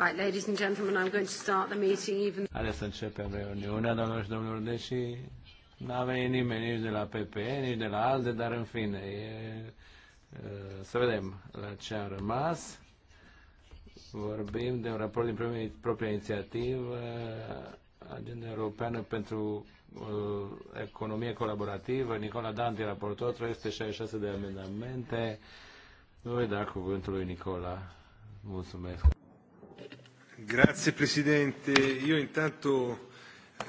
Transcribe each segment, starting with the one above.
Right, ladies and gentlemen, I'm going to start the meeting even... Haideți să începem reuniunea, domnilor și domnilor, deși n-a venit nimeni nici de la PPE, nici de la ALDE, dar în fine, e, să vedem la ce a rămas. Vorbim de un raport din propria, propria inițiativă, Agenda Europeană pentru uh, Economie Colaborativă, Nicola Danti, raportor, 366 de amendamente. Voi da cuvântul lui Nicola. Mulțumesc. Grazie Presidente, intanto eh,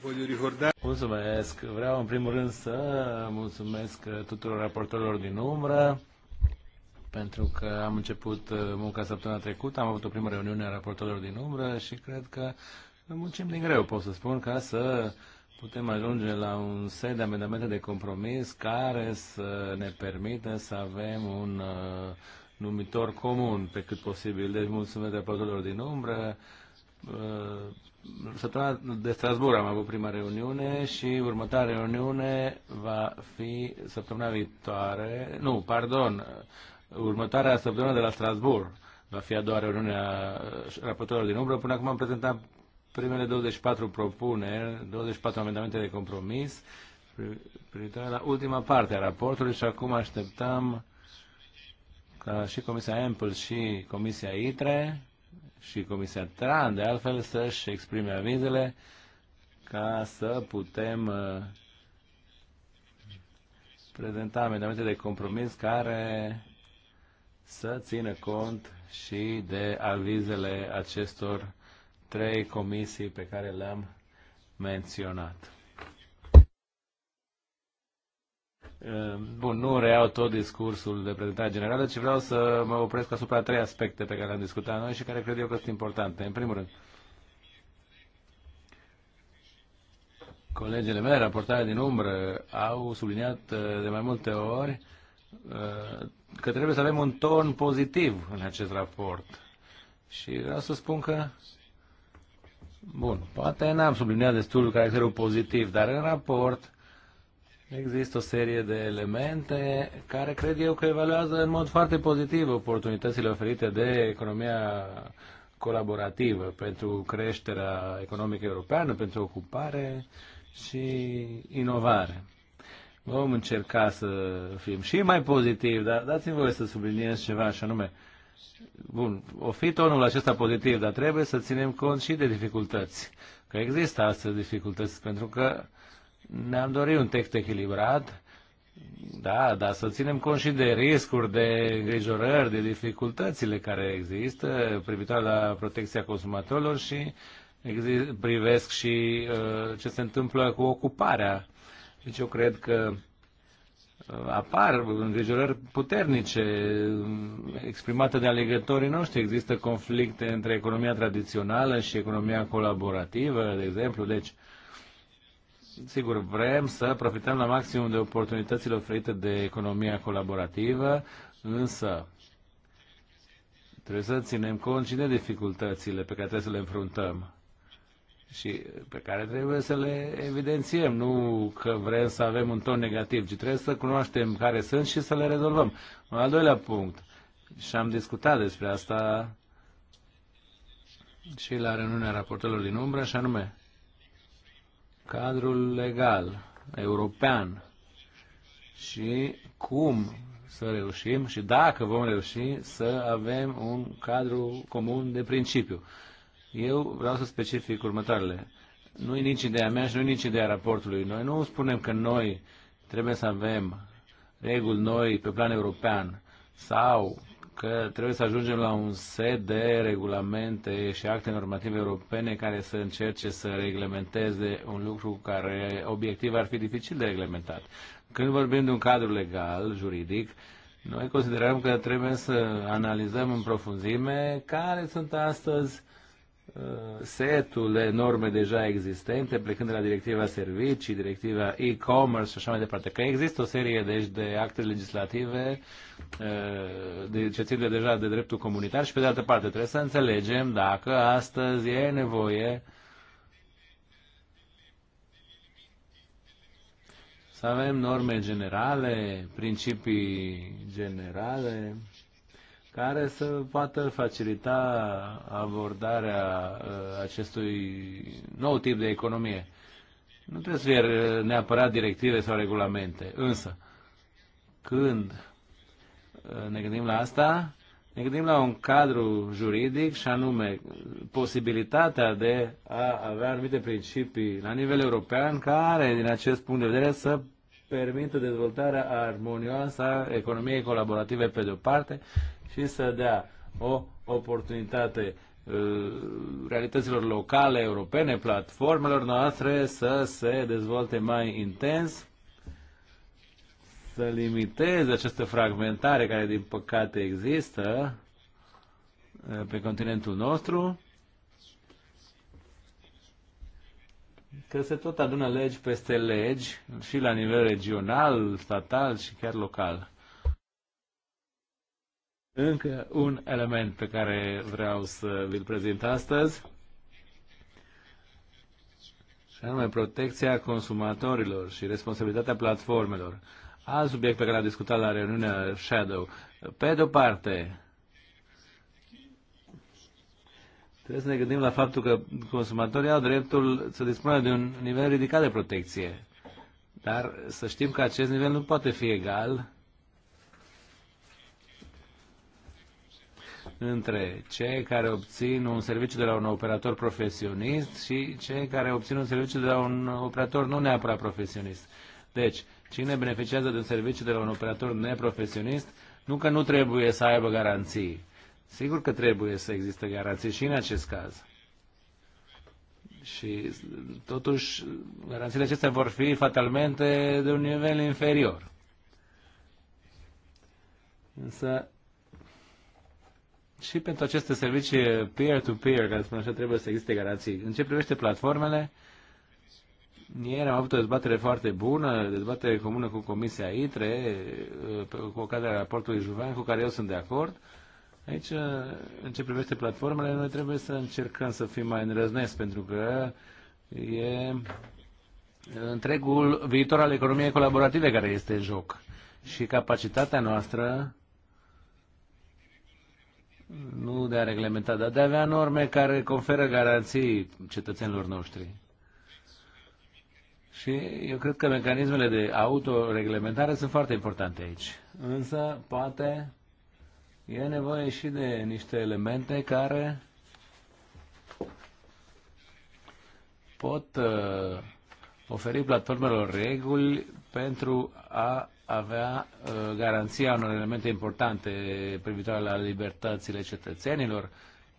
voglio ricordare... Mulțumesc, vreau în primul rând să mulțumesc tuturor raportorilor din umbră pentru că am început eh, munca săptămâna trecută, am avut o primă reuniune a raportorilor din umbră și cred că muncim din greu, pot să spun, ca să putem ajunge la un set de amendamente de compromis care să ne permită să avem un eh, numitor comun pe cât posibil. Deci mulțumesc raportorilor din umbră. Uh, săptămâna de Strasbourg am avut prima reuniune și următoarea reuniune va fi săptămâna viitoare. Nu, pardon, următoarea săptămână de la Strasbourg va fi a doua reuniune a raportorilor din umbră. Până acum am prezentat primele 24 propuneri, 24 amendamente de compromis privitoare la ultima parte a raportului și acum așteptăm Uh, și Comisia Ample și Comisia ITRE și Comisia TRAN, de altfel, să-și exprime avizele ca să putem uh, prezenta amendamente de compromis care să țină cont și de avizele acestor trei comisii pe care le-am menționat. Eh, bun, nu reau tot discursul de prezentare generală, ci vreau să mă opresc asupra trei aspecte pe care le-am discutat noi și care cred eu că sunt importante. În primul rând, colegele mele, raportare din umbră, au subliniat eh, de mai multe ori eh, că trebuie să avem un ton pozitiv în acest raport. Și vreau să spun că Bun, poate n-am subliniat destul caracterul pozitiv, dar în raport Există o serie de elemente care cred eu că evaluează în mod foarte pozitiv oportunitățile oferite de economia colaborativă pentru creșterea economică europeană, pentru ocupare și inovare. Vom încerca să fim și mai pozitivi, dar dați-mi voie să subliniez ceva, și anume, bun, o fi tonul acesta pozitiv, dar trebuie să ținem cont și de dificultăți. Că există astăzi dificultăți, pentru că ne-am dorit un text echilibrat, da, dar să ținem cont și de riscuri, de îngrijorări, de dificultățile care există privitoare la protecția consumatorilor și privesc și uh, ce se întâmplă cu ocuparea. Deci eu cred că uh, apar îngrijorări puternice um, exprimate de alegătorii noștri. Există conflicte între economia tradițională și economia colaborativă, de exemplu. Deci, uh, Sigur, vrem să profităm la maximum de oportunitățile oferite de economia colaborativă, însă trebuie să ținem cont și de dificultățile pe care trebuie să le înfruntăm și pe care trebuie să le evidențiem, nu că vrem să avem un ton negativ, ci trebuie să cunoaștem care sunt și să le rezolvăm. Un al doilea punct, și am discutat despre asta și la reuniunea raportelor din umbră, și anume, cadrul legal european și cum să reușim și dacă vom reuși să avem un cadru comun de principiu. Eu vreau să specific următoarele. Nu e nici ideea mea și nu e nici ideea raportului. Noi nu spunem că noi trebuie să avem reguli noi pe plan european sau că trebuie să ajungem la un set de regulamente și acte normative europene care să încerce să reglementeze un lucru care obiectiv ar fi dificil de reglementat. Când vorbim de un cadru legal, juridic, noi considerăm că trebuie să analizăm în profunzime care sunt astăzi Uh, setul de norme deja existente, plecând de la directiva servicii, directiva e-commerce și așa mai departe. Că există o serie deci, de acte legislative uh, de ce țin de deja de dreptul comunitar și pe de altă parte trebuie să înțelegem dacă astăzi e nevoie să avem norme generale, principii generale, care să poată facilita abordarea uh, acestui nou tip de economie. Nu trebuie să fie uh, neapărat directive sau regulamente, însă când uh, ne gândim la asta, ne gândim la un cadru juridic și anume posibilitatea de a avea anumite principii la nivel european care, din acest punct de vedere, să permită dezvoltarea armonioasă a economiei colaborative pe de-o parte și să dea o oportunitate uh, realităților locale, europene, platformelor noastre să se dezvolte mai intens, să limiteze această fragmentare care, din păcate, există uh, pe continentul nostru, că se tot adună legi peste legi și la nivel regional, statal și chiar local. Încă un element pe care vreau să vi-l prezint astăzi, și anume protecția consumatorilor și responsabilitatea platformelor. Alt subiect pe care l-am discutat la reuniunea Shadow. Pe de-o parte, trebuie să ne gândim la faptul că consumatorii au dreptul să dispună de un nivel ridicat de protecție. Dar să știm că acest nivel nu poate fi egal între cei care obțin un serviciu de la un operator profesionist și cei care obțin un serviciu de la un operator nu neapărat profesionist. Deci, cine beneficiază de un serviciu de la un operator neprofesionist, nu că nu trebuie să aibă garanții. Sigur că trebuie să existe garanții și în acest caz. Și totuși, garanțiile acestea vor fi fatalmente de un nivel inferior. Însă, și pentru aceste servicii peer-to-peer, care spun așa, trebuie să existe garanții. În ce privește platformele, ieri am avut o dezbatere foarte bună, dezbatere comună cu Comisia ITRE, cu ocazia raportului Juvan, cu care eu sunt de acord. Aici, în ce privește platformele, noi trebuie să încercăm să fim mai îndrăzneți, pentru că e întregul viitor al economiei colaborative care este în joc. Și capacitatea noastră nu de a reglementa, dar de a avea norme care conferă garanții cetățenilor noștri. Și eu cred că mecanismele de autoreglementare sunt foarte importante aici. Însă, poate, e nevoie și de niște elemente care pot uh, oferi platformelor reguli pentru a avea uh, garanția unor elemente importante privitoare la libertățile cetățenilor,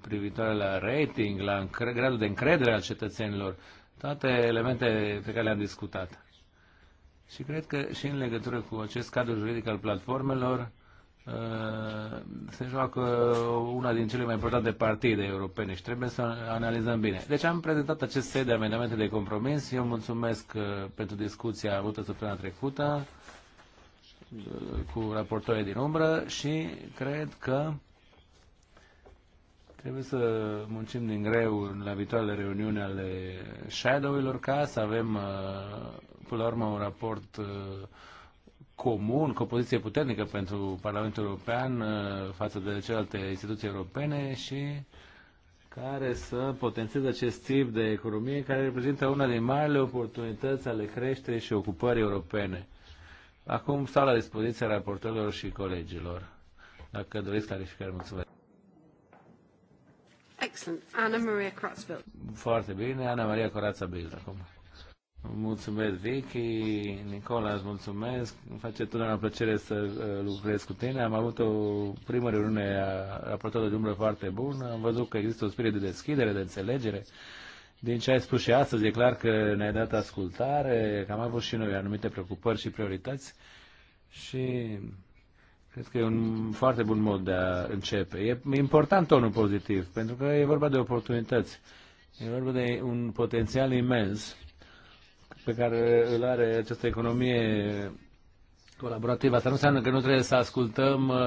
privitoare la rating, la gradul de încredere al cetățenilor, toate elemente pe care le-am discutat. Și cred că și în legătură cu acest cadru juridic al platformelor, uh, se joacă una din cele mai importante partide europene și trebuie să analizăm bine. Deci am prezentat acest set de amendamente de compromis. Eu mulțumesc uh, pentru discuția avută săptămâna trecută cu raportorii din umbră și cred că trebuie să muncim din greu la viitoarele reuniuni ale shadow-ilor ca să avem uh, până la urmă un raport uh, comun, cu o poziție puternică pentru Parlamentul European uh, față de celelalte instituții europene și care să potențeze acest tip de economie care reprezintă una din marile oportunități ale creșterii și ocupării europene. Acum stau la dispoziția raportorilor și colegilor. Dacă doriți clarificare, mulțumesc. Excellent. Anna Maria Kratzbild. Foarte bine, Ana Maria Corața Bild acum. Mulțumesc, Vicky. Nicola, îți mulțumesc. Îmi face totdeauna plăcere să uh, lucrez cu tine. Am avut o primă reuniune a raportorului de umbră foarte bună. Am văzut că există un spirit de deschidere, de înțelegere din ce ai spus și astăzi, e clar că ne-ai dat ascultare, că am avut și noi anumite preocupări și priorități și cred că e un foarte bun mod de a începe. E important tonul pozitiv, pentru că e vorba de oportunități. E vorba de un potențial imens pe care îl are această economie colaborativ. Asta nu înseamnă că nu trebuie să ascultăm uh,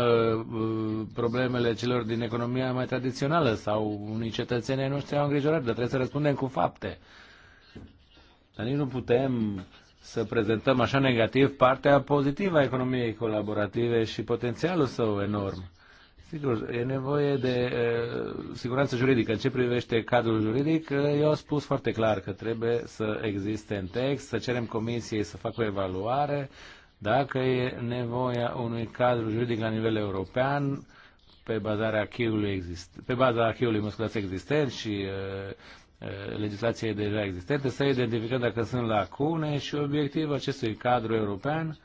uh, problemele celor din economia mai tradițională sau unii cetățenii noștri au îngrijorări, dar trebuie să răspundem cu fapte. Dar nici nu putem să prezentăm așa negativ partea pozitivă a economiei colaborative și potențialul său enorm. Sigur, e nevoie de uh, siguranță juridică. În ce privește cadrul juridic, uh, eu am spus foarte clar că trebuie să existe în text, să cerem comisiei să facă o evaluare, uh, dacă e nevoia unui cadru juridic la nivel european, pe baza acheului exist, pe baza acheului măsculați existent și uh, uh, legislației deja existente, să identificăm dacă sunt lacune și obiectivul acestui cadru european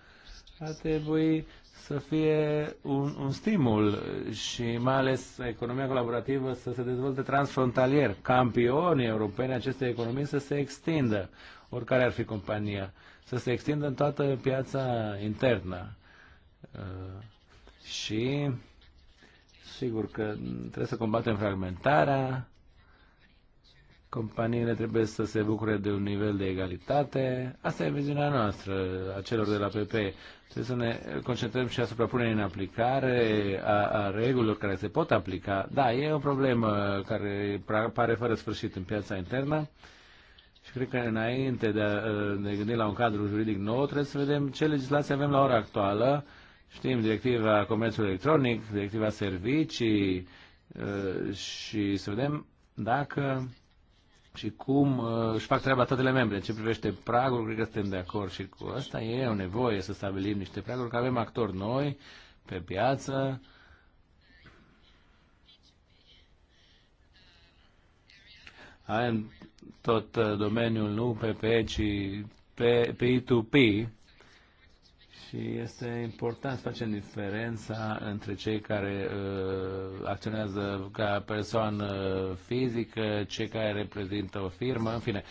ar trebui să fie un, un stimul și mai ales economia colaborativă să se dezvolte transfrontalier. Campionii europeni acestei economii să se extindă, oricare ar fi compania să se extindă în toată piața internă. Uh, și sigur că trebuie să combatem fragmentarea, companiile trebuie să se bucure de un nivel de egalitate. Asta e viziunea noastră a celor de la PP. Trebuie să ne concentrăm și asupra punerii în aplicare a, a regulilor care se pot aplica. Da, e o problemă care pare fără sfârșit în piața internă cred că înainte de a ă, ne gândi la un cadru juridic nou, trebuie să vedem ce legislație avem la ora actuală. Știm, directiva comerțului electronic, directiva servicii ă, și să vedem dacă și cum ă, își fac treaba statele membre. În ce privește pragul, cred că suntem de acord și cu asta. E o nevoie să stabilim niște praguri, că avem actori noi pe piață, Am tot uh, domeniul nu pe ci P2P, și este important să facem diferența între cei care uh, acționează ca persoană fizică, cei care reprezintă o firmă, în fine.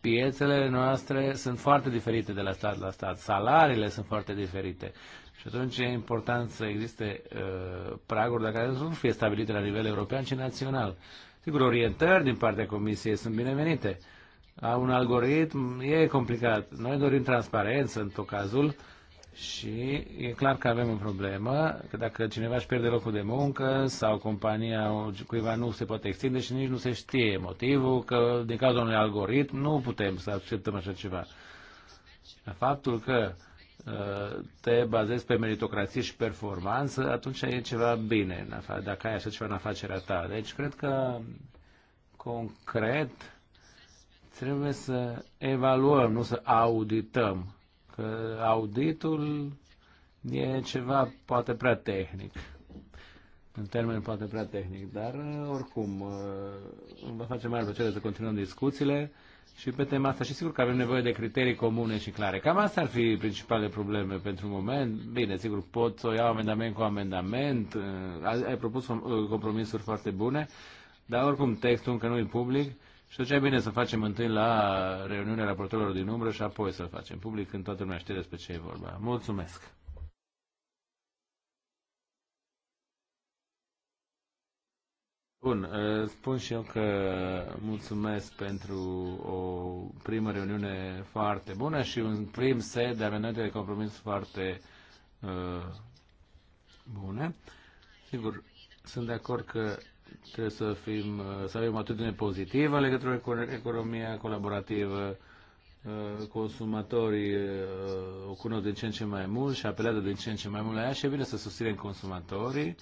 Piețele noastre sunt foarte diferite de la stat la stat, salariile sunt foarte diferite. Și atunci e important să existe uh, praguri, dacă nu fie stabilite la nivel european, ci național. Uh, Sigur, orientări din partea Comisiei sunt binevenite. A Un algoritm e complicat. Noi dorim transparență în tot cazul și e clar că avem o problemă, că dacă cineva își pierde locul de muncă sau compania cuiva nu se poate extinde și nici nu se știe motivul, că din cauza unui algoritm nu putem să acceptăm așa ceva. Faptul că uh, te bazezi pe meritocrație și performanță, atunci e ceva bine dacă ai așa ceva în afacerea ta. Deci cred că concret trebuie să evaluăm, nu să audităm. Că auditul e ceva poate prea tehnic. În termen poate prea tehnic, dar oricum vă va face mare plăcere să continuăm discuțiile și pe tema asta și sigur că avem nevoie de criterii comune și clare. Cam asta ar fi principalele probleme pentru moment. Bine, sigur, pot să o iau amendament cu amendament, eh, ai propus eh, compromisuri foarte bune, dar oricum textul încă nu e public și atunci e bine să facem întâi la reuniunea raportorilor din umbră și apoi să l facem public când toată lumea știe despre ce e vorba. Mulțumesc! Bun, uh, spun și eu că mulțumesc pentru o primă reuniune foarte bună și un prim set de amenajări de compromis foarte uh, bune. Sigur, sunt de acord că trebuie să, fim, uh, să avem o atitudine pozitivă în legătură cu economia colaborativă, uh, consumatorii o cunosc din ce în ce mai mult și apelează din ce în ce mai mult la ea și e bine să susținem consumatorii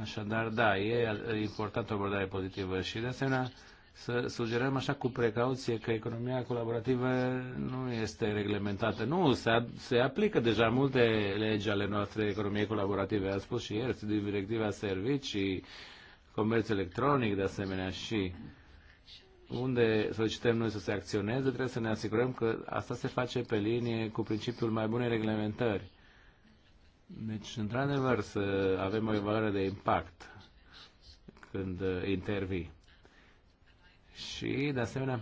Așadar, da, e importantă o abordare pozitivă și, de asemenea, să sugerăm așa cu precauție că economia colaborativă nu este reglementată. Nu, se, se aplică deja multe legi ale noastre economiei colaborative. A spus și ieri, directiva servicii, comerț electronic, de asemenea, și unde solicităm noi să se acționeze, trebuie să ne asigurăm că asta se face pe linie cu principiul mai bunei reglementări. Deci, într-adevăr, să avem o evaluare de impact când uh, intervii. Și, de asemenea,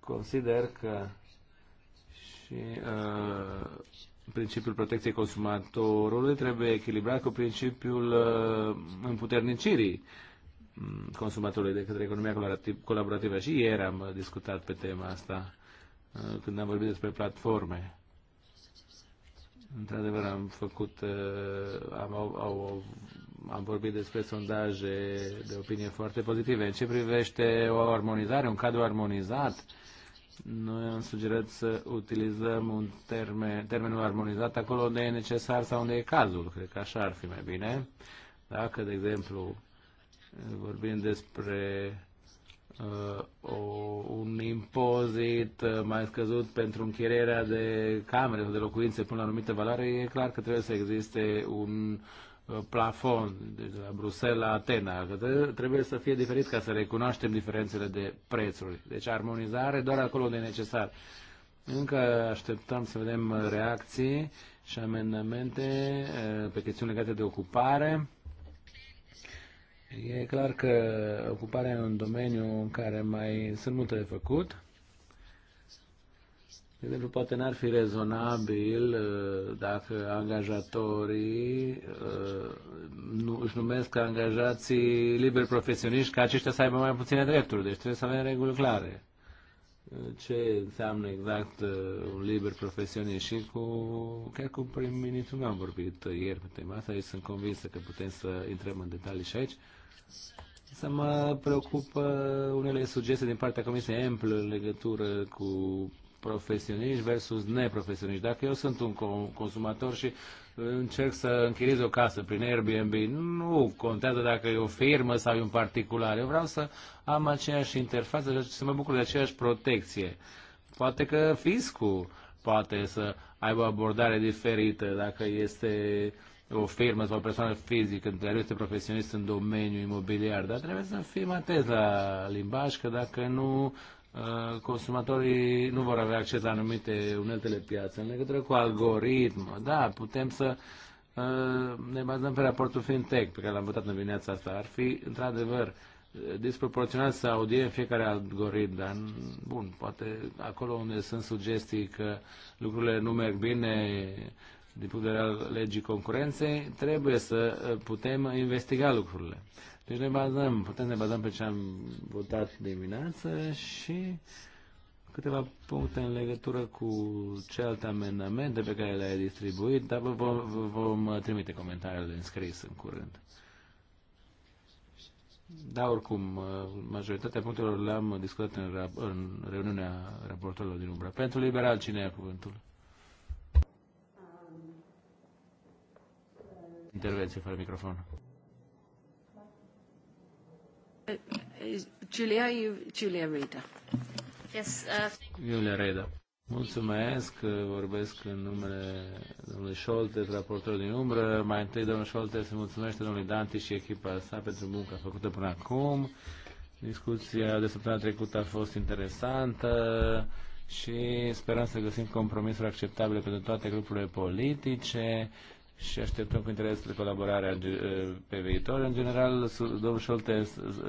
consider că și uh, principiul protecției consumatorului trebuie echilibrat cu principiul uh, împuternicirii mm, consumatorului de către economia colaborativă. Și ieri am uh, discutat pe tema asta uh, când am vorbit despre platforme. Într-adevăr, am făcut, uh, am, au, am vorbit despre sondaje de opinie foarte pozitive. În ce privește o armonizare, un cadru armonizat, noi am sugerat să utilizăm un termen, termenul armonizat acolo unde e necesar sau unde e cazul. Cred că așa ar fi mai bine. Dacă, de exemplu, vorbim despre Uh, un impozit uh, mai scăzut pentru închirierea de camere sau de locuințe până la o anumită valoare, e clar că trebuie să existe un uh, plafon, de la Bruxelles la Atena, că trebuie să fie diferit ca să recunoaștem diferențele de prețuri. Deci armonizare doar acolo unde e necesar. Încă așteptăm să vedem reacții și amendamente pe chestiuni legate de ocupare E clar că ocuparea e un domeniu în care mai sunt multe de făcut. De exemplu, poate n-ar fi rezonabil uh, dacă angajatorii uh, nu, își numesc angajații liberi profesioniști ca aceștia să aibă mai puține drepturi. Deci trebuie să avem reguli clare. Ce înseamnă exact uh, un liber profesionist și cu, chiar cu prim-ministru am vorbit ieri pe tema asta și sunt convinsă că putem să intrăm în detalii și aici. Să mă preocupă unele sugestii din partea Comisiei Ample în legătură cu profesioniști versus neprofesioniști. Dacă eu sunt un consumator și încerc să închiriez o casă prin Airbnb, nu contează dacă e o firmă sau e un particular. Eu vreau să am aceeași interfață și să mă bucur de aceeași protecție. Poate că fiscul poate să aibă o abordare diferită dacă este uh, o firmă sau o persoană fizică care este profesionist în domeniul imobiliar, dar trebuie să fim atenți la limbaj, că dacă nu, uh, consumatorii nu vor avea acces la anumite uneltele piață. În legătură cu algoritm, da, putem să uh, ne bazăm pe raportul FinTech pe care l-am votat în dimineața asta. Ar fi, într-adevăr, disproporționat să audiem fiecare algoritm, dar bun, poate acolo unde sunt sugestii că lucrurile nu merg bine, din punct de vedere al legii concurenței, trebuie să eh, putem investiga lucrurile. Deci ne bazăm, putem ne bazăm pe ce am votat dimineață și câteva puncte în legătură cu celelalte amendamente pe care le-ai distribuit, dar vă vom, vom trimite comentariile în scris în curând. Da, oricum, eh, majoritatea punctelor le-am discutat în, în reuniunea raportorilor din Umbra. Pentru liberal, cine ia cuvântul? Intervenție fără microfon. Julia, Julia Reda. Yes, uh... Julia Reda. Mulțumesc, uh, vorbesc în numele domnului Scholtes, raportor din umbră. Mai întâi, domnul Scholtes, mulțumește domnului Danti și echipa sa pentru munca făcută până acum. Discuția de săptămâna trecută a fost interesantă și sperăm să găsim compromisuri acceptabile pentru toate grupurile politice și așteptăm cu interes colaborarea pe viitor. În general, domnul Șolte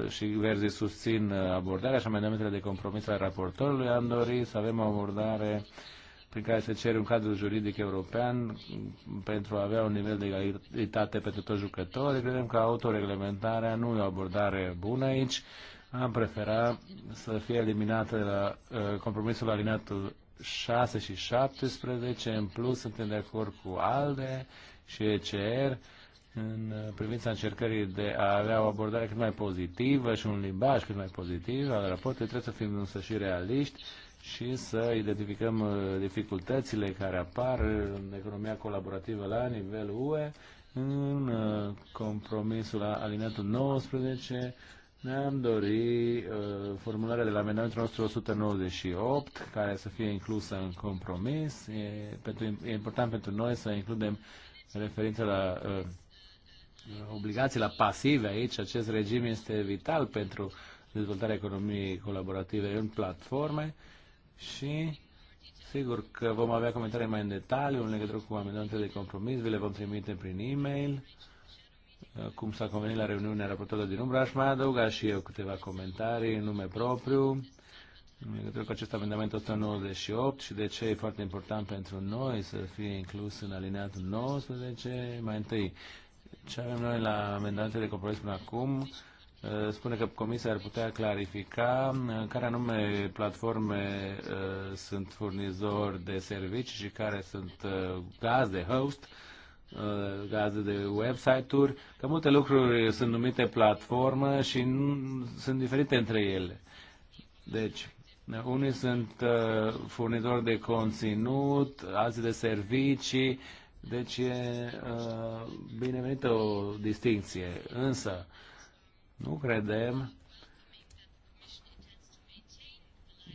și Verzi susțin abordarea și amendamentele de compromis al raportorului. Am dorit să avem o abordare prin care se cere un cadru juridic european pentru a avea un nivel de egalitate pentru toți jucătorii. Credem că autoreglementarea nu e o abordare bună aici. Am preferat să fie eliminată la compromisul alineatul 6 și 17. În plus, suntem de acord cu ALDE și ECR în privința încercării de a avea o abordare cât mai pozitivă și un limbaj cât mai pozitiv al raportului, trebuie să fim însă și realiști și să identificăm uh, dificultățile care apar în economia colaborativă la nivel UE, în uh, compromisul la alineatul 19, ne-am dorit uh, formularea de la amendamentul nostru 198, care să fie inclusă în compromis. E, pentru, e important pentru noi să includem referință la uh, obligații, la pasive aici. Acest regim este vital pentru dezvoltarea economiei colaborative în platforme și sigur că vom avea comentarii mai în detaliu în legătură cu amendamentele de compromis, vi le vom trimite prin e-mail uh, cum s-a convenit la reuniunea raportorilor din umbră, aș mai adăuga și eu câteva comentarii în nume propriu în legătură cu acest amendament 198 și de ce e foarte important pentru noi să fie inclus în alineatul 19. Mai întâi, ce avem noi la amendamentele de compromis până acum uh, spune că Comisia ar putea clarifica uh, care anume platforme uh, sunt furnizori de servicii și care sunt gazde, host, gazde de website-uri, că multe lucruri sunt numite platformă și sunt diferite între ele. Deci, unii sunt uh, furnizori de conținut, alții de servicii, deci e uh, binevenită o distinție. Însă, nu credem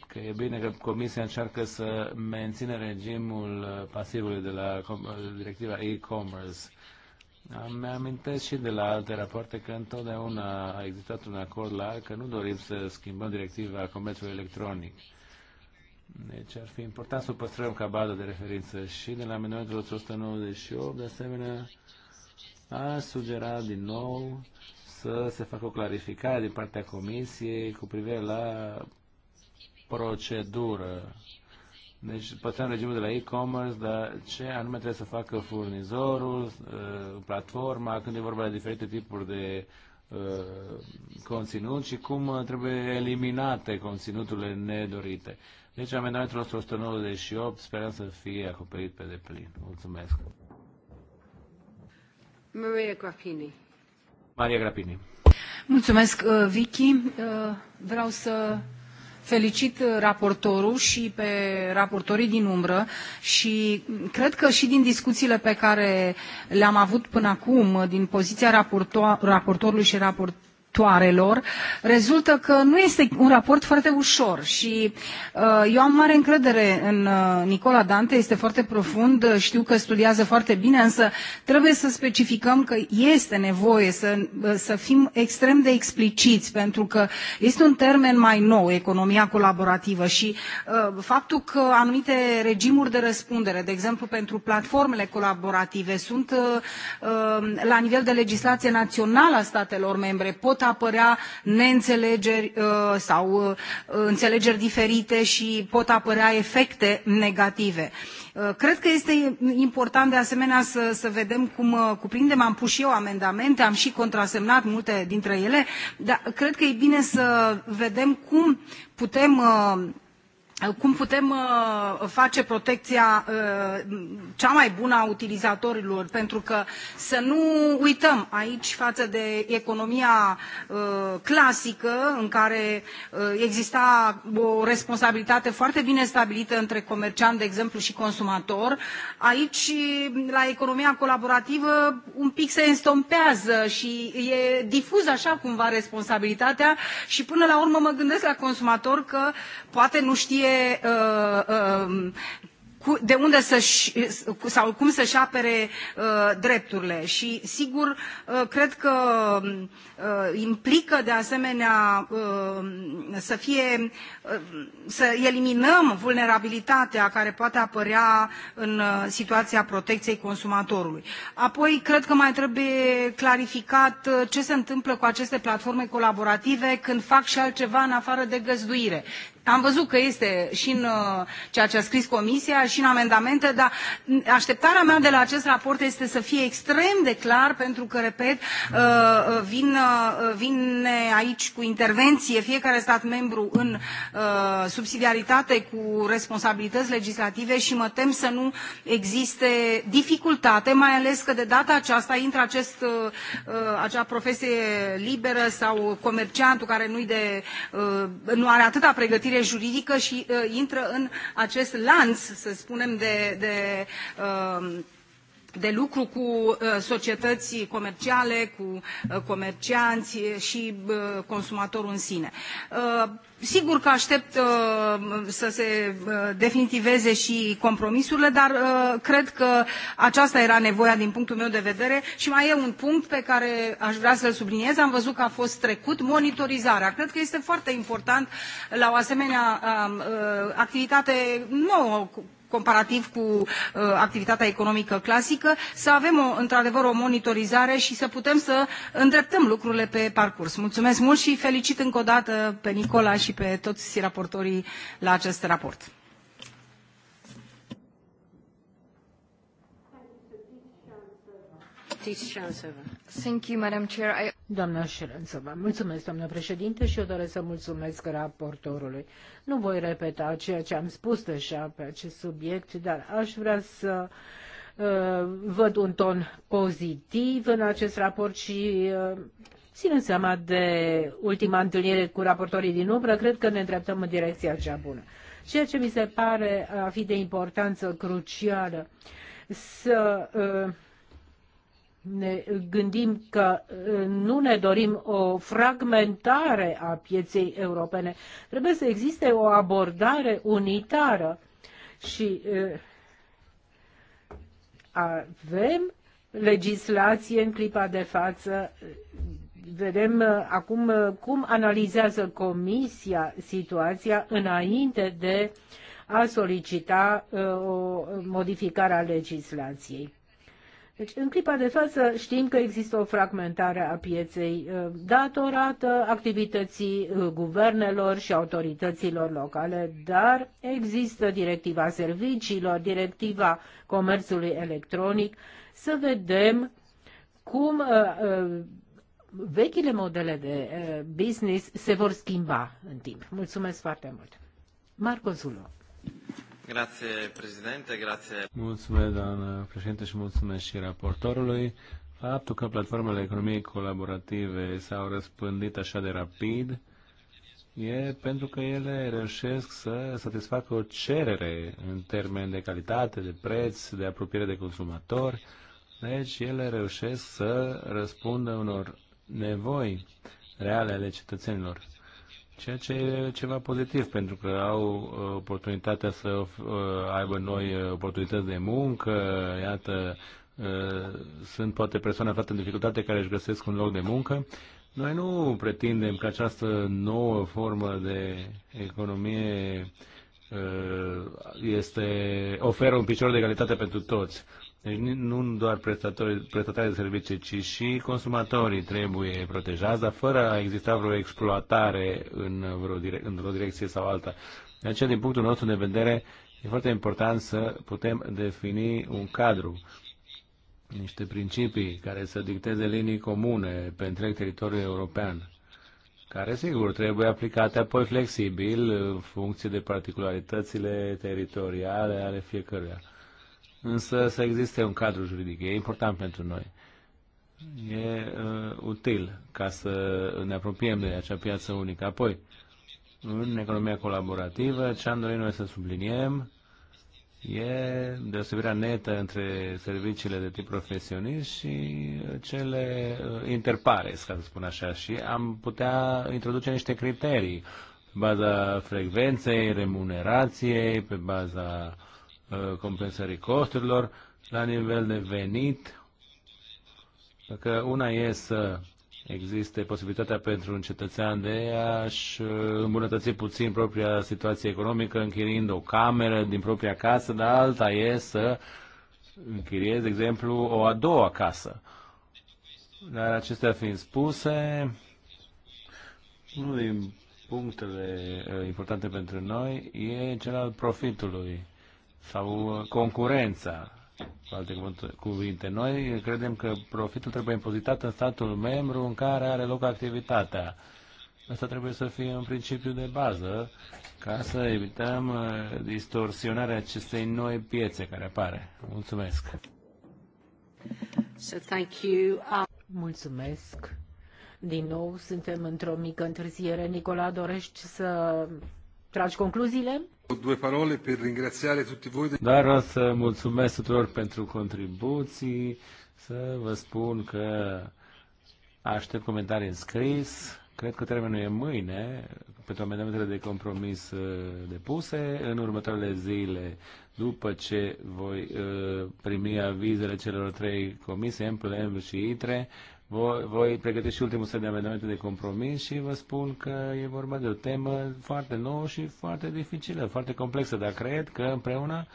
că e bine că Comisia încearcă să mențină regimul uh, pasivului de la uh, directiva e-commerce. Îmi amintesc și de la alte rapoarte că întotdeauna a existat un acord la că nu dorim să schimbăm directiva comerțului electronic. Deci ar fi important să o păstrăm ca bază de referință și de la amendamentul 198, de asemenea, a sugerat din nou să se facă o clarificare din partea Comisiei cu privire la procedură deci păstrăm regimul de la e-commerce, dar ce anume trebuie să facă furnizorul, uh, platforma, când e vorba de diferite tipuri de uh, conținut și cum uh, trebuie eliminate conținuturile nedorite. Deci amendamentul 198 sperăm să fie acoperit pe deplin. Mulțumesc. Maria Grappini. Maria Grappini. Mulțumesc, Vicky. Vreau să felicit uh, raportorul și pe raportorii din umbră și cred că și din discuțiile pe care le-am avut până acum, uh, din poziția raportorului și raportorului, viitoarelor, rezultă că nu este un raport foarte ușor și uh, eu am mare încredere în uh, Nicola Dante, este foarte profund, știu că studiază foarte bine, însă trebuie să specificăm că este nevoie să, uh, să fim extrem de expliciți, pentru că este un termen mai nou, economia colaborativă și faptul că anumite regimuri de răspundere, de exemplu pentru platformele colaborative, sunt la nivel de legislație națională a statelor membre, pot apărea neînțelegeri uh, sau uh, înțelegeri diferite și pot apărea efecte negative. Uh, cred că este important de asemenea să, să vedem cum cuprindem. Am pus și eu amendamente, am și contrasemnat multe dintre ele, dar cred că e bine să vedem cum putem cum putem uh, face protecția uh, cea mai bună a utilizatorilor, pentru că să nu uităm aici față de economia uh, clasică, în care exista o responsabilitate foarte bine stabilită între comerciant, de exemplu, și consumator, aici, la economia colaborativă, un pic se estompează și e difuză așa cumva responsabilitatea și până la urmă mă gândesc la consumator că poate nu știe știe uh, um, de unde să sau cum să-și apere uh, drepturile. Și, sigur, uh, cred că um, uh, implică, de asemenea, um, să fie, uh, să eliminăm vulnerabilitatea care poate apărea în uh, situația protecției consumatorului. Apoi, cred că mai trebuie clarificat ce se întâmplă cu aceste platforme colaborative când fac și altceva în afară de găzduire. Am văzut că este și în uh, ceea ce a scris Comisia și în amendamente, dar așteptarea mea de la acest raport este să fie extrem de clar, pentru că, repet, uh, uh, vin, vin aici cu intervenție fiecare stat membru în subsidiaritate cu responsabilități legislative și mă tem să nu existe dificultate, mai ales că de data aceasta intră acest, acea profesie liberă sau comerciantul care nu, de, nu are atâta pregătire definire juridică și uh, intră în acest lanț, să spunem, de, de uh, de lucru cu uh, societăți comerciale, cu uh, comercianți și uh, consumatorul în sine. Sigur că aștept să se definitiveze și compromisurile, dar cred că aceasta era nevoia din punctul meu de vedere și mai e un punct pe care aș vrea să-l subliniez. Am văzut că a fost trecut monitorizarea. Cred că este foarte important la o asemenea activitate nouă comparativ cu uh, activitatea economică clasică, să avem într-adevăr o monitorizare și să putem să îndreptăm lucrurile pe parcurs. Mulțumesc mult și felicit încă o dată pe Nicola și pe toți raportorii la acest raport. Thank you, Doamna Șerențova, mulțumesc, doamnă președinte, și eu doresc să mulțumesc raportorului. Nu voi repeta ceea ce am spus deja pe acest subiect, dar aș vrea să uh, văd un ton pozitiv în acest raport și uh, ținând seama de ultima întâlnire cu raportorii din umbră, cred că ne îndreptăm în direcția cea bună. Ceea ce mi se pare a fi de importanță crucială să uh, ne gândim că uh, nu ne dorim o fragmentare a pieței europene. Trebuie să existe o abordare unitară și uh, avem legislație în clipa de față. Vedem uh, acum cum analizează Comisia situația înainte de a solicita o modificare a legislației. Deci, în clipa de față, știm că există o fragmentare a pieței uh, datorată activității uh, guvernelor și autorităților locale, dar există directiva serviciilor, directiva comerțului electronic, să vedem cum uh, vechile modele de business se vor schimba în timp. Mulțumesc foarte mult! Marco Zulo. Grazie, președinte, grazie. Mulțumesc, doamnă președinte, și mulțumesc și raportorului. Faptul că platformele economiei colaborative s-au răspândit așa de rapid e pentru că ele reușesc să satisfacă o cerere în termen de calitate, de preț, de apropiere de consumator. Deci ele reușesc să răspundă unor nevoi reale ale cetățenilor ceea ce e ceva pozitiv, pentru că au uh, oportunitatea să uh, aibă noi uh, oportunități de muncă, iată, sunt poate persoane aflate în dificultate care își găsesc un loc de muncă. Noi nu pretindem că această nouă formă de economie este, oferă un picior de egalitate pentru toți. Deci nu doar prestatorii de servicii, ci și consumatorii trebuie protejați, dar fără a exista vreo exploatare în vreo, dire- în vreo direcție sau alta. De aceea, din punctul nostru de vedere, e foarte important să putem defini un cadru, niște principii care să dicteze linii comune pe întreg teritoriul european care sigur trebuie aplicate apoi flexibil în funcție de particularitățile teritoriale ale fiecăruia însă să existe un cadru juridic. E important pentru noi. E uh, util ca să ne apropiem de acea piață unică. Apoi, în economia colaborativă, ce am dorit noi să subliniem e deosebirea netă între serviciile de tip profesionist și cele uh, interpares, ca să spun așa, și am putea introduce niște criterii pe baza frecvenței, remunerației, pe baza uh, Uh, compensării costurilor, la nivel de venit, că una e să existe posibilitatea pentru un cetățean de a-și uh, îmbunătăți puțin propria situație economică închirind o cameră din propria casă, dar alta e să închiriez, de exemplu, o a doua casă. Dar acestea fiind spuse, unul din punctele uh, importante pentru noi e cel al profitului sau uh, concurența. Cu alte cuvinte, noi credem că profitul trebuie impozitat în statul membru în care are loc activitatea. Asta trebuie să fie un principiu de bază ca să evităm uh, distorsionarea acestei noi piețe care apare. Mulțumesc! So thank you. Um, Mulțumesc! Din nou suntem într-o mică întârziere. Nicola, dorești să tragi concluziile? Două parole voi. Dar o să mulțumesc tuturor pentru contribuții, să vă spun că aștept comentarii în scris. Cred că termenul e mâine pentru amendamentele de compromis uh, depuse. În următoarele zile, după ce voi uh, primi avizele celor trei comise, EMPL, și ITRE, voi, voi și ultimul set de amendamente de compromis și vă spun că e vorba de o temă foarte nouă și foarte dificilă, foarte complexă, dar cred că împreună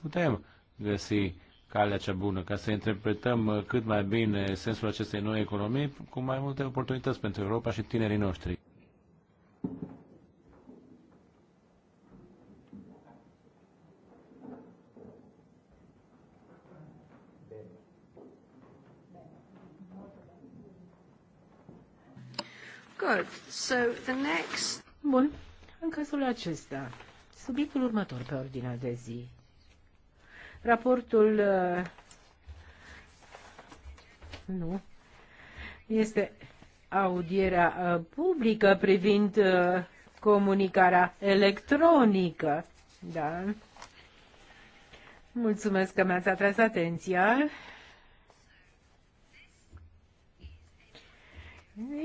putem găsi calea cea bună, ca să interpretăm cât mai bine sensul acestei noi economii cu mai multe oportunități pentru Europa și tinerii noștri. Good. So the next... Bun. În cazul acesta, subiectul următor pe ordinea de zi. Raportul... Uh, nu. Este audierea uh, publică privind uh, comunicarea electronică. Da. Mulțumesc că mi-ați atras atenția.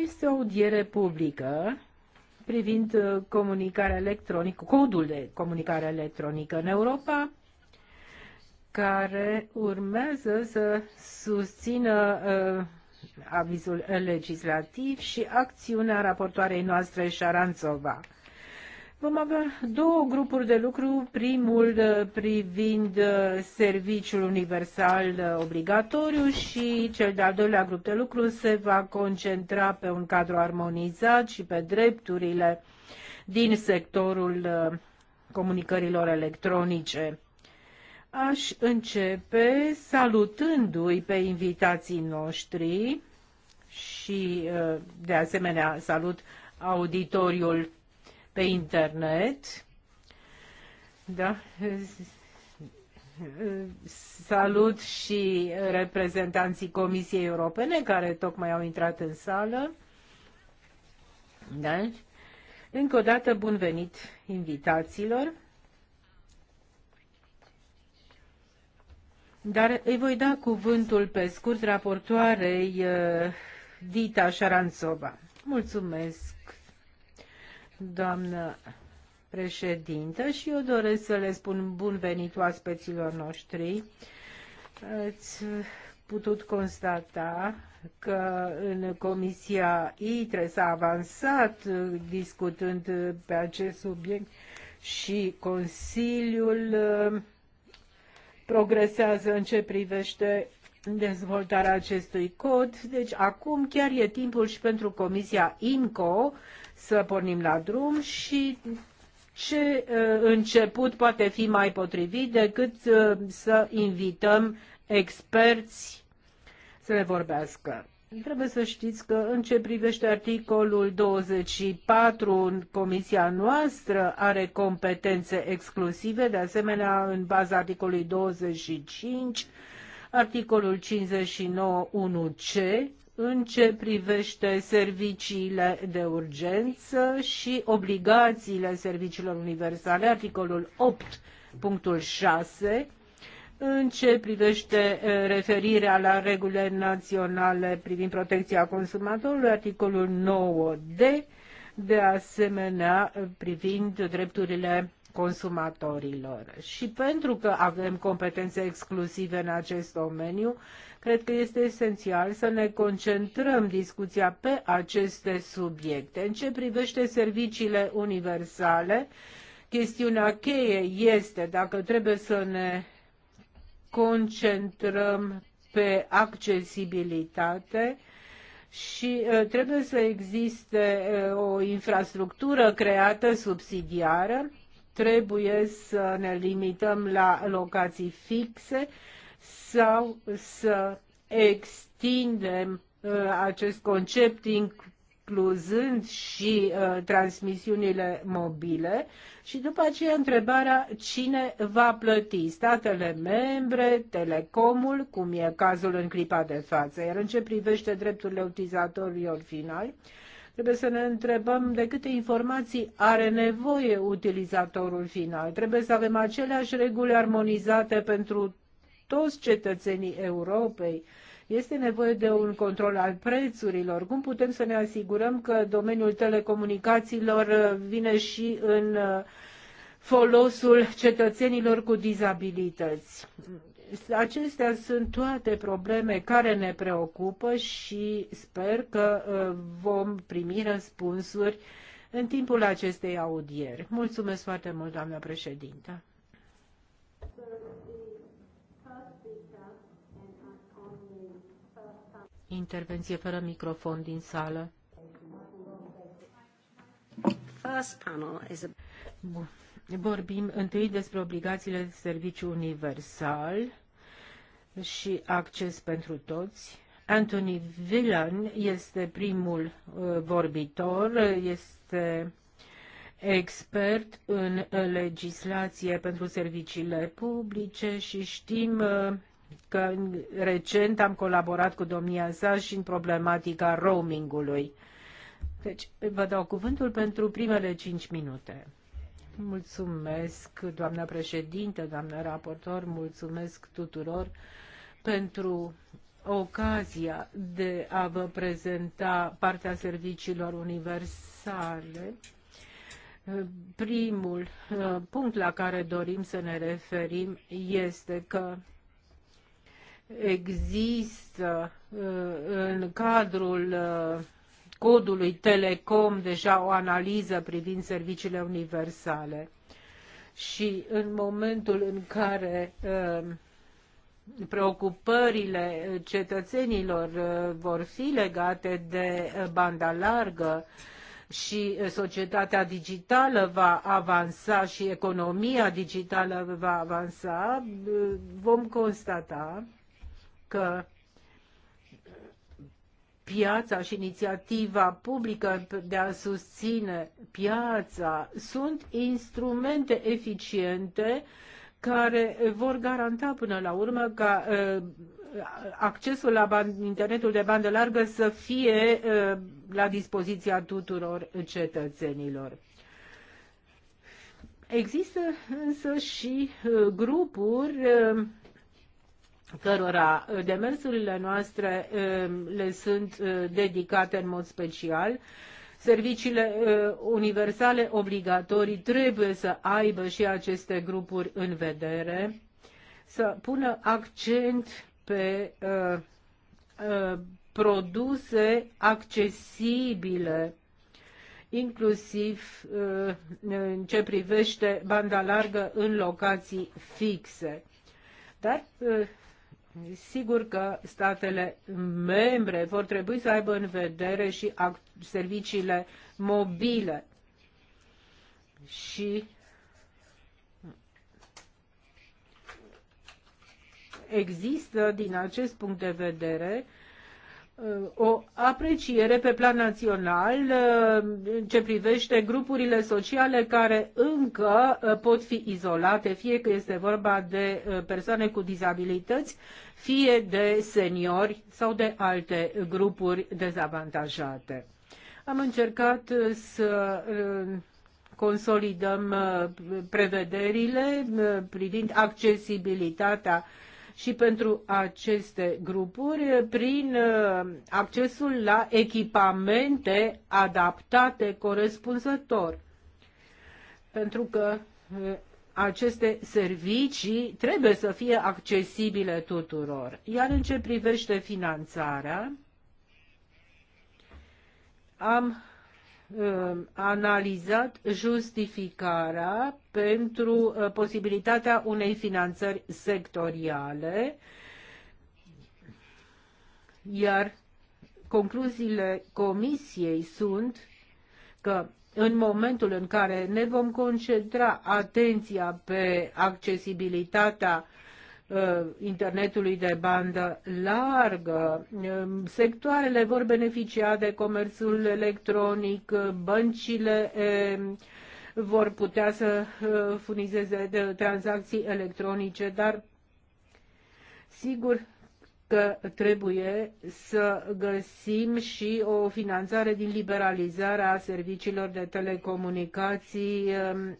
Este o audiere publică privind uh, comunicarea electronică, codul de comunicare electronică în Europa, care urmează să susțină uh, avizul legislativ și acțiunea raportoarei noastre Șaranțova. Vom avea două grupuri de lucru, primul uh, privind uh, serviciul universal uh, obligatoriu și cel de-al doilea grup de lucru se va concentra pe un cadru armonizat și pe drepturile din sectorul comunicărilor electronice. Aș începe salutându-i pe invitații noștri și, de asemenea, salut auditoriul pe internet. Da? Salut și reprezentanții Comisiei Europene care tocmai au intrat în sală. Da? Încă o dată bun venit invitațiilor. Dar îi voi da cuvântul pe scurt raportoarei uh, Dita Șaranțova. Mulțumesc, doamnă președintă, și eu doresc să le spun bun venit oaspeților noștri. Ați putut constata că în Comisia ITRE s-a avansat discutând pe acest subiect și Consiliul uh, progresează în ce privește dezvoltarea acestui cod. Deci acum chiar e timpul și pentru Comisia IMCO să pornim la drum și ce uh, început poate fi mai potrivit decât uh, să invităm experți să ne vorbească. Trebuie să știți că în ce privește articolul 24, comisia noastră are competențe exclusive, de asemenea în baza articolului 25, articolul 59.1c, în ce privește serviciile de urgență și obligațiile serviciilor universale, articolul 8, punctul 6, în ce privește referirea la regulile naționale privind protecția consumatorului, articolul 9D, de asemenea privind drepturile consumatorilor. Și pentru că avem competențe exclusive în acest domeniu, Cred că este esențial să ne concentrăm discuția pe aceste subiecte. În ce privește serviciile universale, chestiunea cheie este dacă trebuie să ne concentrăm pe accesibilitate, și uh, trebuie să existe uh, o infrastructură creată subsidiară, trebuie să ne limităm la locații fixe sau să extindem uh, acest concept incluzând și uh, transmisiunile mobile și după aceea întrebarea cine va plăti, statele membre, telecomul, cum e cazul în clipa de față. Iar în ce privește drepturile utilizatorilor finali, trebuie să ne întrebăm de câte informații are nevoie utilizatorul final. Trebuie să avem aceleași reguli armonizate pentru toți cetățenii Europei. Este nevoie de un control al prețurilor. Cum putem să ne asigurăm că domeniul telecomunicațiilor uh, vine și în uh, folosul cetățenilor cu dizabilități? Acestea sunt toate probleme care ne preocupă și sper că uh, vom primi răspunsuri în timpul acestei audieri. Mulțumesc foarte mult, doamna președintă. Intervenție fără microfon din sală. First panel is a... Bun. Vorbim întâi despre obligațiile de serviciu universal și acces pentru toți. Anthony Villan este primul uh, vorbitor, este expert în legislație pentru serviciile publice și știm uh, că recent am colaborat cu domnia sa și în problematica roamingului. Deci, vă dau cuvântul pentru primele 5 minute. Mulțumesc, doamna președinte, doamna raportor, mulțumesc tuturor pentru ocazia de a vă prezenta partea serviciilor universale. Primul uh, punct la care dorim să ne referim este că există uh, în cadrul uh, codului Telecom deja o analiză privind serviciile universale. Și în momentul în care uh, preocupările cetățenilor vor fi legate de banda largă, și societatea digitală va avansa și economia digitală va avansa, vom constata că piața și inițiativa publică de a susține piața sunt instrumente eficiente care vor garanta până la urmă ca ă, accesul la internetul de bandă largă să fie ă, la dispoziția tuturor cetățenilor. Există însă și uh, grupuri cărora uh, demersurile noastre um, le sunt uh, dedicate în mod special. Serviciile uh, universale obligatorii trebuie să aibă și aceste grupuri în vedere, să pună accent pe produse accesibile inclusiv în ce privește banda largă în locații fixe. Dar Sigur că statele membre vor trebui să aibă în vedere și serviciile mobile și există din acest punct de vedere o apreciere pe plan național uh, ce privește grupurile sociale care încă uh, pot fi izolate, fie că este vorba de uh, persoane cu dizabilități, fie de seniori sau de alte grupuri dezavantajate. Am încercat să consolidăm prevederile privind accesibilitatea și pentru aceste grupuri prin uh, accesul la echipamente adaptate corespunzător. Pentru că uh, aceste servicii trebuie să fie accesibile tuturor. Iar în ce privește finanțarea, am Uh, analizat justificarea pentru uh, posibilitatea unei finanțări sectoriale, iar concluziile comisiei sunt că în momentul în care ne vom concentra atenția pe accesibilitatea Uh, internetului de bandă largă. Um, sectoarele vor beneficia de comerțul electronic, băncile um, vor putea să uh, furnizeze de uh, tranzacții electronice, dar sigur că trebuie să găsim și o finanțare din liberalizarea serviciilor de telecomunicații um,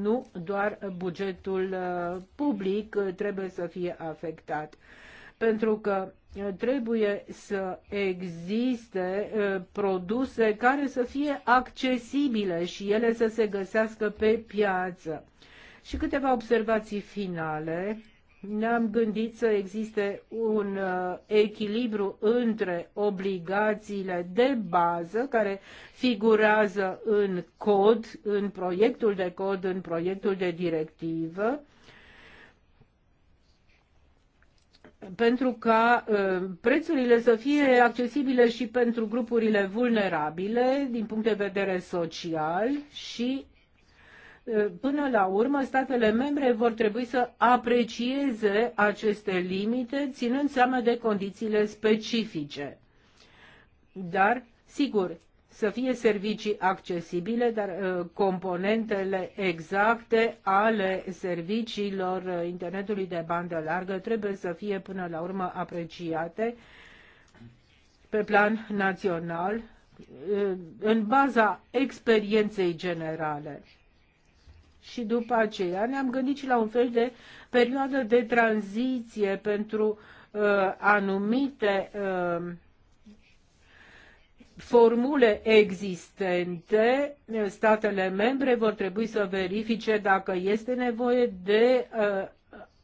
nu doar bugetul uh, public uh, trebuie să fie afectat. Pentru că uh, trebuie să existe produse care să fie accesibile și ele să se găsească pe piață. Și câteva observații finale ne-am gândit să existe un uh, echilibru între obligațiile de bază care figurează în cod, în proiectul de cod, în proiectul de directivă, pentru ca uh, prețurile să fie accesibile și pentru grupurile vulnerabile din punct de vedere social și Până la urmă, statele membre vor trebui să aprecieze aceste limite, ținând seama de condițiile specifice. Dar, sigur, să fie servicii accesibile, dar uh, componentele exacte ale serviciilor uh, internetului de bandă largă trebuie să fie până la urmă apreciate pe plan național uh, în baza experienței generale și după aceea ne-am gândit și la un fel de perioadă de tranziție pentru uh, anumite uh, formule existente, statele membre vor trebui să verifice dacă este nevoie de uh,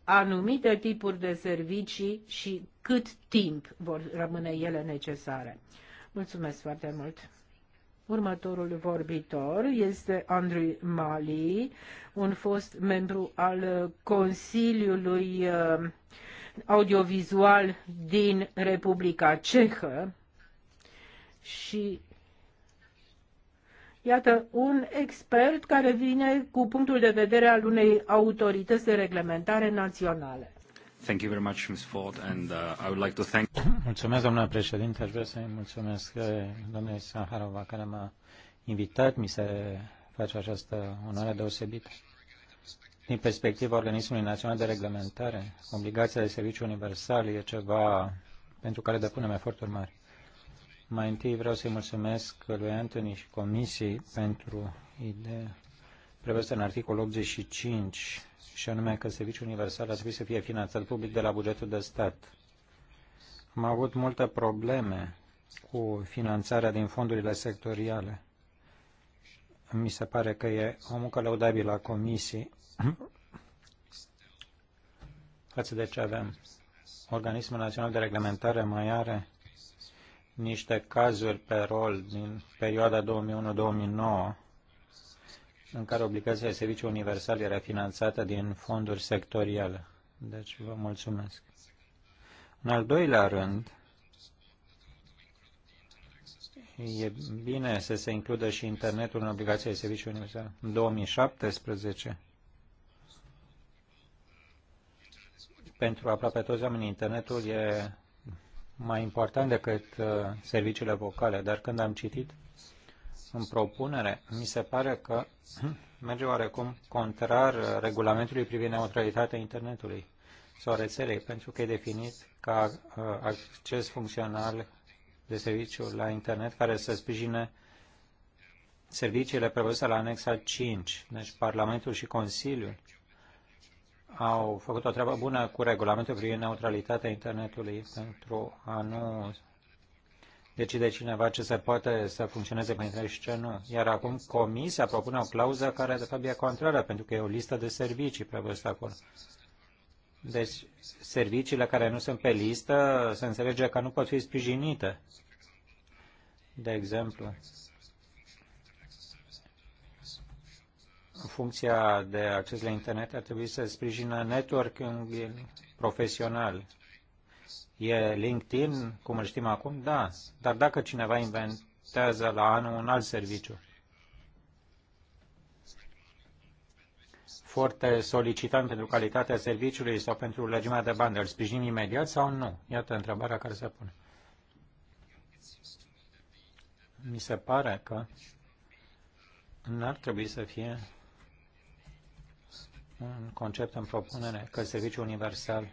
anumite tipuri de servicii și cât timp vor rămâne ele necesare. Mulțumesc foarte mult! Următorul vorbitor este Andrew Mali, un fost membru al uh, Consiliului uh, Audiovizual din Republica Cehă și Iată, un expert care vine cu punctul de vedere al unei autorități de reglementare naționale. Thank you very much, Ms. Ford, and uh, I would like to thank... Mulțumesc, doamna președinte. Aș vrea să-i mulțumesc uh, domnului Saharova care m-a invitat. Mi se face această onoare deosebită. Din perspectiva Organismului Național de Reglementare, obligația de serviciu universal e ceva pentru care depunem eforturi mari. Mai întâi vreau să-i mulțumesc lui Anthony și Comisiei pentru idee prevăzută în articolul 85 și anume că serviciul universal ar trebui să fie finanțat public de la bugetul de stat. Am avut multe probleme cu finanțarea din fondurile sectoriale. Mi se pare că e o muncă lăudabilă a comisii față de ce avem. Organismul Național de Reglementare mai are niște cazuri pe rol din perioada 2001-2009 în care obligația de serviciu universal era finanțată din fonduri sectoriale. Deci vă mulțumesc. În al doilea rând, e bine să se includă și internetul în obligația de serviciu universal. În 2017, pentru aproape toți oamenii, internetul e mai important decât uh, serviciile vocale, dar când am citit în propunere, mi se pare că merge oarecum contrar regulamentului privind neutralitatea internetului sau rețelei, pentru că e definit ca uh, acces funcțional de serviciu la internet care să sprijine serviciile prevăzute la anexa 5. Deci Parlamentul și Consiliul au făcut o treabă bună cu regulamentul privind neutralitatea internetului pentru a nu decide cineva ce se poate să funcționeze pentru și ce nu. Iar acum comisia propune o clauză care de fapt e contrară, pentru că e o listă de servicii prevăzută acolo. Deci serviciile care nu sunt pe listă se înțelege că nu pot fi sprijinite. De exemplu, funcția de acces la internet ar trebui să sprijină networking profesional E LinkedIn, cum îl știm acum? Da. Dar dacă cineva inventează la anul un alt serviciu, foarte solicitant pentru calitatea serviciului sau pentru lărgimea de bandă, îl sprijinim imediat sau nu? Iată întrebarea care se pune. Mi se pare că n-ar trebui să fie un concept în propunere că serviciul universal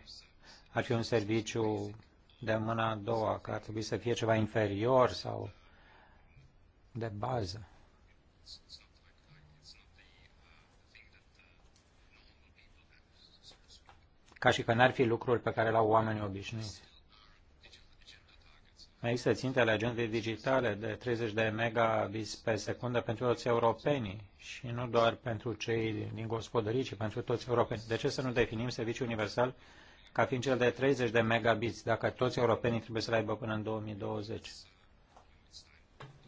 ar fi un serviciu de mâna a doua, că ar trebui să fie ceva inferior sau de bază. Ca și că n-ar fi lucruri pe care le-au oamenii obișnuiți. Mai există țintele agendei digitale de 30 de megabits pe secundă pentru toți europenii și nu doar pentru cei din gospodării, ci pentru toți europenii. De ce să nu definim serviciu universal ca fiind cel de 30 de megabits, dacă toți europenii trebuie să-l aibă până în 2020.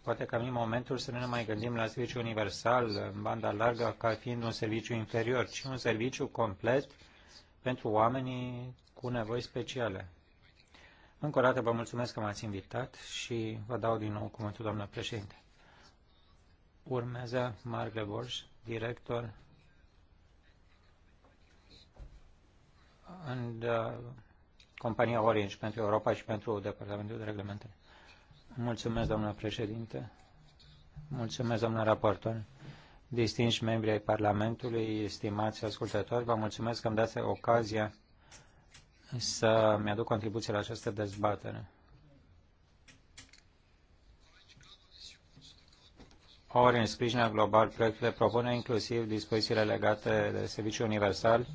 Poate că în momentul să nu ne mai gândim la serviciu universal în banda largă ca fiind un serviciu inferior, ci un serviciu complet pentru oamenii cu nevoi speciale. Încă o dată vă mulțumesc că m-ați invitat și vă dau din nou cuvântul, doamnă președinte. Urmează Mark Leborș, director în uh, compania Orange pentru Europa și pentru Departamentul de reglemente. Mulțumesc, domnule președinte. Mulțumesc, domnule raportor. Distinși membri ai Parlamentului, estimați ascultători, vă mulțumesc că îmi dați ocazia să mi-aduc contribuție la această dezbatere. Ori, în sprijinul global, proiectul propune inclusiv dispozițiile legate de serviciu universal,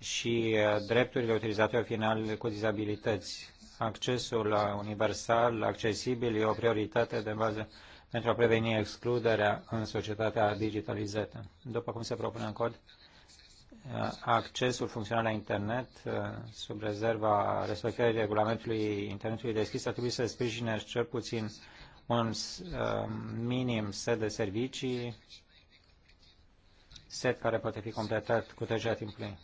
și uh, drepturile utilizatorilor finali cu dizabilități. Accesul la universal, accesibil, e o prioritate de bază pentru a preveni excluderea în societatea digitalizată. După cum se propune în cod, uh, accesul funcțional la internet uh, sub rezerva respectării regulamentului internetului deschis ar trebui să sprijine cel puțin un minim set de servicii, set care poate fi completat cu trecerea timpului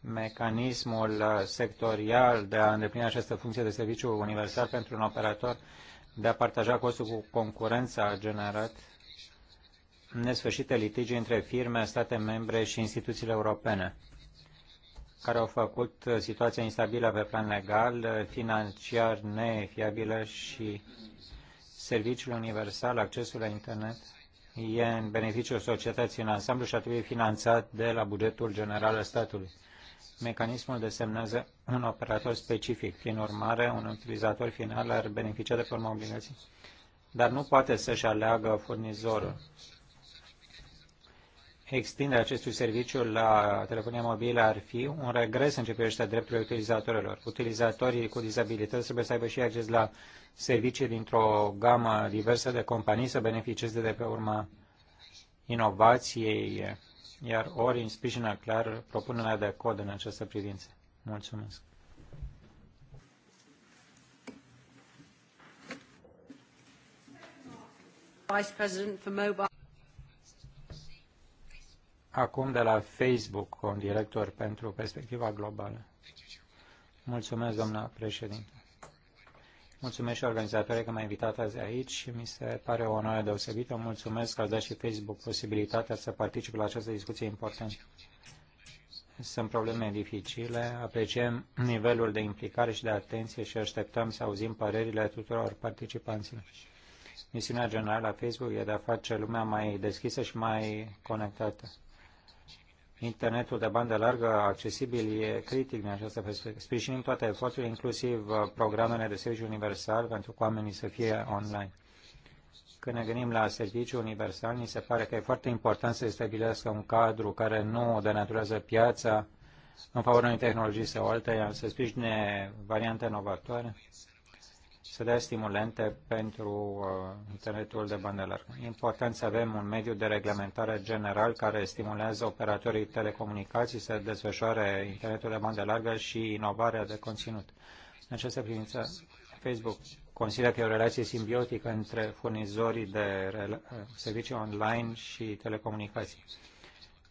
mecanismul uh, sectorial de a îndeplini această funcție de serviciu universal pentru un operator de a partaja costul cu concurența a generat nesfârșite litigi între firme, state membre și instituțiile europene, care au făcut uh, situația instabilă pe plan legal, uh, financiar nefiabilă și serviciul universal, accesul la internet, e în beneficiul societății în ansamblu și ar trebui finanțat de la bugetul general al statului mecanismul desemnează un operator specific. Prin urmare, un utilizator final ar beneficia de forma obligației, dar nu poate să-și aleagă furnizorul. Extinderea acestui serviciu la telefonia mobilă ar fi un regres în ce privește drepturile utilizatorilor. Utilizatorii cu dizabilități trebuie să aibă și acces la servicii dintr-o gamă diversă de companii să beneficieze de pe urma inovației iar ori în sprijină clar propunerea de cod în această privință. Mulțumesc. acum de la Facebook un director pentru perspectiva globală. Mulțumesc, doamna președinte. Mulțumesc și organizatorii că m-a invitat azi aici și mi se pare o onoare deosebită. Mulțumesc că ați dat și Facebook posibilitatea să particip la această discuție importantă. Sunt probleme dificile, apreciem nivelul de implicare și de atenție și așteptăm să auzim părerile tuturor participanților. Misiunea generală a Facebook e de a face lumea mai deschisă și mai conectată internetul de bandă largă accesibil e critic din această perspectivă. Sprijinim toate eforturile, inclusiv uh, programele de serviciu universal pentru că oamenii să fie online. Când ne gândim la serviciu universal, ni se pare că e foarte important să stabilească un cadru care nu denaturează piața în favoarea unei tehnologii sau alteia, să sprijine variante inovatoare să dea stimulente pentru uh, internetul de bandă largă. Important să avem un mediu de reglementare general care stimulează operatorii telecomunicații să desfășoare internetul de bandă largă și inovarea de conținut. În această privință, Facebook consideră că e o relație simbiotică între furnizorii de servicii online și telecomunicații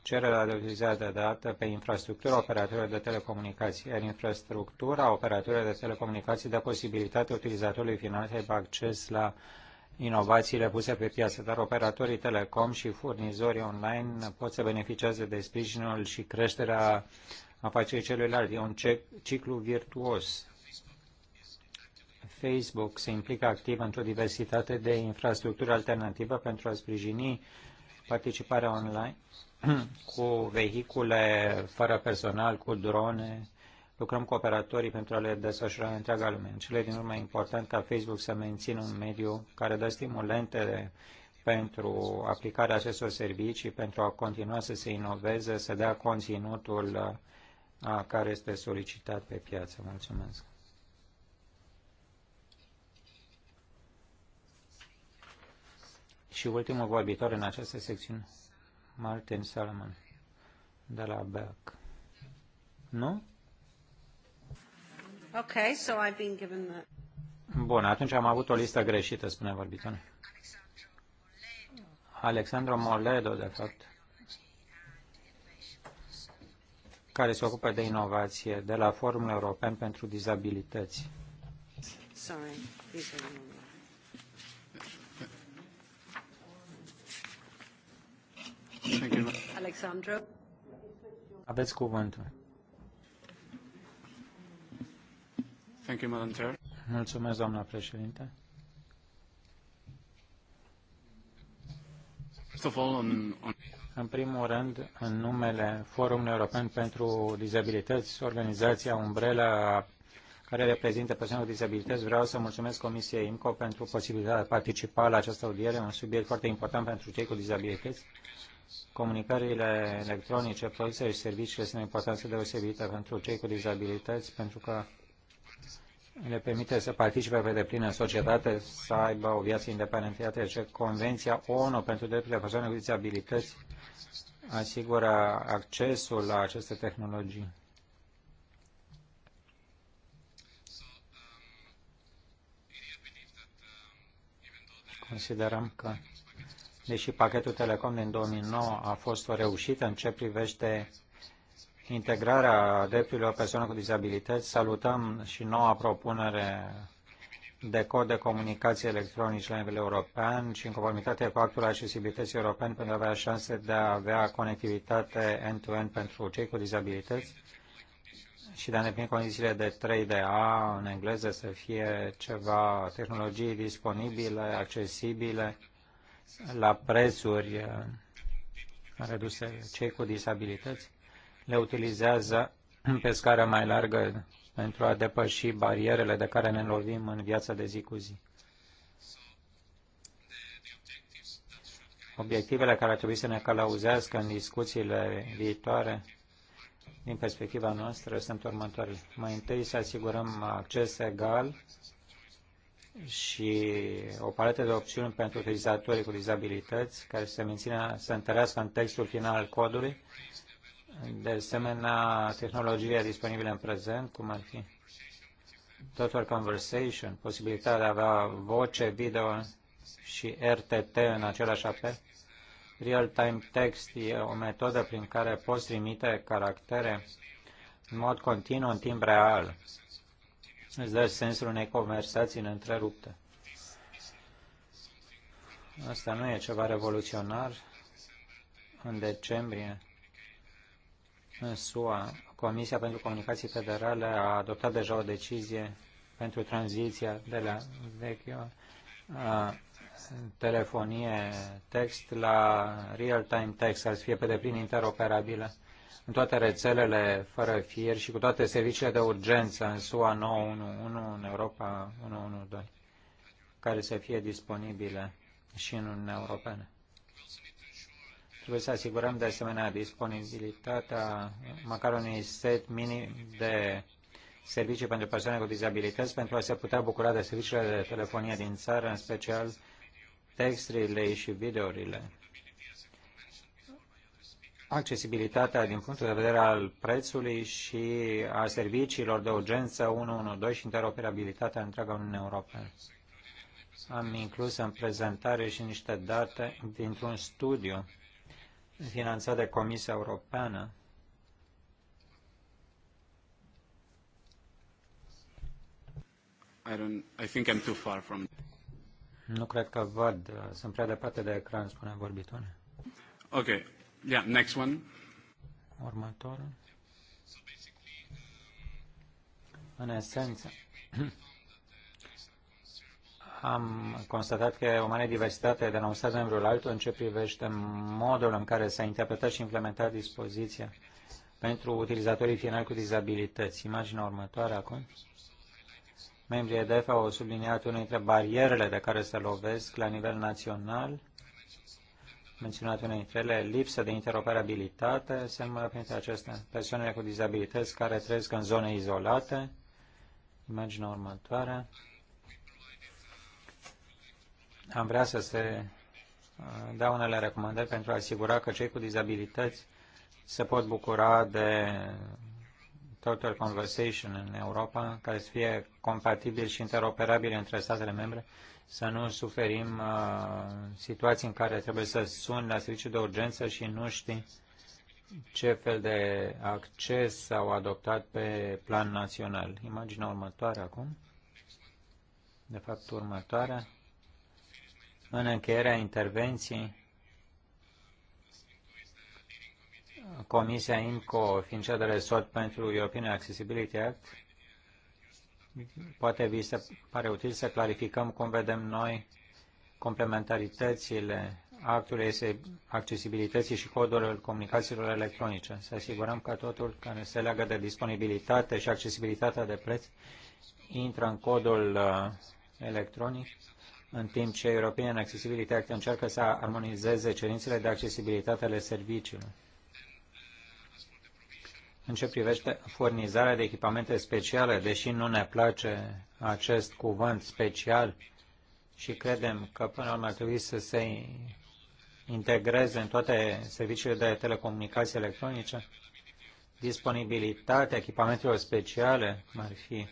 cererea de utilizare de dată pe infrastructura operatorilor de telecomunicații, iar infrastructura operatorilor de telecomunicații dă posibilitatea utilizatorului final să aibă acces la inovațiile puse pe piață, dar operatorii telecom și furnizorii online pot să beneficieze de sprijinul și creșterea afacerii celuilalt. E un ciclu virtuos. Facebook se implică activ într-o diversitate de infrastructuri alternativă pentru a sprijini participarea online cu vehicule fără personal, cu drone, lucrăm cu operatorii pentru a le desfășura în întreaga lume. În cele din urmă e important ca Facebook să mențină un mediu care dă stimulente pentru aplicarea acestor servicii, pentru a continua să se inoveze, să dea conținutul uh, a care este solicitat pe piață. Mulțumesc! Și ultimul vorbitor în această secțiune. Martin Salomon de la Berg. Nu? Ok, so I've been given the... Bun, atunci am avut o listă greșită, spune vorbitorul. Alexandro Moledo, de fapt, care se ocupă de inovație de la Forumul European pentru Dizabilități. Sorry, Alexandru. Aveți cuvântul. Thank you, Madam Chair. Mulțumesc, doamna președinte. First of all, on, on... În primul rând, în numele Forumului European pentru Dizabilități, organizația Umbrella care reprezintă persoane cu dizabilități, vreau să mulțumesc Comisiei IMCO pentru posibilitatea de a participa la această audiere, un subiect foarte important pentru cei cu dizabilități Comunicările electronice, produsele și serviciile sunt o importanță deosebită pentru cei cu dizabilități, pentru că le permite să participe pe deplin în societate, să aibă o viață independentă. Iată ce Convenția ONU pentru drepturile persoanelor cu dizabilități asigură accesul la aceste tehnologii. Considerăm că Deși pachetul Telecom din 2009 a fost o reușită în ce privește integrarea drepturilor persoanelor cu dizabilități, salutăm și noua propunere de cod de comunicații electronici la nivel european și în conformitate cu actul accesibilității european pentru a avea șanse de a avea conectivitate end-to-end -end pentru cei cu dizabilități și de a îndeplini condițiile de 3DA în engleză să fie ceva tehnologii disponibile, accesibile, la prețuri uh, reduse. Cei cu disabilități le utilizează pe scară mai largă pentru a depăși barierele de care ne lovim în viața de zi cu zi. Obiectivele care ar trebui să ne calauzească în discuțiile viitoare din perspectiva noastră sunt următoarele. Mai întâi să asigurăm acces egal și o paletă de opțiuni pentru utilizatorii cu dizabilități care se menține să întărească în textul final al codului, de asemenea tehnologia disponibilă în prezent, cum ar fi Total Conversation, posibilitatea de a avea voce, video și RTT în același apel. Real-time text e o metodă prin care poți trimite caractere în mod continuu în timp real Îți dă sensul unei conversații întreruptă. Asta nu e ceva revoluționar. În decembrie, în SUA, Comisia pentru Comunicații Federale a adoptat deja o decizie pentru tranziția de la vechiul telefonie text la real-time text, să fie pe deplin interoperabilă în toate rețelele fără fier și cu toate serviciile de urgență în SUA 911, în Europa 112, care să fie disponibile și în Uniunea Europeană. Trebuie să asigurăm de asemenea disponibilitatea măcar unui set minim de servicii pentru persoane cu dizabilități pentru a se putea bucura de serviciile de telefonie din țară, în special texturile și videourile accesibilitatea din punctul de vedere al prețului și a serviciilor de urgență 112 și interoperabilitatea întreaga Uniune Europeană. Am inclus în prezentare și niște date dintr-un studiu finanțat de Comisia Europeană I don't, I think I'm too far from... Nu cred că văd, sunt prea departe de ecran, spune vorbitorul. Ok, Yeah, next one. Următorul. În esență, am constatat că e o mare diversitate de la un stat membru la altul în ce privește modul în care s-a interpretat și implementat dispoziția pentru utilizatorii finali cu dizabilități. Imaginea următoare acum. Membrii EDF au subliniat una dintre barierele de care se lovesc la nivel național menționat unele dintre ele, lipsă de interoperabilitate, se numără printre acestea persoanele cu dizabilități care trăiesc în zone izolate. Imaginea următoare. Am vrea să se uh, dea unele recomandări pentru a asigura că cei cu dizabilități se pot bucura de Total Conversation în Europa, care să fie compatibil și interoperabil între statele membre, să nu suferim uh, situații în care trebuie să suni la serviciul de urgență și nu știi ce fel de acces au adoptat pe plan național. Imaginea următoare acum, de fapt următoarea, în încheierea intervenției, Comisia IMCO, fiind cea de resort pentru European Accessibility Act, Poate vi se pare util să clarificăm cum vedem noi complementaritățile actului este accesibilității și codurilor comunicațiilor electronice. Să asigurăm că totul care se leagă de disponibilitate și accesibilitatea de preț intră în codul uh, electronic, în timp ce European Accessibility Act încearcă să armonizeze cerințele de accesibilitate ale serviciilor în ce privește furnizarea de echipamente speciale, deși nu ne place acest cuvânt special și credem că până la urmă ar trebui să se integreze în toate serviciile de telecomunicații electronice, disponibilitatea echipamentelor speciale, cum ar fi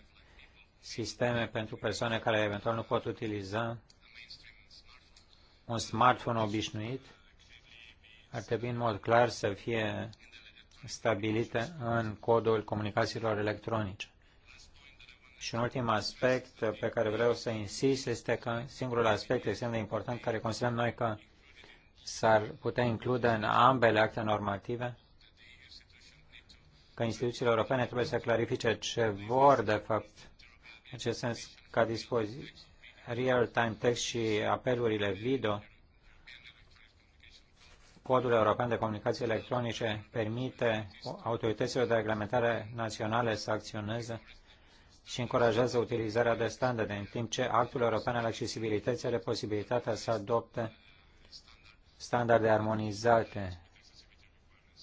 sisteme pentru persoane care eventual nu pot utiliza un smartphone obișnuit, ar trebui în mod clar să fie stabilite în codul comunicațiilor electronice. Și un ultim aspect pe care vreau să insist este că singurul aspect extrem de important care considerăm noi că s-ar putea include în ambele acte normative, că instituțiile europene trebuie să clarifice ce vor de fapt, în ce sens ca dispoziție real-time text și apelurile video Codul European de Comunicații Electronice permite autorităților de reglementare naționale să acționeze și încurajează utilizarea de standarde, în timp ce Actul European al Accesibilității are posibilitatea să adopte standarde armonizate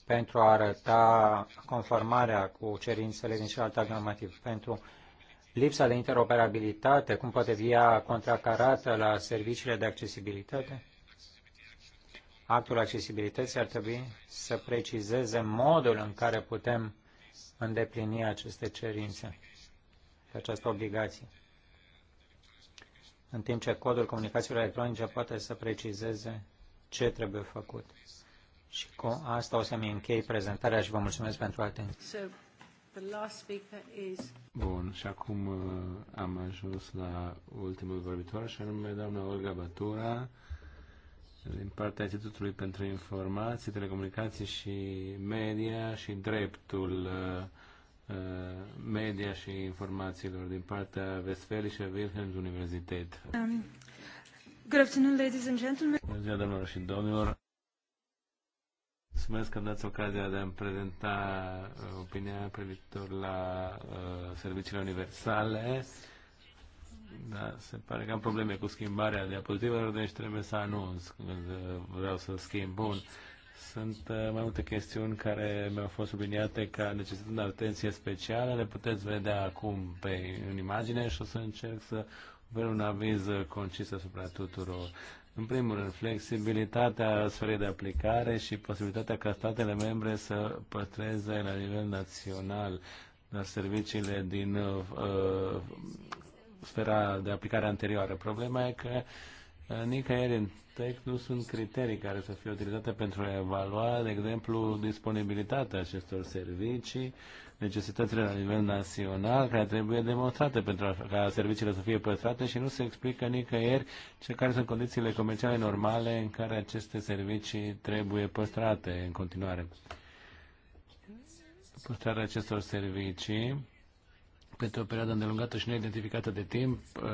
pentru a arăta conformarea cu cerințele din celălalt act normativ. Pentru lipsa de interoperabilitate, cum poate fi ea contracarată la serviciile de accesibilitate, actul accesibilității ar trebui să precizeze modul în care putem îndeplini aceste cerințe, această obligație. În timp ce codul comunicațiilor electronice poate să precizeze ce trebuie făcut. Și cu asta o să-mi închei prezentarea și vă mulțumesc pentru atenție. Bun, și acum uh, am ajuns la ultimul vorbitor, și anume doamna Olga Batura, din partea Institutului pentru Informații, Telecomunicații și Media și Dreptul uh, uh, Media și Informațiilor din partea Westfälische Wilhelms Universität. Um, good afternoon, ladies and gentlemen. Bună ziua, domnilor și domnilor. Mulțumesc că am dat ocazia de a-mi prezenta uh, opinia privitor la uh, serviciile universale. Uh, da, se pare că am probleme cu schimbarea diapozitivelor, deci trebuie să anunț când vreau să schimb. Bun. Sunt uh, mai multe chestiuni care mi-au fost subliniate ca necesitând atenție specială. Le puteți vedea acum pe, în imagine și o să încerc să ofer un aviz concis asupra tuturor. În primul rând, flexibilitatea sferei de aplicare și posibilitatea ca statele membre să păstreze la nivel național la serviciile din uh, sfera de aplicare anterioară. Problema e că uh, nicăieri în text nu sunt criterii care să fie utilizate pentru a evalua, de exemplu, disponibilitatea acestor servicii, necesitățile la nivel național care trebuie demonstrate pentru ca serviciile să fie păstrate și nu se explică nicăieri ce care sunt condițiile comerciale normale în care aceste servicii trebuie păstrate în continuare. Păstrarea acestor servicii pentru o perioadă îndelungată și neidentificată de timp uh,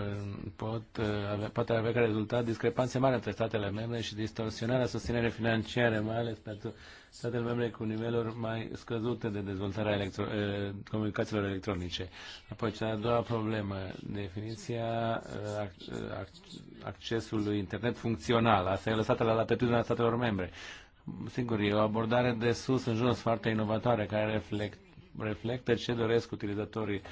pot uh, avea, poate avea ca rezultat discrepanțe mari între statele membre și distorsionarea susținerii financiare, mai ales pentru statele membre cu niveluri mai scăzute de dezvoltare a electro, uh, comunicațiilor electronice. Apoi, cea a doua problemă, definiția accesului internet funcțional. Asta e lăsată la latitudinea statelor membre. Sigur, e o abordare de sus în jos foarte inovatoare care reflect, reflectă ce doresc utilizatorii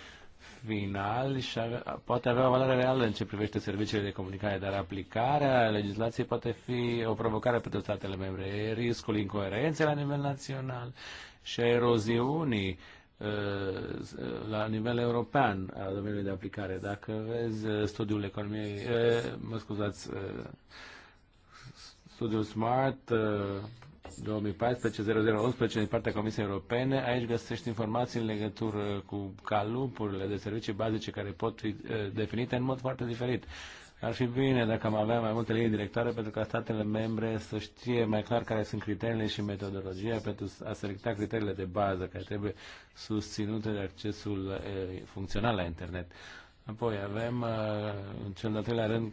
final și ave, poate avea o valoare reală în ce privește serviciile de comunicare, dar aplicarea legislației poate fi o provocare pentru statele membre. E riscul incoerenței la nivel național și a eroziunii uh, la nivel european a domeniului de aplicare. Dacă vezi uh, studiul economiei, uh, mă scuzați, studiul SMART 2014-0011 din partea Comisiei Europene. Aici găsești informații în legătură cu calupurile de servicii bazice care pot fi eh, definite în mod foarte diferit. Ar fi bine dacă am avea mai multe linii directoare pentru ca statele membre să știe mai clar care sunt criteriile și metodologia pentru a selecta criteriile de bază care trebuie susținute de accesul eh, funcțional la internet. Apoi avem, eh, în cel de-al treilea rând,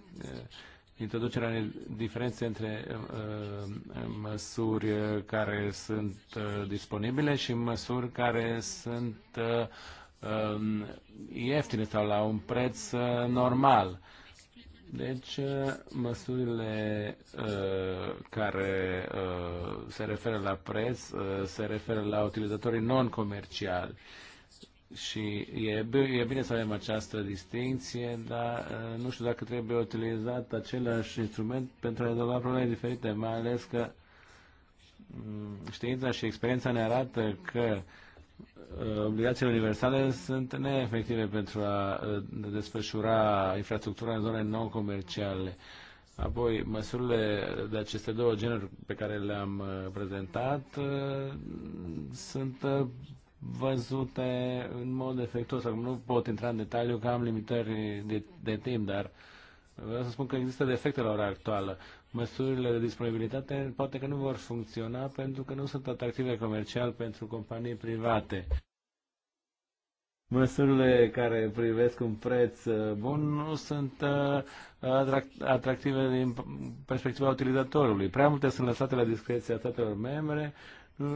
introducerea diferențe între uh, uh, măsuri care sunt uh, disponibile și măsuri care sunt uh, um, ieftine sau la un preț uh, normal. Deci, uh, măsurile uh, care uh, se referă la preț uh, se referă la utilizatorii non-comerciali. Uh, și e, e bine să avem această distinție, dar uh, nu știu dacă trebuie utilizat același instrument pentru a rezolva probleme diferite, mai ales că mm, știința și experiența ne arată că uh, obligațiile universale sunt neefective pentru a uh, desfășura infrastructura în zone non-comerciale. Apoi, măsurile de aceste două genuri pe care le-am prezentat sunt văzute în mod efectuos. Acum nu pot intra în detaliu că am limitări de, de timp, dar vreau să spun că există defecte la ora actuală. Măsurile de disponibilitate poate că nu vor funcționa pentru că nu sunt atractive comercial pentru companii private. Măsurile care privesc un preț uh, bun nu sunt uh, atractive din perspectiva utilizatorului. Prea multe sunt lăsate la discreția statelor membre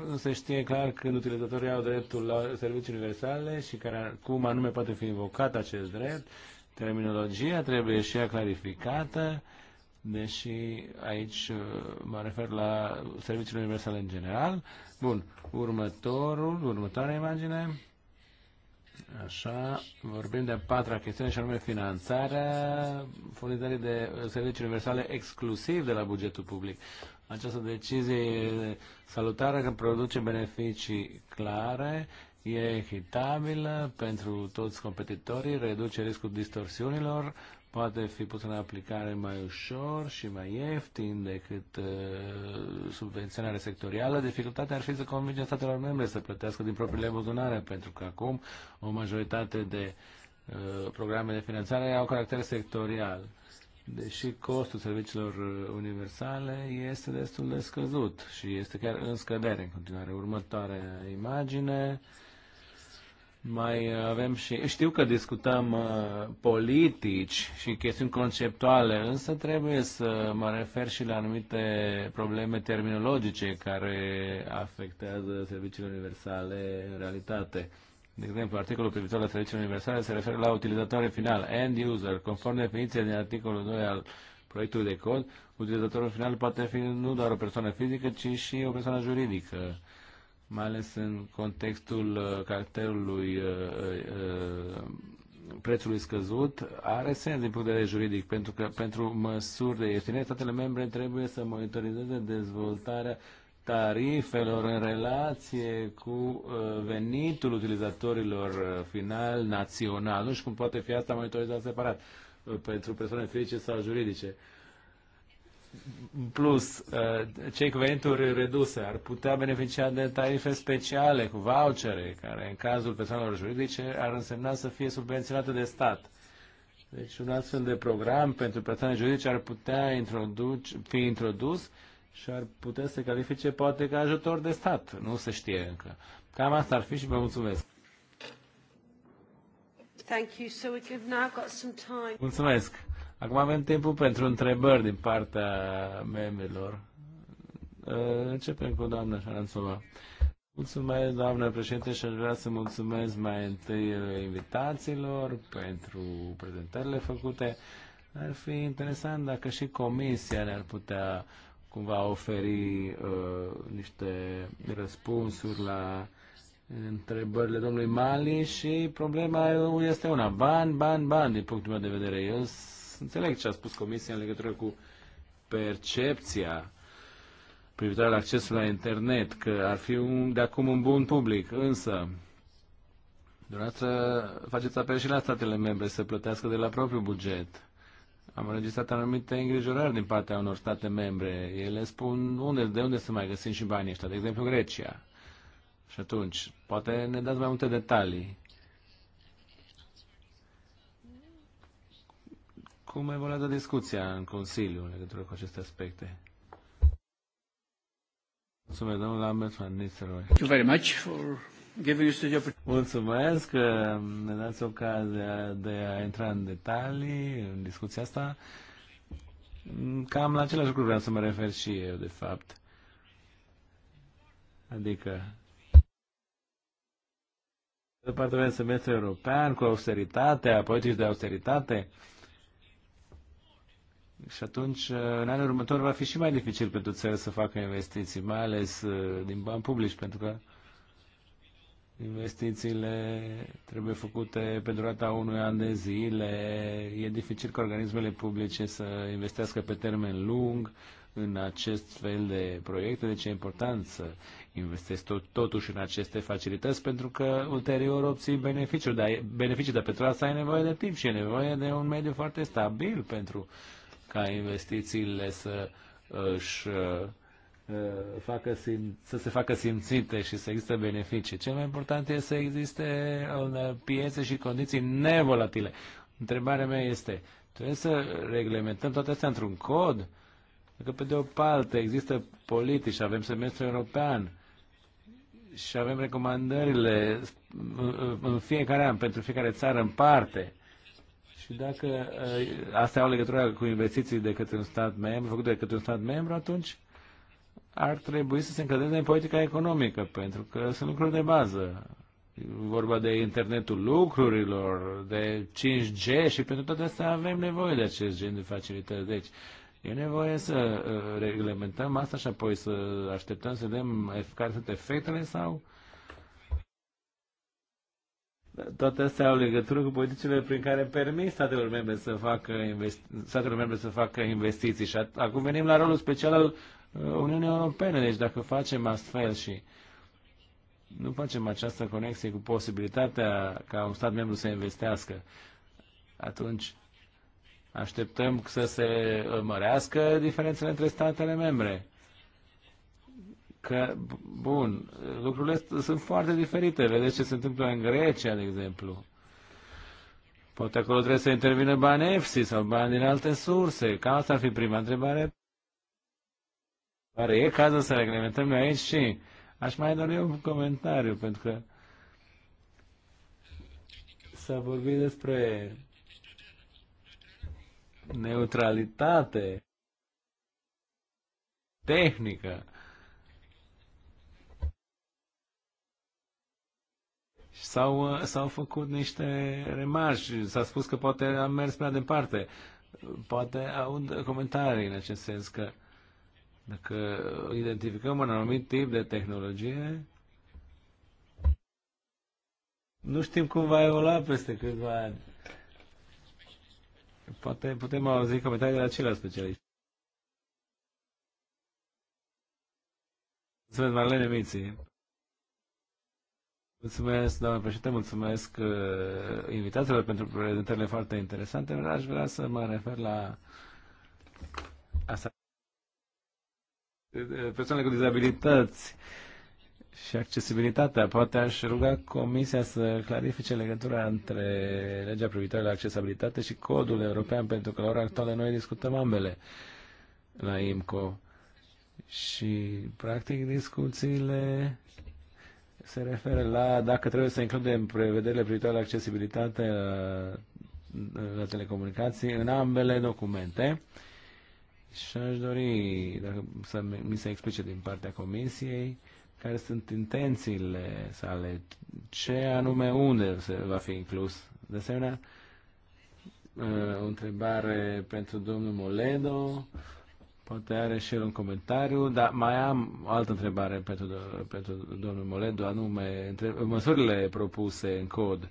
Însă știe clar când utilizatorii au dreptul la servicii universale și care, cum anume poate fi invocat acest drept. Terminologia trebuie și ea clarificată, deși aici uh, mă refer la serviciile universale în general. Bun, următorul, următoarea imagine. Așa, vorbim de a patra chestiune și anume finanțarea furnizării de servicii universale exclusiv de la bugetul public. Această decizie e salutară că produce beneficii clare, e echitabilă pentru toți competitorii, reduce riscul distorsiunilor, poate fi pus în aplicare mai ușor și mai ieftin decât uh, subvenționarea sectorială. Dificultatea ar fi să convinge statelor membre să plătească din propriile buzunare, pentru că acum o majoritate de uh, programe de finanțare au caracter sectorial deși costul serviciilor uh, universale este destul de scăzut și este chiar în scădere în continuare. Următoarea imagine. Mai uh, avem și. Știu că discutăm uh, politici și chestiuni conceptuale, însă trebuie să mă refer și la anumite probleme terminologice care afectează serviciile universale în realitate. De exemplu, articolul privitor la serviciul universal se referă la utilizatorul final, end user. Conform definiției din articolul 2 al proiectului de cod, utilizatorul final poate fi nu doar o persoană fizică, ci și o persoană juridică, mai ales în contextul uh, caracterului uh, uh, prețului scăzut, are sens din punct de vedere juridic, pentru că pentru măsuri de ieftinire, statele membre trebuie să monitorizeze dezvoltarea tarifelor în relație cu uh, venitul utilizatorilor uh, final național. Nu știu cum poate fi asta monitorizat separat uh, pentru persoane fizice sau juridice. Plus, cei cu venituri reduse ar putea beneficia de tarife speciale cu vouchere, care în cazul persoanelor juridice ar însemna să fie subvenționate de stat. Deci un astfel de program pentru persoane juridice ar putea introduce, fi introdus uh, și ar putea să califice poate ca ajutor de stat. Nu se știe încă. Cam asta ar fi și vă mulțumesc. Thank you. So we've now got some time. Mulțumesc. Acum avem timpul pentru întrebări din partea membrilor. Uh, începem cu doamna Șaranțova. Mulțumesc, doamnă președinte, și aș vrea să mulțumesc mai întâi invitațiilor pentru prezentările făcute. Ar fi interesant dacă și comisia ne-ar putea uh, cumva oferi uh, niște răspunsuri la întrebările domnului Mali și problema este una, ban, ban, ban. din punctul meu de vedere. Eu înțeleg ce a spus Comisia în legătură cu percepția privitoare la accesul la internet, că ar fi un, de acum un bun public, însă dumneavoastră faceți apel și la statele membre să plătească de la propriul buget am înregistrat anumite îngrijorări din partea unor state membre. Ele spun unde, de unde să mai găsim și banii ăștia, de exemplu Grecia. Și atunci, poate ne dați mai multe detalii. Cum evoluează discuția în Consiliu în legătură cu aceste aspecte? Mulțumesc, domnul Lambert Thank you very much for Mulțumesc că ne dați ocazia de a intra în detalii în discuția asta. Cam la același lucru vreau să mă refer și eu, de fapt. Adică, de semestru european cu austeritatea, politici de austeritate. Și atunci, în anul următor, va fi și mai dificil pentru țări să facă investiții, mai ales uh, din bani publici, pentru că Investițiile trebuie făcute pe durata unui an de zile. E dificil ca organismele publice să investească pe termen lung în acest fel de proiecte, deci e important să investești tot, totuși în aceste facilități pentru că ulterior obții beneficiu, dar, beneficii, dar pentru asta ai nevoie de timp și e nevoie de un mediu foarte stabil pentru ca investițiile să își uh, Uh, facă sim, să se facă simțite și să există beneficii. Cel mai important este să existe uh, piețe și condiții nevolatile. Întrebarea mea este, trebuie să reglementăm toate astea într-un cod? Că pe de o parte există politici, avem semestru european și avem recomandările în fiecare an, pentru fiecare țară în parte. Și dacă uh, astea au legătură cu investiții de către un stat membru, făcute de către un stat membru, atunci ar trebui să se încadreze în politica economică, pentru că sunt lucruri de bază. E vorba de internetul lucrurilor, de 5G și pentru toate astea avem nevoie de acest gen de facilități. Deci, E nevoie să uh, reglementăm asta și apoi să așteptăm să vedem care sunt efectele sau... Toate astea au legătură cu politicile prin care permis statelor membre să facă, investi- statelor membre să facă investiții. Și acum venim la rolul special al Uh, Uniunea Europeană. Deci dacă facem astfel și nu facem această conexie cu posibilitatea ca un stat membru să investească, atunci așteptăm să se mărească diferențele între statele membre. Că, bun, lucrurile sunt foarte diferite. Vedeți ce se întâmplă în Grecia, de exemplu. Poate acolo trebuie să intervină bani EFSI sau bani din alte surse. Ca asta ar fi prima întrebare. Oare e cazul să reglementăm noi aici și aș mai dori un comentariu, pentru că s-a vorbit despre neutralitate tehnică. S-au, s-au făcut niște remarci, s-a spus că poate am mers prea departe. Poate aud comentarii în acest sens că dacă identificăm un anumit tip de tehnologie, nu știm cum va evolua peste câțiva ani. Poate putem auzi comentarii de la ceilalți specialiști. Mulțumesc, Marlene Miții. Mulțumesc, doamnă președinte, mulțumesc uh, invitațiilor pentru prezentările foarte interesante. Aș vrea să mă refer la persoanele cu dizabilități și accesibilitatea. Poate aș ruga Comisia să clarifice legătura între legea privitoare la accesibilitate și codul european, pentru că la ora actuală noi discutăm ambele la IMCO. Și, practic, discuțiile se referă la dacă trebuie să includem prevederile privitoare la accesibilitate la, uh, la telecomunicații în ambele documente. Uh, și aș dori dacă, să mi se explice din partea Comisiei care sunt intențiile sale, ce anume unde se va fi inclus. De asemenea, uh, o întrebare pentru domnul Moledo, poate are și el un comentariu, dar mai am o altă întrebare pentru, pentru domnul Moledo, anume între, măsurile propuse în cod. Uh,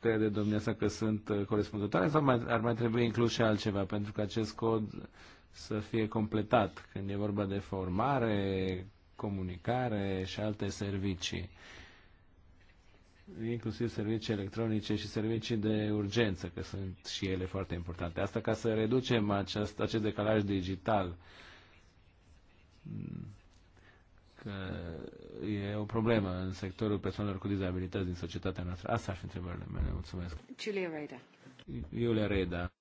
crede domnia sa că sunt uh, corespunzătoare sau mai, ar mai trebui inclus și altceva pentru că acest cod să fie completat când e vorba de formare, comunicare și alte servicii inclusiv servicii electronice și servicii de urgență, că sunt și ele foarte importante. Asta ca să reducem acest, acest decalaj digital că e o problemă în sectorul persoanelor cu dizabilități din societatea noastră. Asta ar fi întrebările mele. Mulțumesc. Julia Reda. Iulia Reda.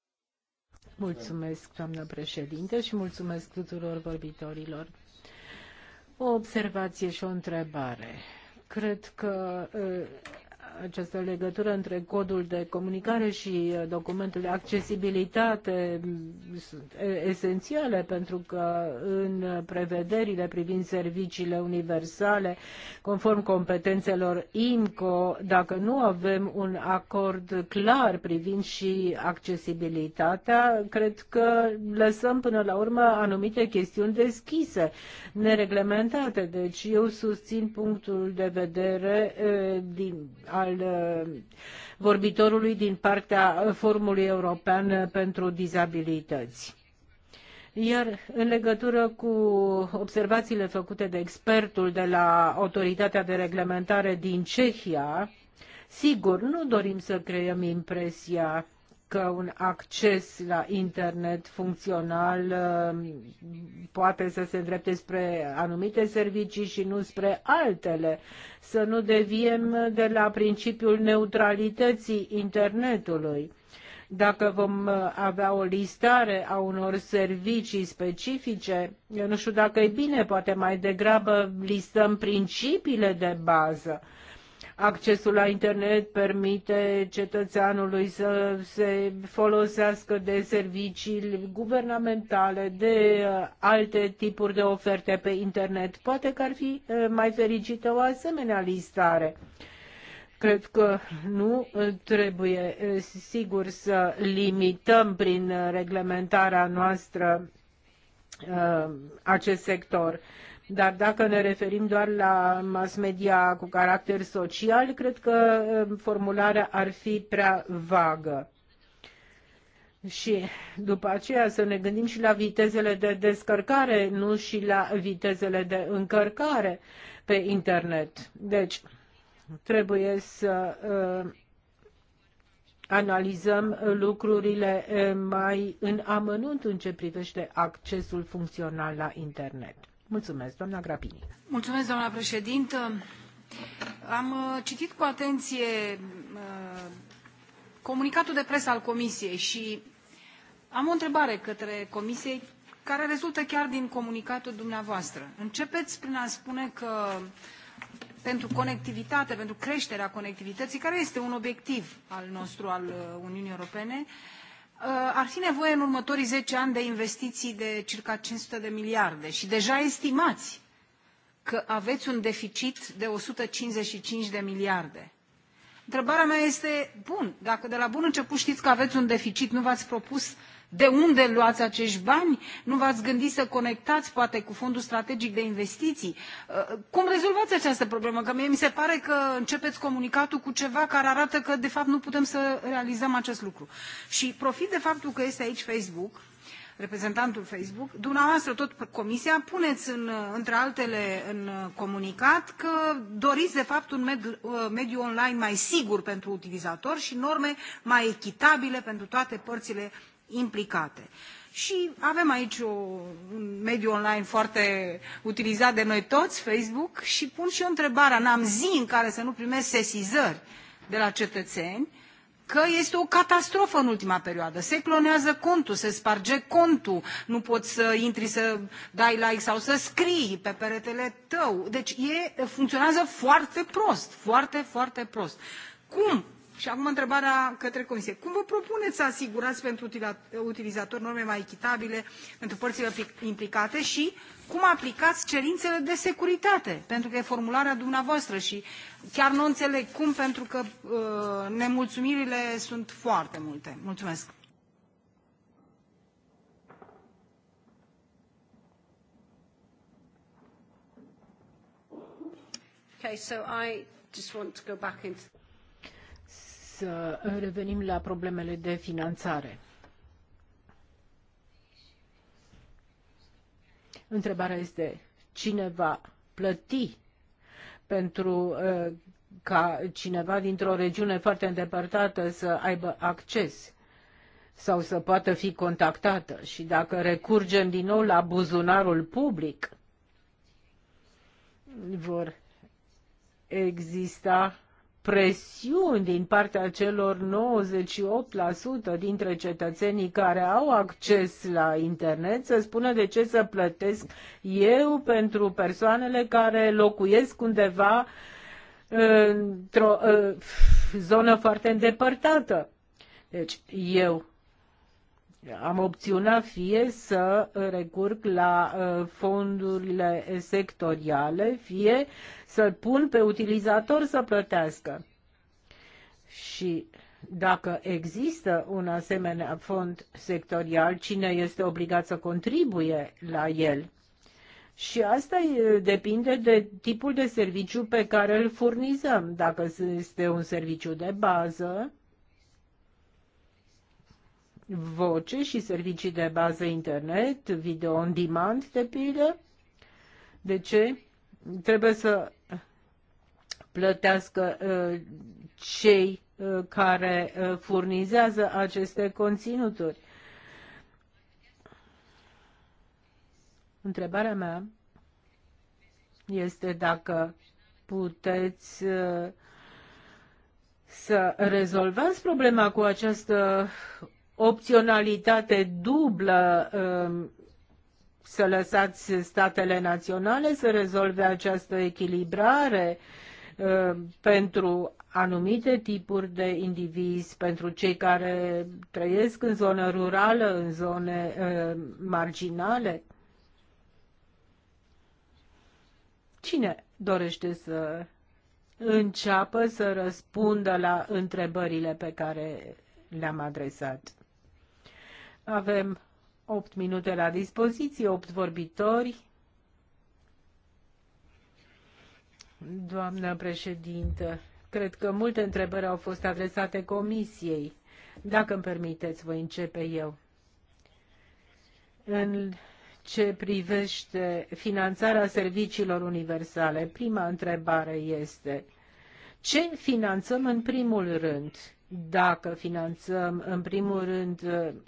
Mulțumesc, doamnă președinte, și mulțumesc tuturor vorbitorilor. O observație și o întrebare. Cred că această legătură între codul de comunicare și uh, documentul de accesibilitate sunt esențiale pentru că în prevederile privind serviciile universale, conform competențelor IMCO, dacă nu avem un acord clar privind și accesibilitatea, cred că lăsăm până la urmă anumite chestiuni deschise, nereglementate. Deci eu susțin punctul de vedere uh, din a al uh, vorbitorului din partea Forumului European pentru Dizabilități. Iar în legătură cu observațiile făcute de expertul de la Autoritatea de Reglementare din Cehia, sigur, nu dorim să creăm impresia că un acces la internet funcțional uh, poate să se îndrepte spre anumite servicii și nu spre altele, să nu deviem de la principiul neutralității internetului. Dacă vom uh, avea o listare a unor servicii specifice, eu nu știu dacă e bine, poate mai degrabă listăm principiile de bază Accesul la internet permite cetățeanului să se folosească de servicii guvernamentale, de uh, alte tipuri de oferte pe internet. Poate că ar fi uh, mai fericită o asemenea listare. Cred că nu uh, trebuie, sigur, să limităm prin reglementarea noastră acest sector. Dar dacă ne referim doar la mass media cu caracter social, cred că um, formularea ar fi prea vagă. Și după aceea să ne gândim și la vitezele de descărcare, nu și la vitezele de încărcare pe internet. Deci, trebuie să uh, analizăm lucrurile uh, mai în amănunt în ce privește accesul funcțional la internet. Mulțumesc, doamna Grapini. Mulțumesc, doamna președintă. Am uh, citit cu atenție uh, comunicatul de presă al Comisiei și am o întrebare către Comisie care rezultă chiar din comunicatul dumneavoastră. Începeți prin a spune că pentru conectivitate, pentru creșterea conectivității, care este un obiectiv al nostru, al uh, Uniunii Europene, uh, Uh, ar fi nevoie în următorii zece ani de investiții de circa 500 de miliarde și deja estimați că aveți un deficit de 155 de miliarde. Întrebarea mea este, bun, dacă de la bun început știți că aveți un deficit, nu v-ați propus de unde luați acești bani? Nu v-ați gândit să conectați poate cu Fondul Strategic de Investiții? Uh, cum rezolvați această problemă? Că mie mi se pare că începeți comunicatul cu ceva care arată că de fapt nu putem să realizăm acest lucru. Și profit de faptul că este aici Facebook, reprezentantul Facebook, dumneavoastră, tot Comisia, puneți în, uh, între altele în uh, comunicat că doriți, de fapt, un med, mediu online mai sigur pentru utilizator și norme mai echitabile pentru toate părțile implicate. Și avem aici o, un mediu online foarte utilizat de noi toți, Facebook, și pun și eu întrebarea, n-am zi în care să nu primesc sesizări de la cetățeni că este o catastrofă în ultima perioadă. Se clonează contul, se sparge contul, nu poți să intri să dai like sau să scrii pe peretele tău. Deci e, funcționează foarte prost, foarte, foarte prost. Cum și acum întrebarea către Comisie. Cum vă propuneți să asigurați pentru utilizatori norme mai echitabile pentru părțile implicate și cum aplicați cerințele de securitate? Pentru că e formularea dumneavoastră și chiar nu înțeleg cum, pentru că uh, nemulțumirile sunt foarte multe. Mulțumesc. Okay, so I just want to go back into să revenim la problemele de finanțare. Întrebarea este cine va plăti pentru uh, ca cineva dintr-o regiune foarte îndepărtată să aibă acces sau să poată fi contactată. Și dacă recurgem din nou la buzunarul public, vor exista presiuni din partea celor 98% dintre cetățenii care au acces la internet să spună de ce să plătesc eu pentru persoanele care locuiesc undeva uh, într-o uh, zonă foarte îndepărtată. Deci eu am opțiunea fie să recurg la uh, fondurile sectoriale, fie să-l pun pe utilizator să plătească. Și dacă există un asemenea fond sectorial, cine este obligat să contribuie la el? Și asta depinde de tipul de serviciu pe care îl furnizăm. Dacă este un serviciu de bază, voce și servicii de bază internet, video on demand, de pildă. De ce? Trebuie să plătească uh, cei uh, care uh, furnizează aceste conținuturi. Întrebarea mea este dacă puteți să rezolvați problema cu această opționalitate dublă um, să lăsați statele naționale să rezolve această echilibrare um, pentru anumite tipuri de indivizi, pentru cei care trăiesc în zonă rurală, în zone um, marginale? Cine dorește să înceapă să răspundă la întrebările pe care le-am adresat? Avem 8 minute la dispoziție, 8 vorbitori. Doamnă președintă, cred că multe întrebări au fost adresate comisiei. Dacă îmi permiteți, voi începe eu. În ce privește finanțarea serviciilor universale, prima întrebare este ce finanțăm în primul rând? dacă finanțăm, în primul rând,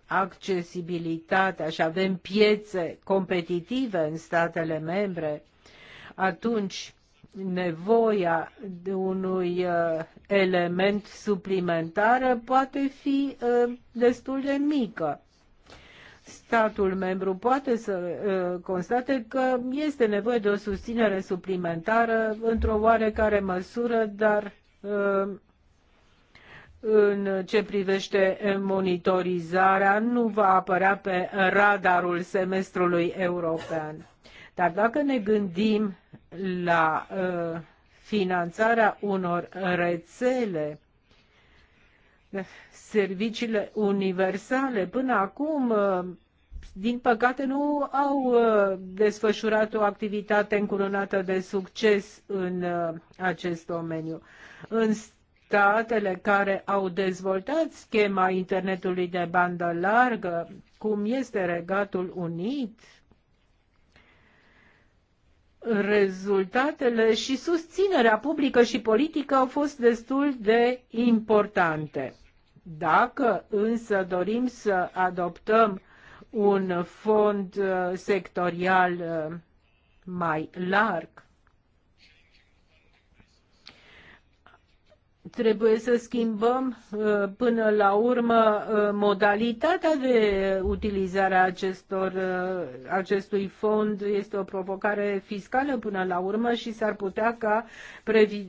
accesibilitatea și avem piețe competitive în statele membre, atunci nevoia de unui uh, element suplimentar poate fi uh, destul de mică. Statul membru poate să uh, constate că este nevoie de o susținere suplimentară într-o oarecare măsură, dar în ce privește monitorizarea nu va apărea pe radarul semestrului european. Dar dacă ne gândim la uh, finanțarea unor rețele, serviciile universale până acum uh, din păcate nu au uh, desfășurat o activitate încurunată de succes în acest domeniu. În statele care au dezvoltat schema internetului de bandă largă, cum este Regatul Unit, rezultatele și susținerea publică și politică au fost destul de importante. Dacă însă dorim să adoptăm un fond uh, sectorial uh, mai larg, trebuie să schimbăm uh, până la urmă uh, modalitatea de utilizare a acestor, uh, acestui fond. Este o provocare fiscală până la urmă și s-ar putea ca previ,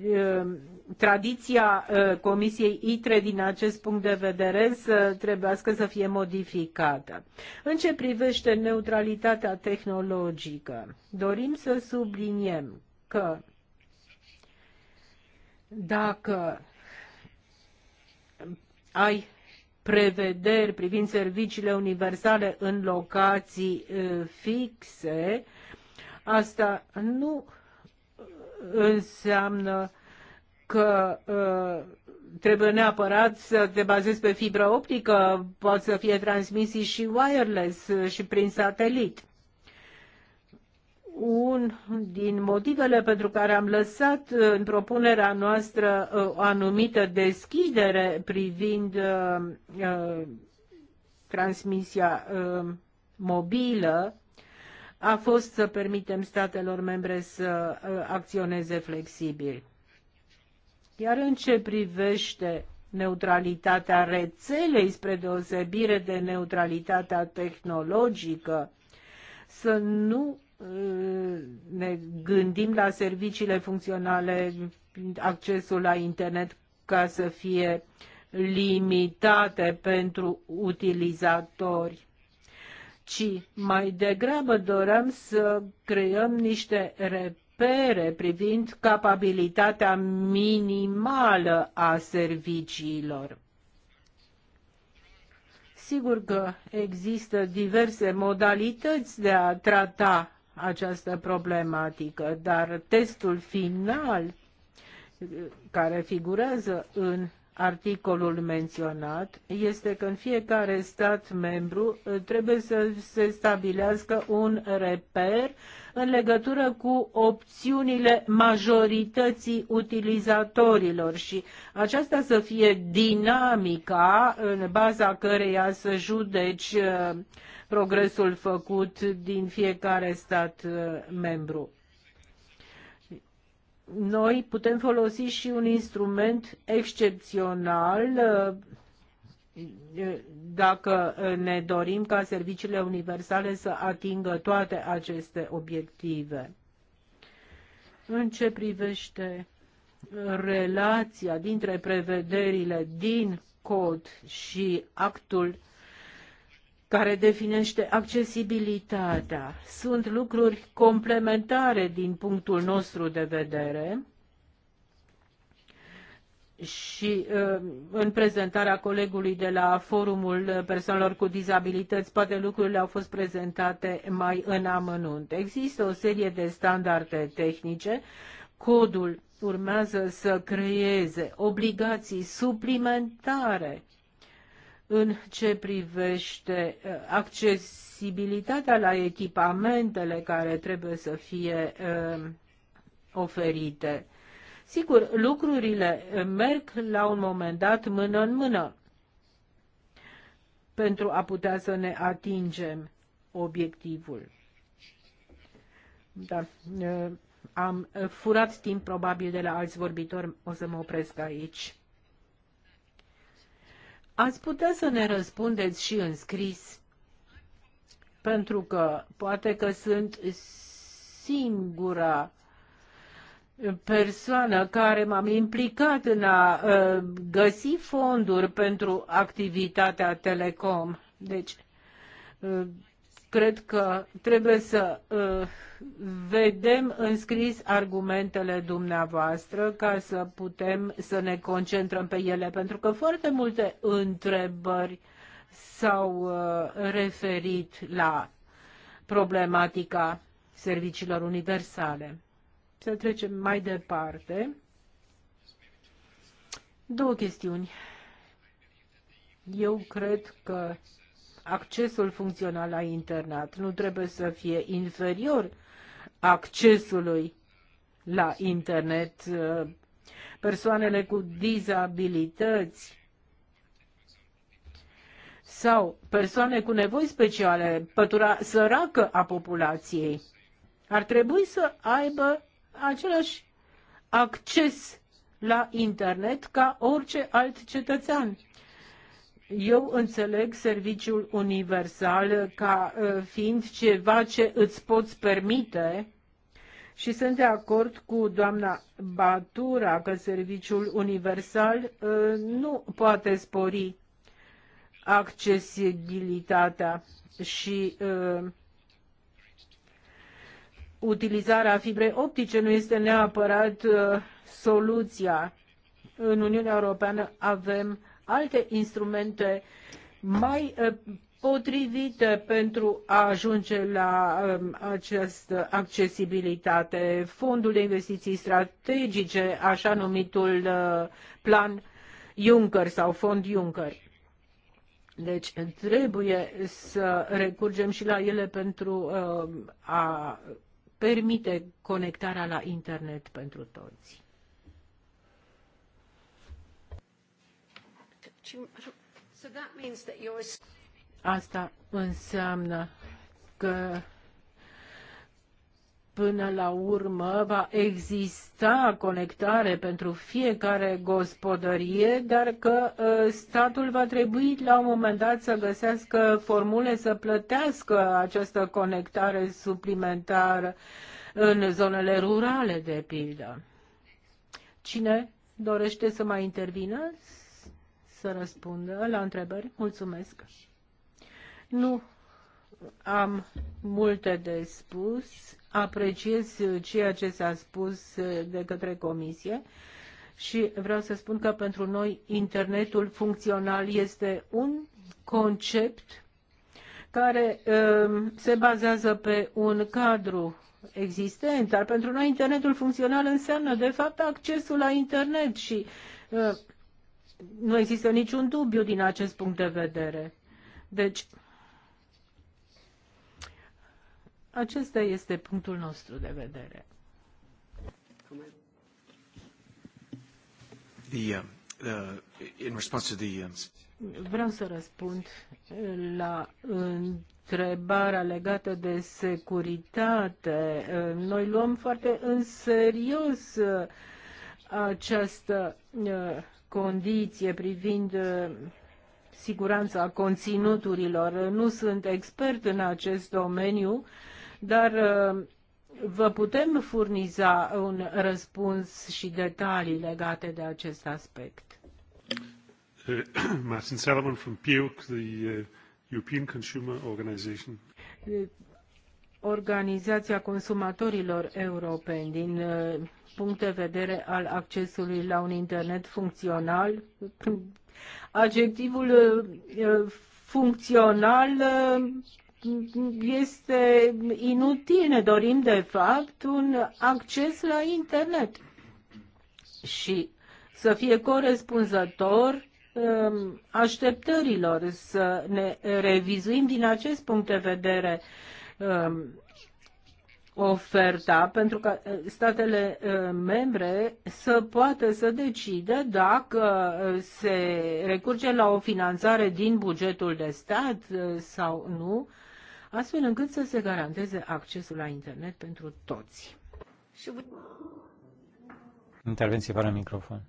tradiția Comisiei ITRE din acest punct de vedere să trebuiască să fie modificată. În ce privește neutralitatea tehnologică, dorim să subliniem că dacă ai prevederi privind serviciile universale în locații fixe, asta nu înseamnă că trebuie neapărat să te bazezi pe fibra optică, pot să fie transmisii și wireless și prin satelit un din motivele pentru care am lăsat uh, în propunerea noastră uh, o anumită deschidere privind uh, transmisia mobilă a fost să permitem statelor membre să acționeze flexibil. Iar în ce privește neutralitatea rețelei spre deosebire de neutralitatea tehnologică, să nu ne gândim la serviciile funcționale, accesul la internet ca să fie limitate pentru utilizatori ci mai degrabă dorăm să creăm niște repere privind capabilitatea minimală a serviciilor. Sigur că există diverse modalități de a trata această problematică, dar testul final care figurează în articolul menționat este că în fiecare stat membru trebuie să se stabilească un reper în legătură cu opțiunile majorității utilizatorilor și aceasta să fie dinamica în baza căreia să judeci uh, progresul făcut din fiecare stat uh, membru. Noi putem folosi și un instrument excepțional uh, dacă uh, ne dorim ca serviciile universale să atingă toate aceste obiective. În ce privește relația dintre prevederile din cod și actul care definește accesibilitatea. Sunt lucruri complementare din punctul nostru de vedere și uh, în prezentarea colegului de la Forumul Persoanelor cu Dizabilități, poate lucrurile au fost prezentate mai în amănunt. Există o serie de standarde tehnice, codul urmează să creeze obligații suplimentare în ce privește uh, accesibilitatea la echipamentele care trebuie să fie um, oferite. Sigur, lucrurile uh, merg la un moment dat mână în mână pentru a putea să ne atingem obiectivul. Da. Uh, am furat timp probabil de la alți vorbitori, o să mă opresc aici. Ați putea să ne răspundeți și în scris, pentru că poate că sunt singura persoană care m-am implicat în a uh, găsi fonduri pentru activitatea Telecom. Deci, uh, cred că trebuie să uh, vedem înscris argumentele dumneavoastră ca să putem să ne concentrăm pe ele, pentru că foarte multe întrebări s-au uh, referit la problematica serviciilor universale. Să trecem mai departe. Două chestiuni. Eu cred că accesul funcțional la internet nu trebuie să fie inferior accesului la internet. Persoanele cu dizabilități sau persoane cu nevoi speciale, pătura săracă a populației, ar trebui să aibă același acces la internet ca orice alt cetățean. Eu înțeleg serviciul universal ca ă, fiind ceva ce îți poți permite și sunt de acord cu doamna Batura că serviciul universal ă, nu poate spori accesibilitatea și ă, utilizarea fibrei optice nu este neapărat soluția. În Uniunea Europeană avem alte instrumente mai eh, potrivite pentru a ajunge la um, această accesibilitate. Fondul de investiții strategice, așa numitul uh, plan Juncker sau fond Juncker. Deci trebuie să recurgem și la ele pentru uh, a permite conectarea la internet pentru toți. Asta înseamnă că până la urmă va exista conectare pentru fiecare gospodărie, dar că ă, statul va trebui la un moment dat să găsească formule să plătească această conectare suplimentară în zonele rurale, de pildă. Cine dorește să mai intervină? să răspundă la întrebări. Mulțumesc. Nu am multe de spus. Apreciez ceea ce s-a spus de către comisie și vreau să spun că pentru noi internetul funcțional este un concept care um, se bazează pe un cadru existent, dar pentru noi internetul funcțional înseamnă de fapt accesul la internet și uh, nu există niciun dubiu din acest punct de vedere. Deci, acesta este punctul nostru de vedere. The, uh, uh, in response to the, uh... Vreau să răspund la întrebarea legată de securitate. Noi luăm foarte în serios uh, această uh, condiție privind uh, siguranța conținuturilor. Nu sunt expert în acest domeniu, dar uh, vă putem furniza un răspuns și detalii legate de acest aspect. Uh, Martin Salomon from PIOC, the European Consumer Organization. Organizația Consumatorilor Europeni din uh, punct de vedere al accesului la un internet funcțional. Adjectivul uh, uh, funcțional este inutil. Ne dorim, de fapt, un acces la internet și să fie corespunzător um, așteptărilor, să ne revizuim din acest punct de vedere Um, oferta pentru ca uh, statele uh, membre să poată să decide dacă uh, se recurge la o finanțare din bugetul de stat sau nu, astfel încât să se garanteze accesul la internet pentru toți. Intervenție fără microfon.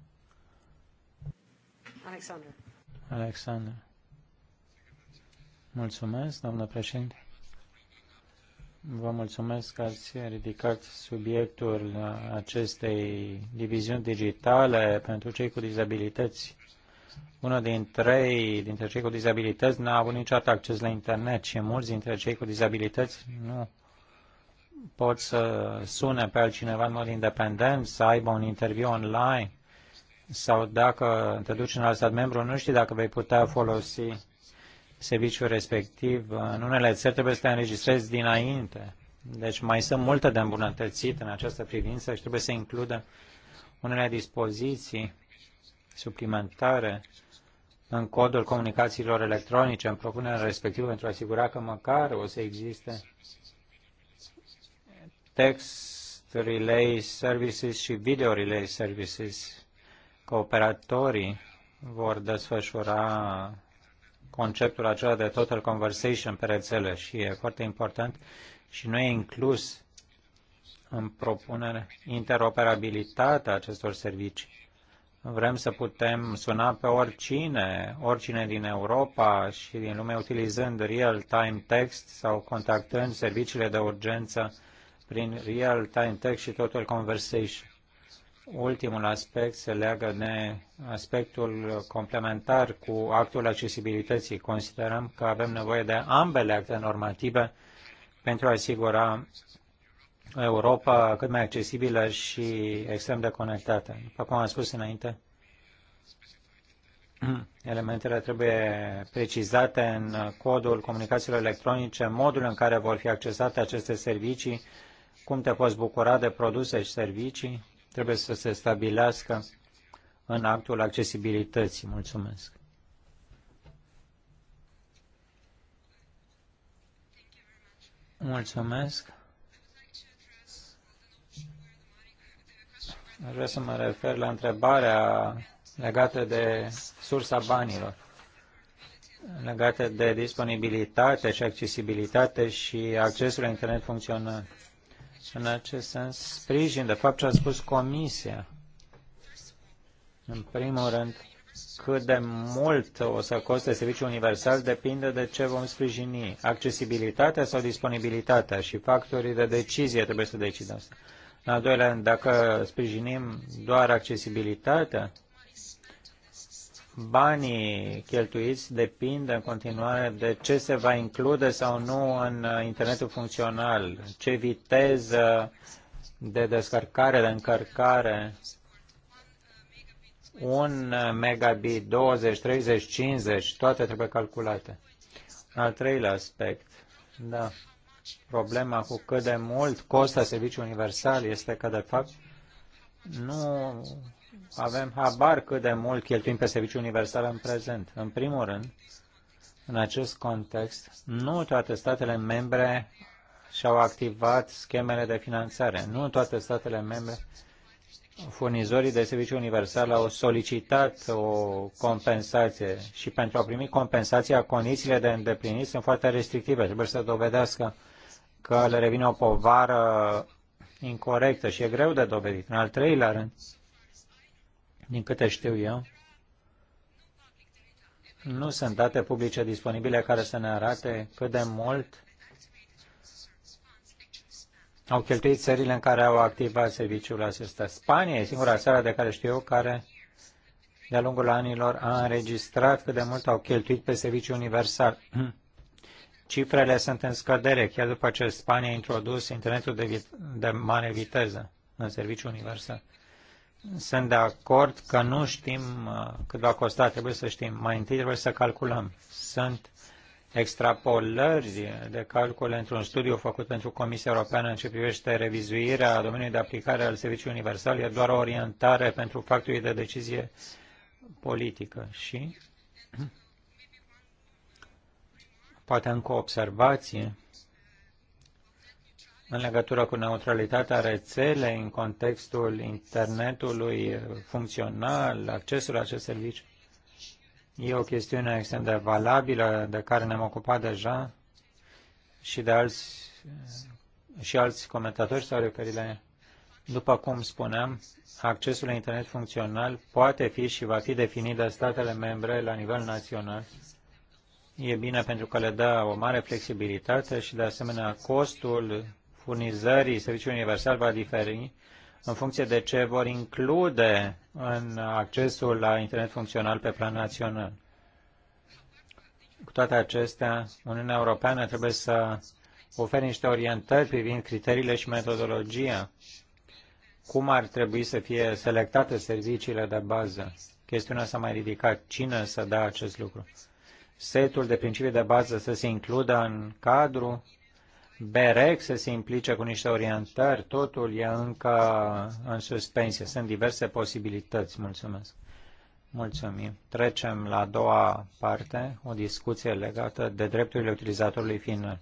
Alexandru. Alexandru. Mulțumesc, doamnă președinte. Vă mulțumesc că ați ridicat subiectul acestei diviziuni digitale pentru cei cu dizabilități. Unul din trei dintre cei cu dizabilități n-a avut niciodată acces la internet și mulți dintre cei cu dizabilități nu pot să sune pe altcineva în mod independent, să aibă un interviu online sau dacă te duci în alt stat membru, nu știi dacă vei putea folosi serviciul respectiv. În unele țări trebuie să te înregistrezi dinainte. Deci mai sunt multe de îmbunătățit în această privință și trebuie să includă unele dispoziții suplimentare în codul comunicațiilor electronice, în propunerea respectivă, pentru a asigura că măcar o să existe text relay services și video relay services. Cooperatorii vor desfășura conceptul acela de total conversation pe rețele și e foarte important și nu e inclus în propunere interoperabilitatea acestor servicii. Vrem să putem suna pe oricine, oricine din Europa și din lume utilizând real-time text sau contactând serviciile de urgență prin real-time text și total conversation. Ultimul aspect se leagă de aspectul complementar cu actul accesibilității. Considerăm că avem nevoie de ambele acte normative pentru a asigura Europa cât mai accesibilă și extrem de conectată. După cum am spus înainte, elementele trebuie precizate în codul comunicațiilor electronice, modul în care vor fi accesate aceste servicii, cum te poți bucura de produse și servicii, trebuie să se stabilească în actul accesibilității. Mulțumesc. Mulțumesc. Aș vrea să mă refer la întrebarea legată de sursa banilor, legată de disponibilitate și accesibilitate și accesul la internet funcțional. În acest sens, sprijin de fapt ce a spus Comisia. În primul rând, cât de mult o să coste serviciul universal depinde de ce vom sprijini, accesibilitatea sau disponibilitatea și factorii de decizie trebuie să decidă asta. În al doilea rând, dacă sprijinim doar accesibilitatea, banii cheltuiți depind în continuare de ce se va include sau nu în uh, internetul funcțional, ce viteză de descărcare, de încărcare, un uh, megabit, 20, 30, 50, toate trebuie calculate. Al treilea aspect, da, problema cu cât de mult costă serviciul universal este că, de fapt, nu avem habar cât de mult cheltuim pe serviciul universal în prezent. În primul rând, în acest context, nu toate statele membre și-au activat schemele de finanțare. Nu toate statele membre, furnizorii de serviciu universal au solicitat o compensație și pentru a primi compensația, condițiile de îndeplinit sunt foarte restrictive. Trebuie să dovedească că le revine o povară incorrectă și e greu de dovedit. În al treilea rând, din câte știu eu, nu sunt date publice disponibile care să ne arate cât de mult au cheltuit țările în care au activat serviciul acesta. Spania e singura țară de care știu eu care de-a lungul anilor a înregistrat cât de mult au cheltuit pe serviciu universal. Cifrele sunt în scădere, chiar după ce Spania a introdus internetul de, de mare viteză în serviciu universal. Sunt de acord că nu știm uh, cât va costa, trebuie să știm. Mai întâi trebuie să calculăm. Sunt extrapolări de calcul într-un studiu făcut pentru Comisia Europeană în ce privește revizuirea domeniului de aplicare al serviciului universal, e doar o orientare pentru factorii de decizie politică. Și poate încă o observație în legătură cu neutralitatea rețelei în contextul internetului funcțional, accesul la acest serviciu. E o chestiune extrem de valabilă de care ne-am ocupat deja și de alți și alți comentatori s-au referit la ea. După cum spuneam, accesul la internet funcțional poate fi și va fi definit de statele membre la nivel național. E bine pentru că le dă o mare flexibilitate și, de asemenea, costul furnizării serviciului universal va diferi în funcție de ce vor include în accesul la internet funcțional pe plan național. Cu toate acestea, Uniunea Europeană trebuie să ofere niște orientări privind criteriile și metodologia, cum ar trebui să fie selectate serviciile de bază. Chestiunea s-a mai ridicat. Cine să dea acest lucru? Setul de principii de bază să se includă în cadru BEREC să se implice cu niște orientări, totul e încă în suspensie. Sunt diverse posibilități. Mulțumesc. Mulțumim. Trecem la a doua parte, o discuție legată de drepturile utilizatorului final,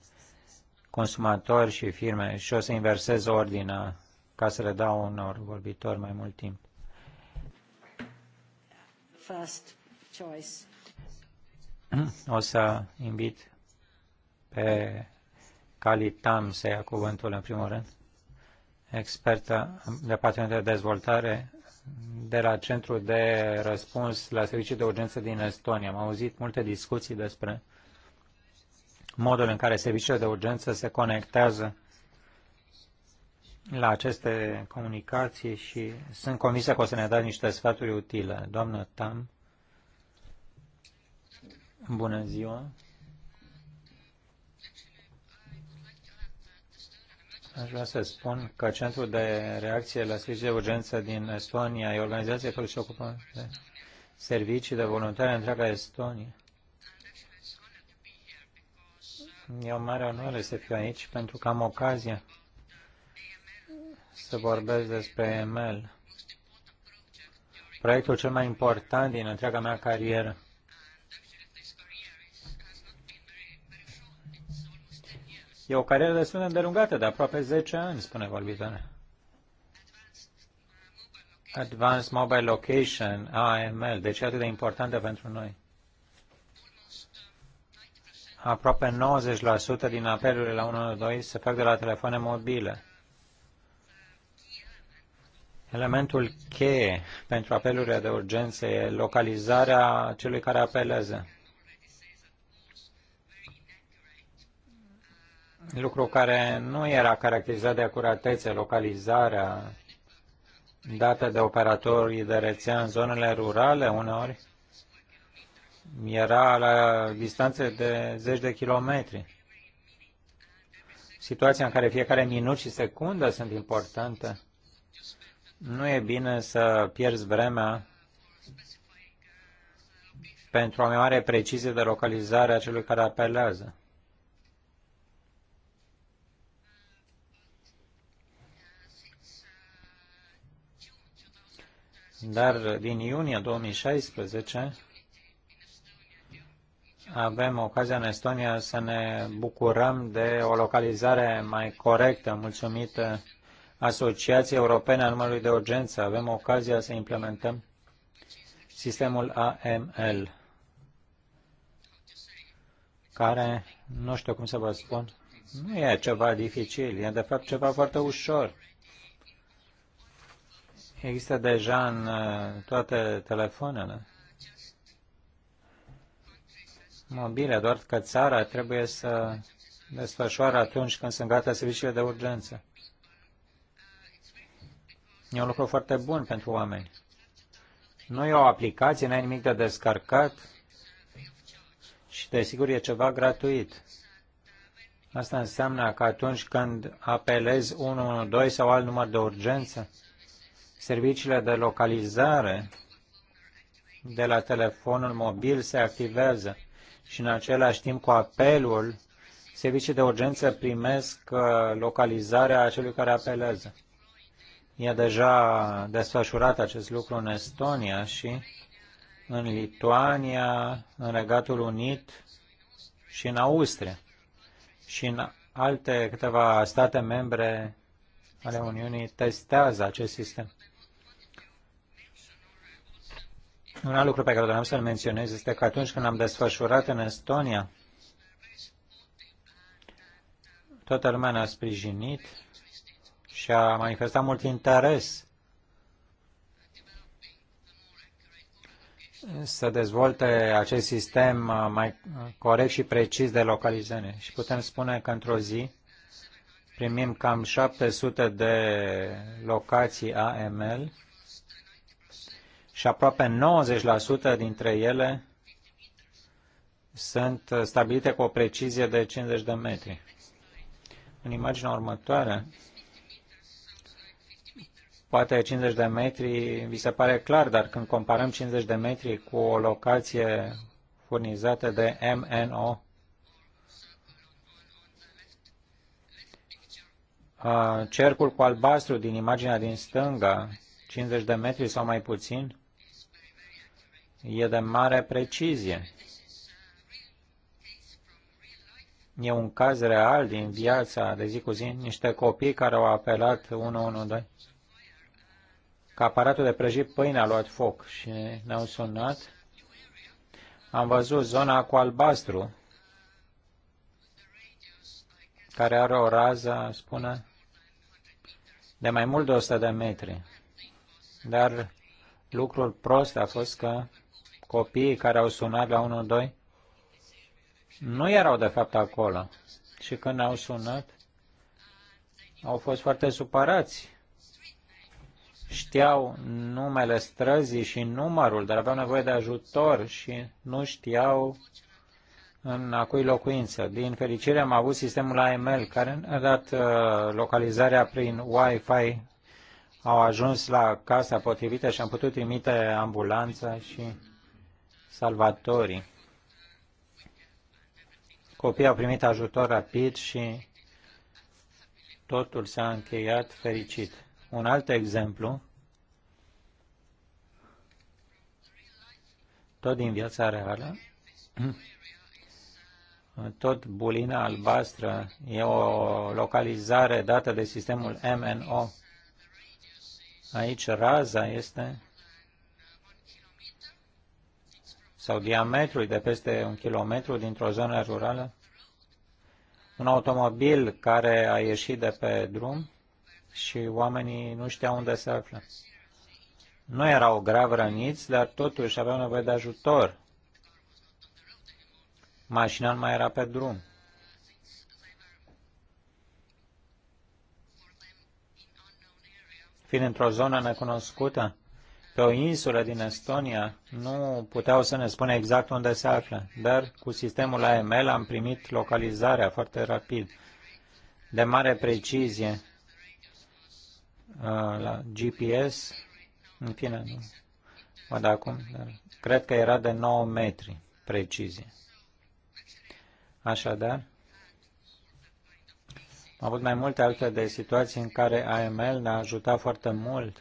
consumatori și firme. Și o să inversez ordinea ca să le dau unor vorbitori mai mult timp. First choice. O să invit pe Calitam se ia cuvântul în primul rând, expertă de patent de dezvoltare de la Centrul de Răspuns la Servicii de Urgență din Estonia. Am auzit multe discuții despre modul în care serviciile de urgență se conectează la aceste comunicații și sunt convinsă că o să ne dați niște sfaturi utile. Doamnă Tam, bună ziua! Aș vrea să spun că Centrul de Reacție la Servicii de Urgență din Estonia e o organizație care se ocupă de servicii de voluntari în întreaga Estonia. E o mare onoare să fiu aici pentru că am ocazia să vorbesc despre ML, proiectul cel mai important din întreaga mea carieră. E o carieră destul de îndelungată, de aproape 10 ani, spune vorbitoare. Advanced Mobile Location, AML, deci e atât de importantă pentru noi. Aproape 90% din apelurile la 112 se fac de la telefoane mobile. Elementul cheie pentru apelurile de urgență e localizarea celui care apelează. lucru care nu era caracterizat de acuratețe, localizarea dată de operatorii de rețea în zonele rurale uneori era la distanțe de zeci de kilometri. Situația în care fiecare minut și secundă sunt importante. Nu e bine să pierzi vremea pentru o mai mare precizie de localizare a celui care apelează. Dar din iunie 2016 avem ocazia în Estonia să ne bucurăm de o localizare mai corectă, mulțumită Asociației Europene a Numărului de Urgență. Avem ocazia să implementăm sistemul AML, care, nu știu cum să vă spun, nu e ceva dificil, e de fapt ceva foarte ușor Există deja în uh, toate telefoanele mobile, doar că țara trebuie să desfășoară atunci când sunt gata serviciile de urgență. E un lucru foarte bun pentru oameni. Nu e o aplicație, n-ai nimic de descarcat și desigur e ceva gratuit. Asta înseamnă că atunci când apelezi 112 sau alt număr de urgență, serviciile de localizare de la telefonul mobil se activează și în același timp cu apelul, servicii de urgență primesc uh, localizarea acelui care apelează. E deja desfășurat acest lucru în Estonia și în Lituania, în Regatul Unit și în Austria și în alte câteva state membre ale Uniunii testează acest sistem. Un alt lucru pe care doream să-l menționez este că atunci când am desfășurat în Estonia, toată lumea ne-a sprijinit și a manifestat mult interes să dezvolte acest sistem mai corect și precis de localizare. Și putem spune că într-o zi primim cam 700 de locații AML și aproape 90% dintre ele sunt stabilite cu o precizie de 50 de metri. În imaginea următoare, poate 50 de metri vi se pare clar, dar când comparăm 50 de metri cu o locație furnizată de MNO, cercul cu albastru din imaginea din stânga, 50 de metri sau mai puțin, e de mare precizie. E un caz real din viața de zi cu zi, niște copii care au apelat 112 că aparatul de prăjit pâine a luat foc și ne-au sunat. Am văzut zona cu albastru, care are o rază, spune, de mai mult de 100 de metri. Dar lucrul prost a fost că copiii care au sunat la 1-2 nu erau de fapt acolo. Și când au sunat, au fost foarte supărați. Știau numele străzii și numărul, dar aveau nevoie de ajutor și nu știau în a cui locuință. Din fericire am avut sistemul AML care a dat uh, localizarea prin Wi-Fi, au ajuns la casa potrivită și am putut trimite ambulanța și Salvatorii. Copiii au primit ajutor rapid și totul s-a încheiat fericit. Un alt exemplu, tot din viața reală, tot bulina albastră e o localizare dată de sistemul MNO. Aici raza este sau diametrului de peste un kilometru dintr-o zonă rurală, un automobil care a ieșit de pe drum și oamenii nu știau unde se află. Nu erau grav răniți, dar totuși aveau nevoie de ajutor. Mașina nu mai era pe drum. Fiind într-o zonă necunoscută, pe o insulă din Estonia, nu puteau să ne spună exact unde se află, dar cu sistemul AML am primit localizarea foarte rapid, de mare precizie, uh, la GPS, în fine, nu văd acum, dar cred că era de 9 metri precizie. Așadar, am avut mai multe alte de situații în care AML ne-a ajutat foarte mult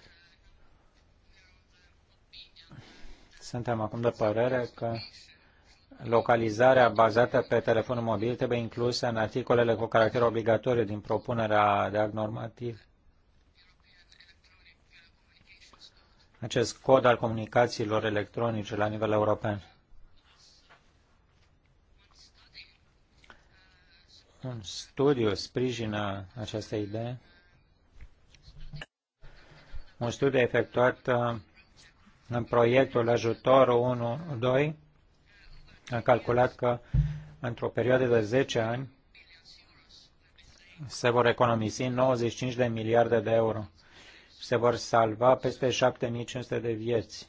Suntem acum de părere că localizarea bazată pe telefonul mobil trebuie inclusă în articolele cu caracter obligatoriu din propunerea de act normativ. Acest cod al comunicațiilor electronice la nivel european. Un studiu sprijină această idee. Un studiu efectuat uh, în proiectul ajutor 1-2 a calculat că într-o perioadă de 10 ani se vor economisi 95 de miliarde de euro și se vor salva peste 7500 de vieți.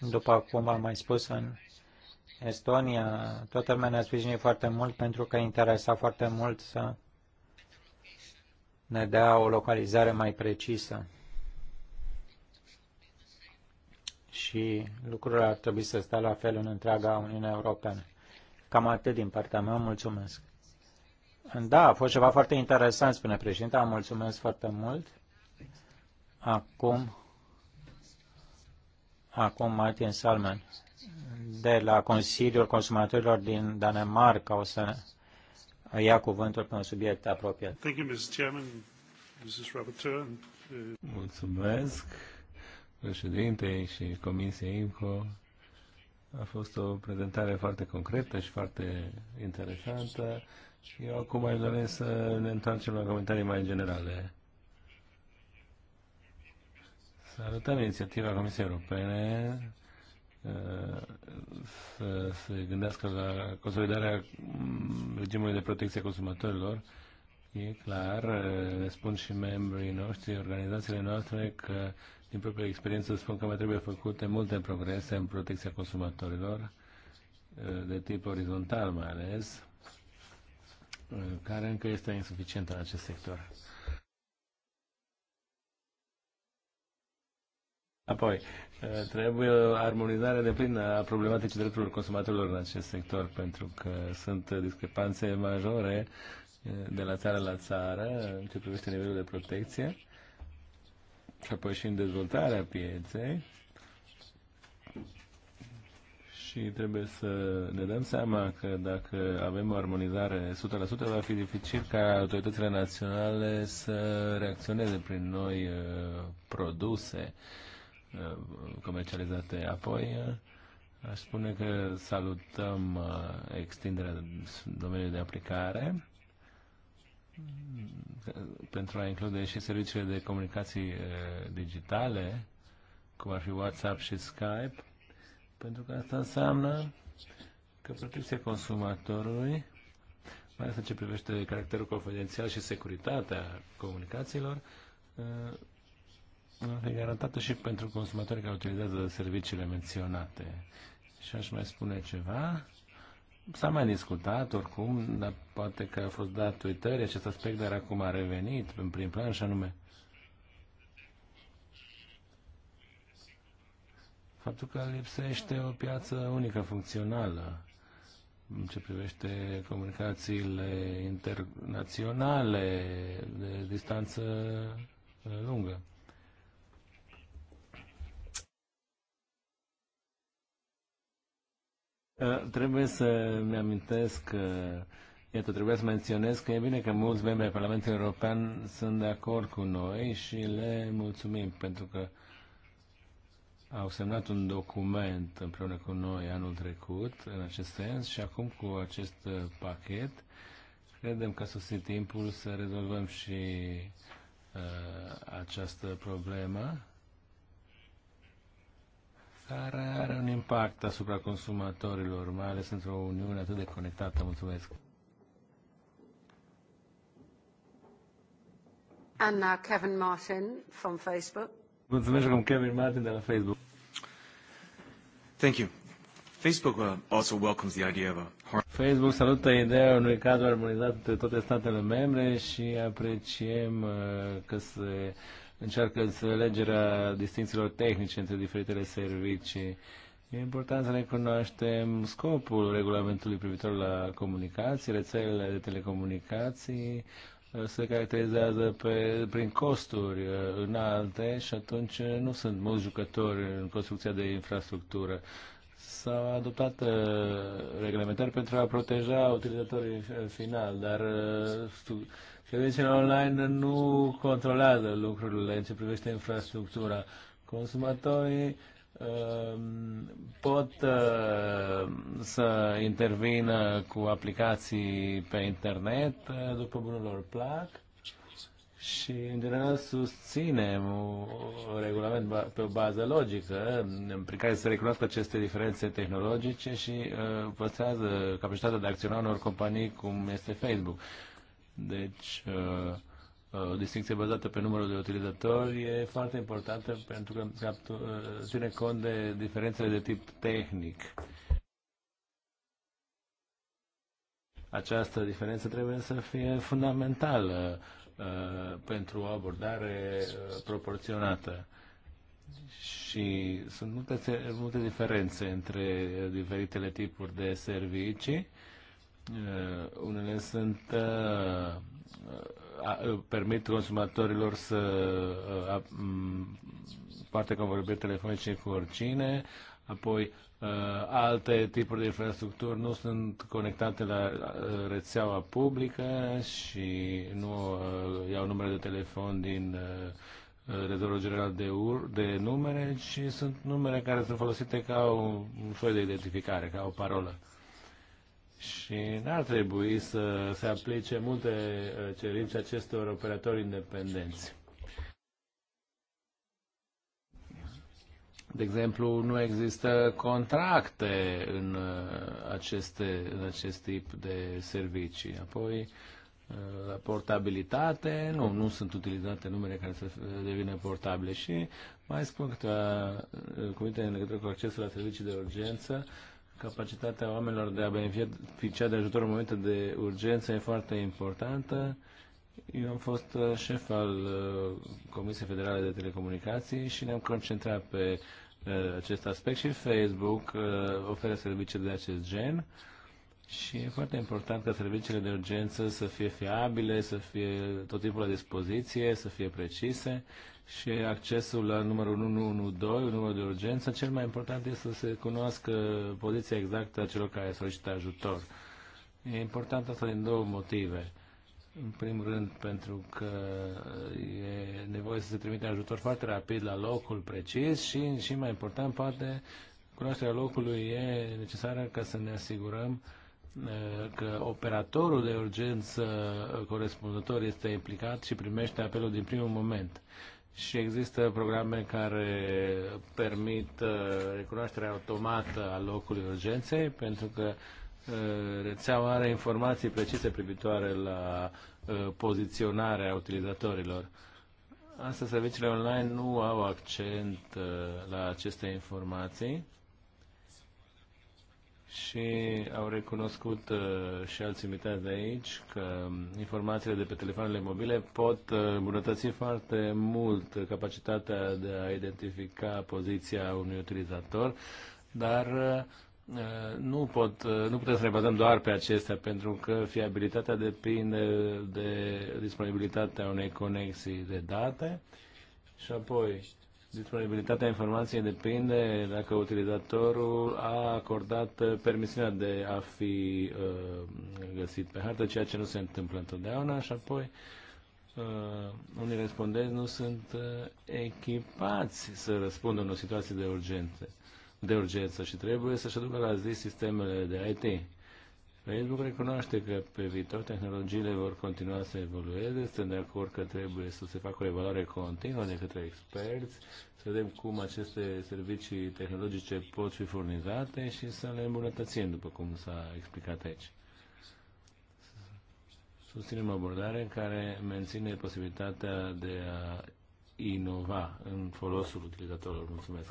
După cum am mai spus în Estonia, toată lumea ne-a sprijinit foarte mult pentru că interesa foarte mult să ne dea o localizare mai precisă. și lucrurile ar trebui să stea la fel în întreaga Uniune Europeană. Cam atât din partea mea, mulțumesc. Da, a fost ceva foarte interesant, spune am mulțumesc foarte mult. Acum, acum Martin Salman, de la Consiliul Consumatorilor din Danemarca, o să ia cuvântul pe un subiect apropiat. Mulțumesc președintei și Comisiei IMCO. A fost o prezentare foarte concretă și foarte interesantă. Eu acum aș doresc să ne întoarcem la comentarii mai generale. Salutăm inițiativa Comisiei Europene uh, să se gândească la consolidarea regimului de protecție a consumatorilor. E clar, ne uh, spun și membrii noștri, organizațiile noastre, că din propria experiență spun că mai trebuie făcute multe progrese în protecția consumatorilor, eh, de tip orizontal mai ales, eh, care încă este insuficientă în acest sector. Apoi, eh, trebuie armonizarea de plină a problematicii drepturilor consumatorilor în acest sector, pentru că sunt discrepanțe majore de la țară la țară în ce privește nivelul de protecție și apoi și în dezvoltarea pieței și trebuie să ne dăm seama că dacă avem o armonizare 100%, va fi dificil ca autoritățile naționale să reacționeze prin noi uh, produse uh, comercializate. Apoi, uh, aș spune că salutăm extinderea domeniului de aplicare pentru a include și serviciile de comunicații digitale, cum ar fi WhatsApp și Skype, pentru că asta înseamnă că protecția consumatorului, mai ales în ce privește caracterul confidențial și securitatea comunicațiilor, va fi garantată și pentru consumatorii care utilizează serviciile menționate. Și aș mai spune ceva S-a mai discutat oricum, dar poate că a fost dat uitări acest aspect, dar acum a revenit în prim plan și anume faptul că lipsește o piață unică funcțională în ce privește comunicațiile internaționale de distanță lungă. Uh, trebuie să mi amintesc că, iată, trebuie să menționez că e bine că mulți membri ai Parlamentului European sunt de acord cu noi și le mulțumim pentru că au semnat un document împreună cu noi anul trecut în acest sens și acum cu acest uh, pachet credem că a sosit timpul să rezolvăm și uh, această problemă care are un impact asupra consumatorilor, mai ales într-o Uniune atât de conectată. Mulțumesc! And now Kevin Martin from Facebook. Mulțumesc acum Kevin Martin de la Facebook. Thank you. Facebook uh, also welcomes the idea of a Facebook salută ideea unui cadru armonizat între toate statele membre și apreciem uh, că se încearcă înțelegerea distințiilor tehnice între diferitele servicii. E important să cunoaștem scopul regulamentului privitor la comunicații, rețelele de telecomunicații, uh, se caracterizează pe, prin costuri uh, înalte și atunci uh, nu sunt mulți jucători în construcția de infrastructură. S-au adoptat reglementări pentru a proteja utilizatorii final, dar Serviciile online nu controlează lucrurile în ce privește infrastructura. Consumatorii uh, pot uh, să intervină cu aplicații pe internet uh, după bunul lor plac și, în general, susținem un regulament pe o bază logică prin care să recunoască aceste diferențe tehnologice și uh, păstrează capacitatea de a acționa unor companii cum este Facebook. Deci, uh, uh, o distinție bazată pe numărul de utilizatori e foarte importantă pentru că uh, ține cont de diferențele de tip tehnic. Această diferență trebuie să fie fundamentală pentru o abordare proporționată. Și sunt multe, multe diferențe între diferitele tipuri de servicii Eh, unele sunt eh, eh, permit consumatorilor să mm, poate convorbiri telefonice cu oricine, apoi alte tipuri de infrastructuri nu sunt conectate la rețeaua publică și nu iau numere de telefon din rezervul general de, ur, de numere, și sunt numere care sunt folosite ca un soi de identificare, ca o parolă și n-ar trebui să se aplice multe uh, cerințe acestor operatori independenți. De exemplu, nu există contracte în, uh, aceste, în acest tip de servicii. Apoi, uh, la portabilitate, nu, nu sunt utilizate numere care să devină portabile și mai spun că cuvinte în legătură cu accesul la servicii de urgență. Uh, capacitatea oamenilor de a beneficia de ajutor în momente de urgență e foarte importantă. Eu am fost uh, șef al uh, Comisiei Federale de Telecomunicații și ne-am concentrat pe uh, acest aspect și Facebook oferă servicii de acest gen. Și e foarte important ca serviciile de urgență să fie fiabile, să fie tot timpul la dispoziție, să fie precise și accesul la numărul 112, numărul de urgență, cel mai important este să se cunoască poziția exactă a celor care solicită ajutor. E important asta din două motive. În primul rând pentru că e nevoie să se trimite ajutor foarte rapid la locul precis și, și mai important, poate cunoașterea locului e necesară ca să ne asigurăm că operatorul de urgență corespunzător este implicat și primește apelul din primul moment. Și există programe care permit uh, recunoașterea automată a locului urgenței, pentru că uh, rețeaua are informații precise privitoare la uh, poziționarea utilizatorilor. Asta serviciile online nu au accent la aceste informații și au recunoscut uh, și alți invitați de aici că informațiile de pe telefoanele mobile pot uh, îmbunătăți foarte mult capacitatea de a identifica poziția unui utilizator, dar uh, nu, pot, nu putem să ne bazăm doar pe acestea, pentru că fiabilitatea depinde de disponibilitatea unei conexii de date și apoi Disponibilitatea informației depinde dacă utilizatorul a acordat uh, permisiunea de a fi uh, găsit pe hartă, ceea ce nu se întâmplă întotdeauna și apoi uh, unii respondenți nu sunt uh, echipați să răspundă în o situație de urgență, de urgență și trebuie să-și aducă la zi sistemele de IT. Facebook recunoaște că pe viitor tehnologiile vor continua să evolueze, sunt de acord că trebuie să se facă o evaluare continuă de către experți, să vedem cum aceste servicii tehnologice pot fi furnizate și să le îmbunătățim, după cum s-a explicat aici. Susținem abordare abordare care menține posibilitatea de a inova în folosul utilizatorilor. Mulțumesc!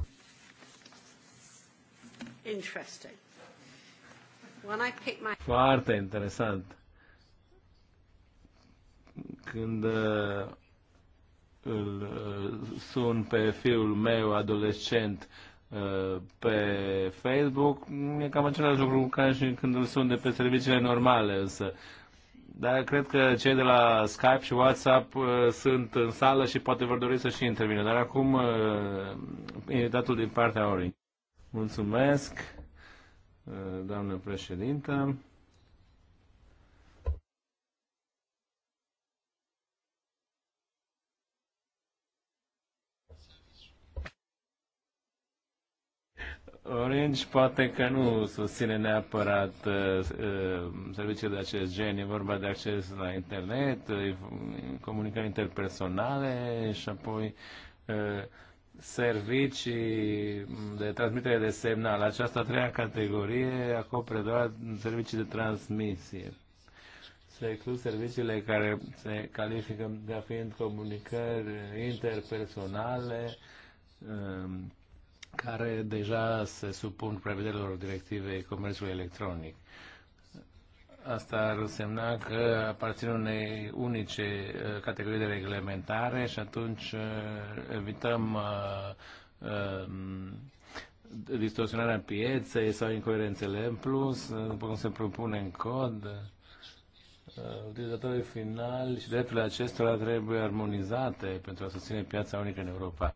Interesting. Foarte interesant. Când uh, îl uh, sun pe fiul meu adolescent uh, pe Facebook, e cam același lucru ca și când îl sun de pe serviciile normale, însă. Dar cred că cei de la Skype și WhatsApp uh, sunt în sală și poate vor dori să și intervină. Dar acum, uh, invitatul din partea Ori. Mulțumesc! doamnă președintă. Orange poate că nu susține neapărat uh, uh servicii de acest gen. E vorba de acces la internet, uh, comunicări interpersonale și apoi uh, servicii de transmitere de semnal. Această a treia categorie acoperă doar servicii de transmisie. Se exclud serviciile care se califică de a fi în comunicări interpersonale, um, care deja se supun prevederilor directivei comerțului electronic. Asta ar însemna că aparțin unei unice uh, categorii de reglementare și atunci uh, evităm uh, distorsionarea pieței sau incoerențele în plus, după cum se propune în cod. Utilizatorii finali și drepturile acestora trebuie armonizate pentru a susține piața unică în Europa.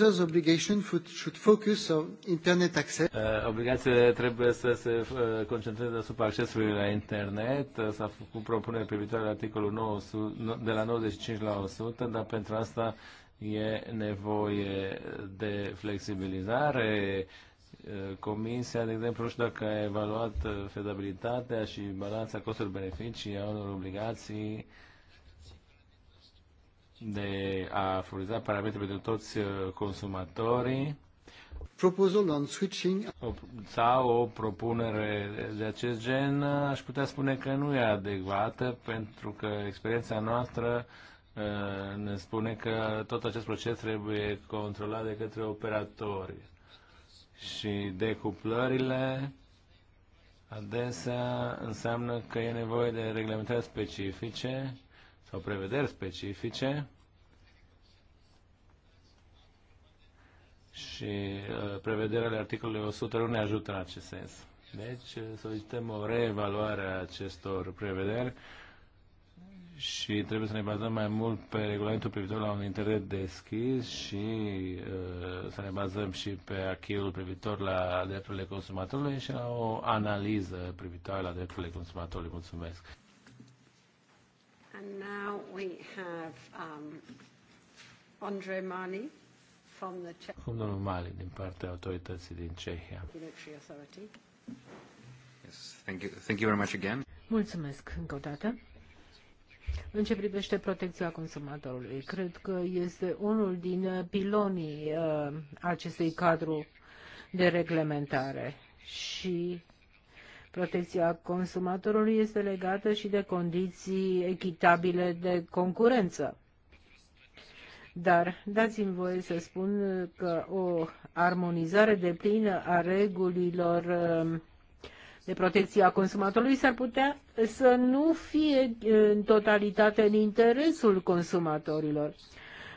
Uh, obligațiile trebuie să se uh, concentreze asupra accesului la internet. Uh, s-a făcut propunere privitoare la articolul 900, de la 95 la 100, dar pentru asta e nevoie de flexibilizare. Comisia, de exemplu, nu știu dacă a evaluat fezabilitatea și balanța costuri-beneficii a unor obligații de a furniza parametri pentru toți uh, consumatorii proposal on switching. Sau o propunere de acest gen, uh, aș putea spune că nu e adecvată, pentru că experiența noastră uh, ne spune că tot acest proces trebuie controlat de către operatori. Și decuplările adesea înseamnă că e nevoie de reglementări specifice sau prevederi specifice și uh, prevederile articolului 100 nu ne ajută în acest sens. Deci uh, solicităm o reevaluare a acestor prevederi și trebuie să ne bazăm mai mult pe regulamentul privitor la un internet deschis și uh, să ne bazăm și pe achiul privitor la drepturile consumatorului și la o analiză privitoare la drepturile consumatorului. Mulțumesc! And now we have um, Andre Mani. Cum domnul Mali din partea autorității din Cehia. thank you, thank you very much again. Mulțumesc încă o dată. În ce privește protecția consumatorului, cred că este unul din pilonii uh, acestui cadru de reglementare și protecția consumatorului este legată și de condiții echitabile de concurență. Dar dați-mi voie să spun că o armonizare de plină a regulilor um, de protecție a consumatorului s-ar putea să nu fie uh, în totalitate în interesul consumatorilor.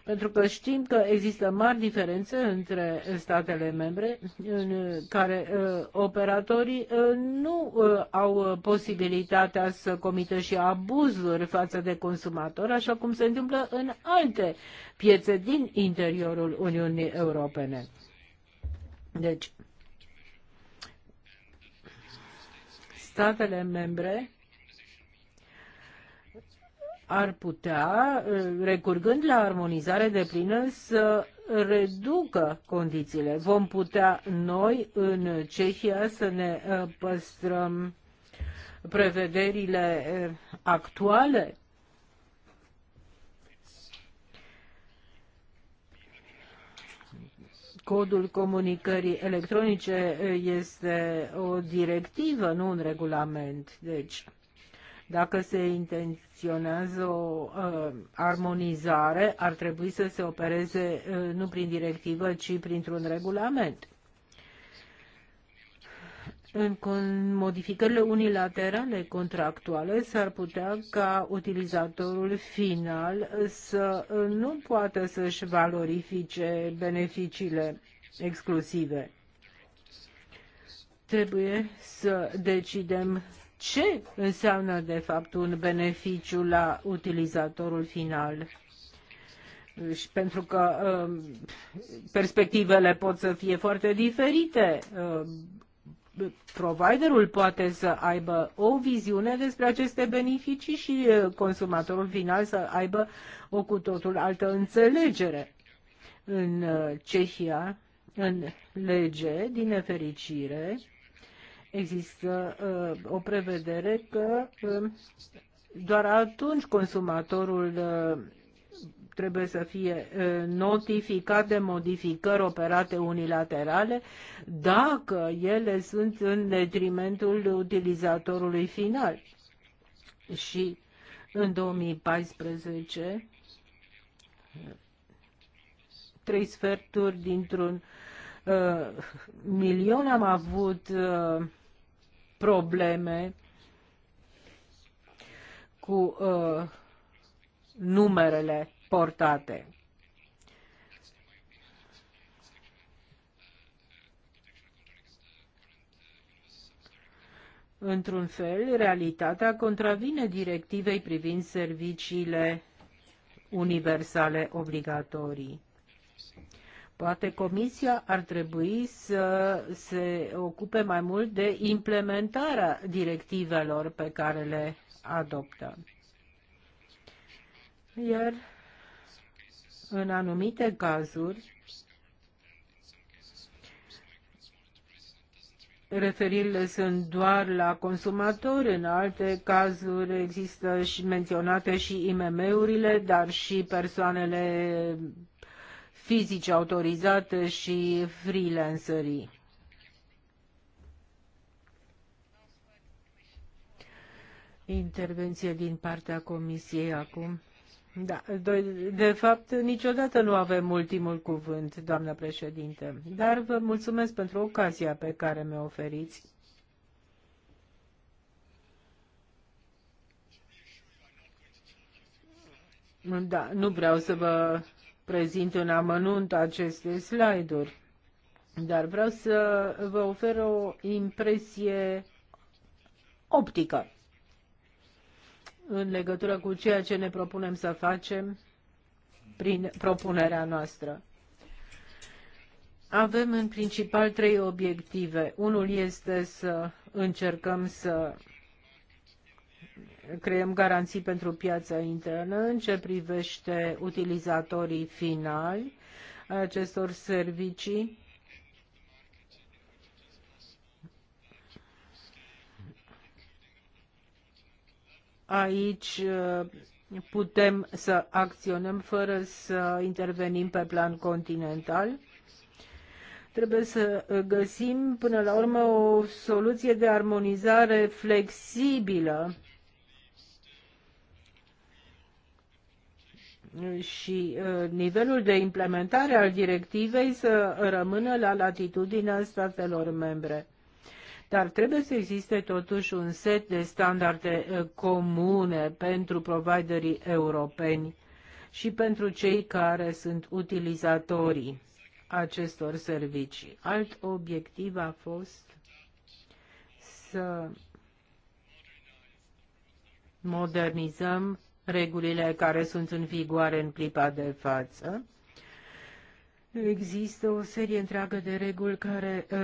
Pentru că știm că există mari diferențe între statele membre în care uh, operatorii uh, nu uh, au posibilitatea să comită și abuzuri față de consumator, așa cum se întâmplă în alte piețe din interiorul Uniunii Europene. Deci, statele membre ar putea, ă, recurgând la armonizare de plină, să reducă condițiile. Vom putea noi în Cehia să ne ă, păstrăm prevederile ă, actuale? Codul comunicării electronice este o directivă, nu un regulament. Deci, dacă se intenționează o uh, armonizare, ar trebui să se opereze uh, nu prin directivă, ci printr-un regulament. În modificările unilaterale contractuale s-ar putea ca utilizatorul final să uh, nu poată să-și valorifice beneficiile exclusive. Trebuie să decidem ce înseamnă de fapt un beneficiu la utilizatorul final. Și pentru că um, perspectivele pot să fie foarte diferite. Um, providerul poate să aibă o viziune despre aceste beneficii și uh, consumatorul final să aibă o cu totul altă înțelegere. În uh, Cehia, în lege, din nefericire, există uh, o prevedere că uh, doar atunci consumatorul uh, trebuie să fie uh, notificat de modificări operate unilaterale dacă ele sunt în detrimentul utilizatorului final. Și în 2014 trei sferturi dintr-un uh, milion am avut uh, probleme cu uh, numerele portate. Într-un fel, realitatea contravine directivei privind serviciile universale obligatorii. Poate Comisia ar trebui să se ocupe mai mult de implementarea directivelor pe care le adoptă. Iar în anumite cazuri, referirile sunt doar la consumatori, în alte cazuri există și menționate și IMM-urile, dar și persoanele fizice autorizate și freelancerii. Intervenție din partea Comisiei acum. Da, de fapt, niciodată nu avem ultimul cuvânt, doamnă președinte, dar vă mulțumesc pentru ocazia pe care mi-o oferiți. Da, nu vreau să vă prezint în amănunt aceste slide-uri, dar vreau să vă ofer o impresie optică în legătură cu ceea ce ne propunem să facem prin propunerea noastră. Avem în principal trei obiective. Unul este să încercăm să creăm garanții pentru piața internă în ce privește utilizatorii finali acestor servicii. Aici uh, putem să acționăm fără să intervenim pe plan continental trebuie să găsim până la urmă o soluție de armonizare flexibilă și uh, nivelul de implementare al directivei să rămână la latitudinea statelor membre. Dar trebuie să existe totuși un set de standarde uh, comune pentru providerii europeni și pentru cei care sunt utilizatorii acestor servicii. Alt obiectiv a fost să modernizăm regulile care sunt în vigoare în clipa de față. Există o serie întreagă de reguli care uh,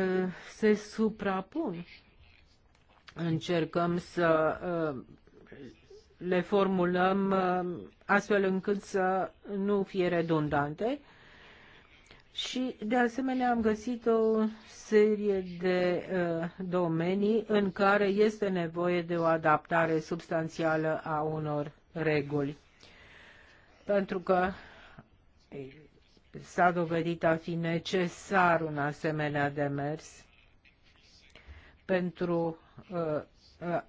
se suprapun. Încercăm să uh, le formulăm uh, astfel încât să nu fie redundante. Și, de asemenea, am găsit o serie de uh, domenii în care este nevoie de o adaptare substanțială a unor reguli. Pentru că s-a dovedit a fi necesar un asemenea demers pentru uh,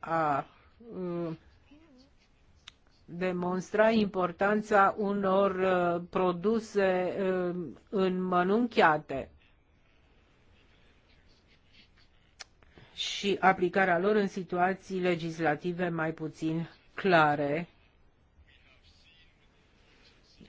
a uh, demonstra importanța unor uh, produse înmănunchiate și aplicarea lor în situații legislative mai puțin clare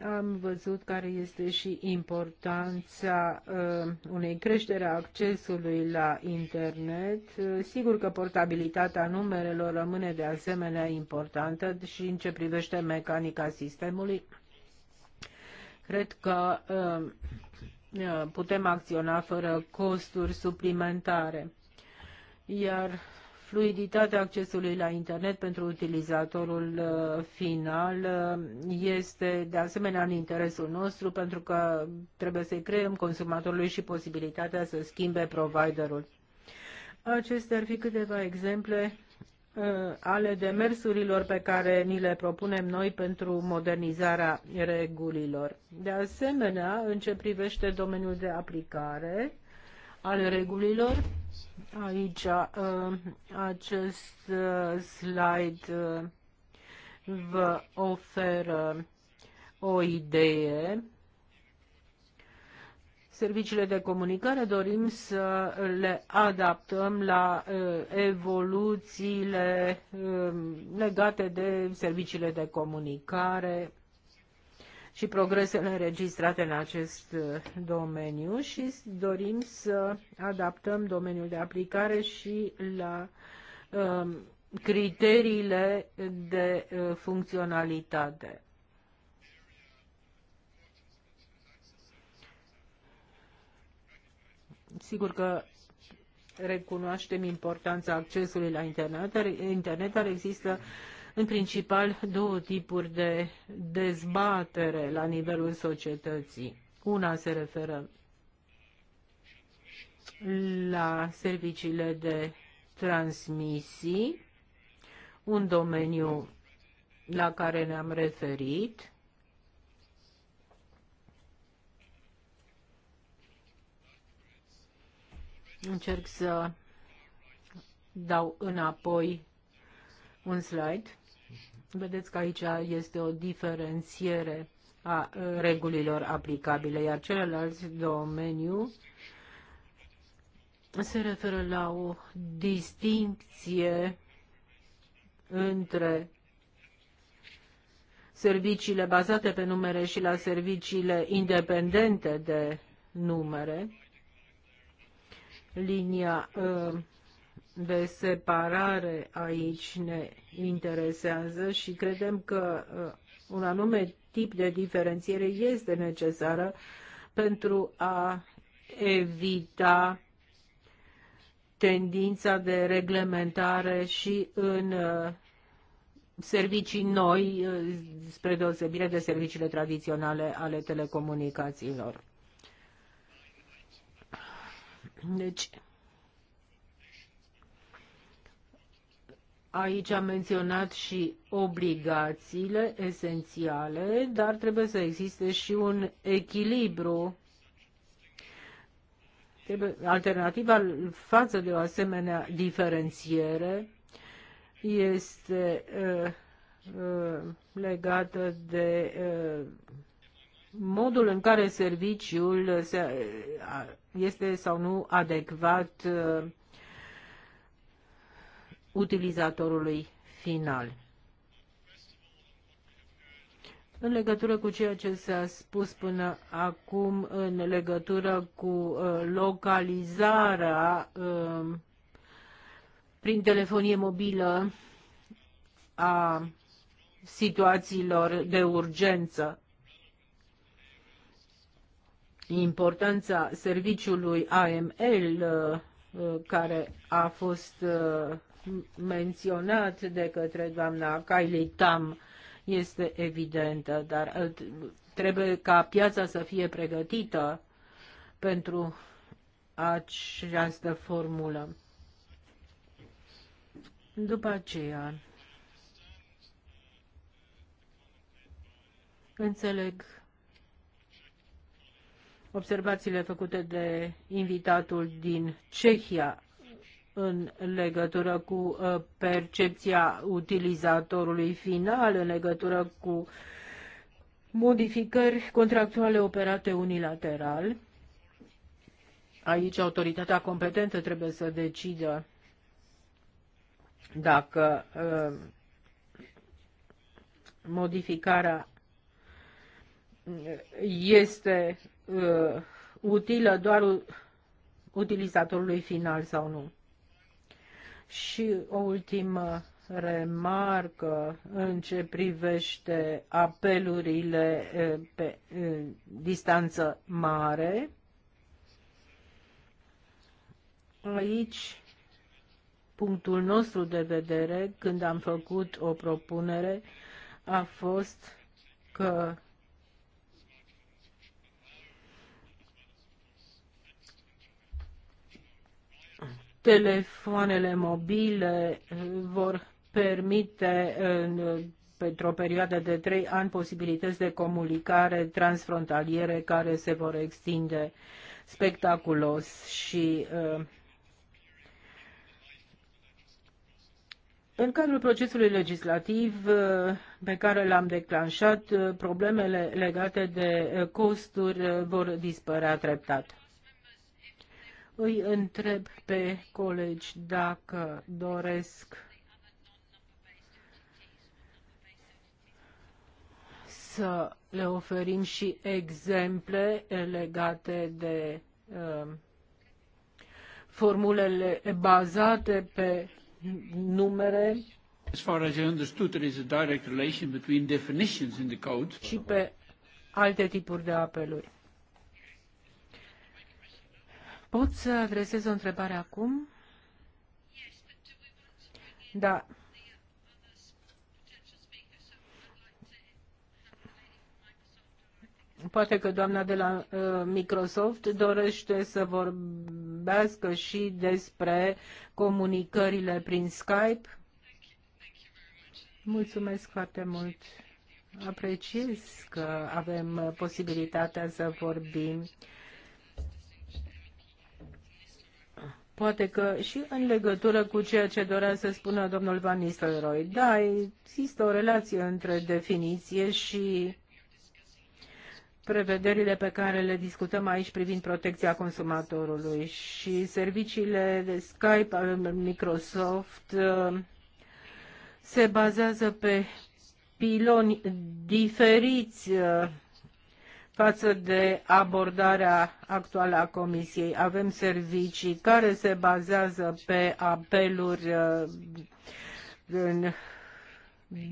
am văzut care este și importanța uh, unei creștere a accesului la internet. Uh, sigur că portabilitatea numerelor rămâne de asemenea importantă și în ce privește mecanica sistemului. Cred că uh, uh putem acționa fără costuri suplimentare. Iar fluiditatea accesului la internet pentru utilizatorul uh, final uh, este de asemenea în interesul nostru pentru că trebuie să-i creăm consumatorului și posibilitatea să schimbe providerul. Acestea ar fi câteva exemple uh, ale demersurilor pe care ni le propunem noi pentru modernizarea regulilor. De asemenea, în ce privește domeniul de aplicare al regulilor, Aici uh, acest uh, slide uh, vă oferă o idee. Serviciile de comunicare dorim să le adaptăm la evoluțiile legate de serviciile de comunicare și progresele înregistrate în acest uh, domeniu și dorim să adaptăm domeniul de aplicare și la um, criteriile de uh, funcționalitate. Sigur că recunoaștem importanța accesului la internet, dar, internet, dar există uh, în principal două tipuri de dezbatere la nivelul societății. Una se referă la serviciile de transmisii, un domeniu la care ne-am referit, încerc să dau înapoi un slide. Vedeți că aici este o diferențiere a regulilor aplicabile, iar celălalt domeniu se referă la o distincție între serviciile bazate pe numere și la serviciile independente de numere. Linia uh, de separare aici ne interesează și credem că uh, un anume tip de diferențiere este necesară pentru a evita tendința de reglementare și în uh, servicii noi, uh, spre deosebire de serviciile tradiționale ale telecomunicațiilor. Deci, Aici am menționat și obligațiile esențiale, dar trebuie să existe și un echilibru. Trebuie, alternativa față de o asemenea diferențiere este uh, uh, legată de uh, modul în care serviciul se, uh, este sau nu adecvat uh, utilizatorului final. În legătură cu ceea ce s-a spus până acum în legătură cu uh, localizarea um, prin telefonie mobilă a situațiilor de urgență. Importanța serviciului AML uh, care a fost uh, menționat de către doamna Kylie Tam este evidentă, dar uh, trebuie ca piața să fie pregătită pentru această formulă. După aceea, înțeleg observațiile făcute de invitatul din Cehia în legătură cu uh, percepția utilizatorului final, în legătură cu modificări contractuale operate unilateral. Aici autoritatea competentă trebuie să decidă dacă uh, modificarea este uh, utilă doar utilizatorului final sau nu. Și o ultimă remarcă în ce privește apelurile pe distanță mare. Aici, punctul nostru de vedere, când am făcut o propunere, a fost că telefoanele mobile uh, vor permite în, pentru o perioadă de trei ani posibilități de comunicare transfrontaliere care se vor extinde spectaculos și uh, În cadrul procesului legislativ uh, pe care l-am declanșat, problemele legate de costuri vor dispărea treptat. Îi întreb pe colegi dacă doresc să le oferim și exemple legate de um, formulele bazate pe numere As far as I understood, there is a direct relation between definitions in the code. Și pe alte tipuri de apeluri. Pot să adresez o întrebare acum? Da. Poate că doamna de la uh, Microsoft dorește să vorbească și despre comunicările prin Skype. Mulțumesc foarte mult. Apreciez că avem posibilitatea să vorbim uh, Poate că și în legătură cu ceea ce dorea să spună domnul Van Nistelrooy, da, există o relație între definiție și prevederile pe care le discutăm aici privind protecția consumatorului și serviciile de Skype al uh, Microsoft uh, se bazează pe piloni diferiți uh, față de abordarea actuală a Comisiei. Avem servicii care se bazează pe apeluri uh, în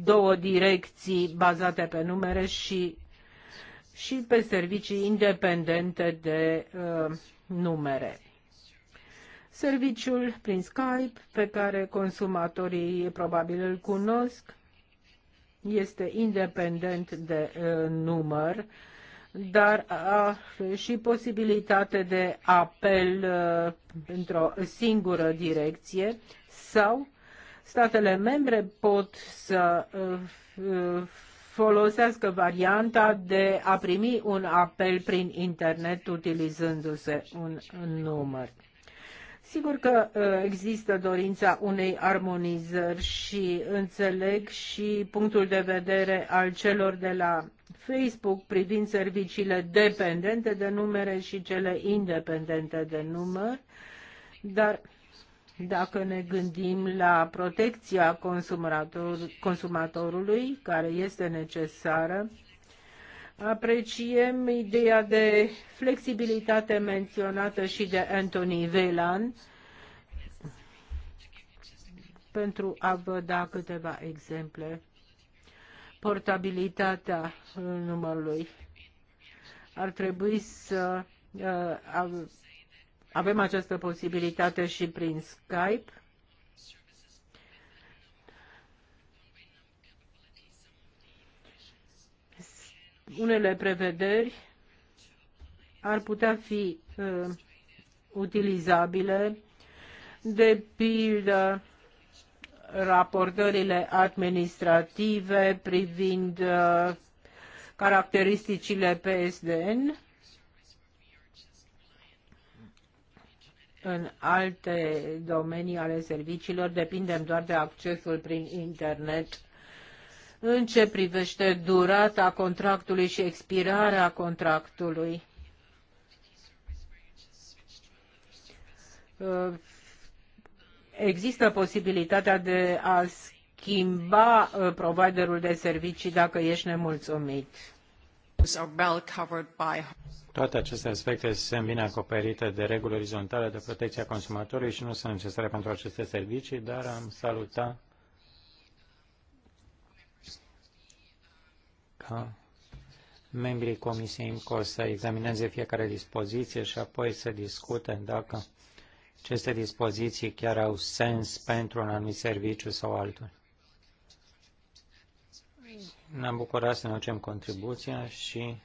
două direcții bazate pe numere și, și pe servicii independente de uh, numere. Serviciul prin Skype, pe care consumatorii probabil îl cunosc, este independent de uh, număr dar a, și posibilitate de apel uh, într-o singură direcție sau statele membre pot să uh, folosească varianta de a primi un apel prin internet utilizându-se un număr. Sigur că uh, există dorința unei armonizări și înțeleg și punctul de vedere al celor de la Facebook privind serviciile dependente de numere și cele independente de număr, dar dacă ne gândim la protecția consumator, consumatorului, care este necesară, Apreciem ideea de flexibilitate menționată și de Anthony Velan pentru a vă da câteva exemple. Portabilitatea numărului ar trebui să uh, avem această posibilitate și prin Skype unele prevederi ar putea fi uh, utilizabile, de pildă raportările administrative privind uh, caracteristicile PSDN. În alte domenii ale serviciilor depindem doar de accesul prin internet în ce privește durata contractului și expirarea contractului. Uh, există posibilitatea de a schimba uh, providerul de servicii dacă ești nemulțumit. Toate aceste aspecte sunt bine acoperite de reguli orizontale de protecție a consumatorului și nu sunt necesare pentru aceste servicii, dar am salutat ca membrii Comisiei IMCO să examineze fiecare dispoziție și apoi să discute dacă aceste dispoziții chiar au sens pentru un anumit serviciu sau altul. Ne-am bucurat să ne ducem contribuția și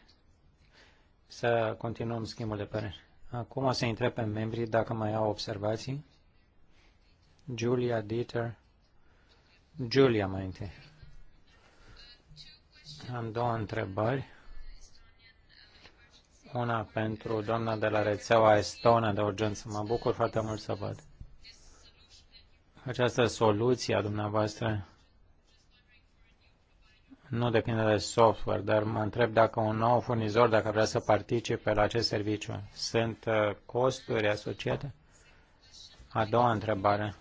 să continuăm schimbul de păreri. Acum o să intre pe membrii dacă mai au observații. Julia Dieter. Julia mai întâi. Am două întrebări. Una pentru doamna de la rețeaua Estona de urgență. Mă bucur foarte mult să văd această soluție a dumneavoastră nu depinde de software, dar mă întreb dacă un nou furnizor, dacă vrea să participe la acest serviciu, sunt uh, costuri asociate? A doua întrebare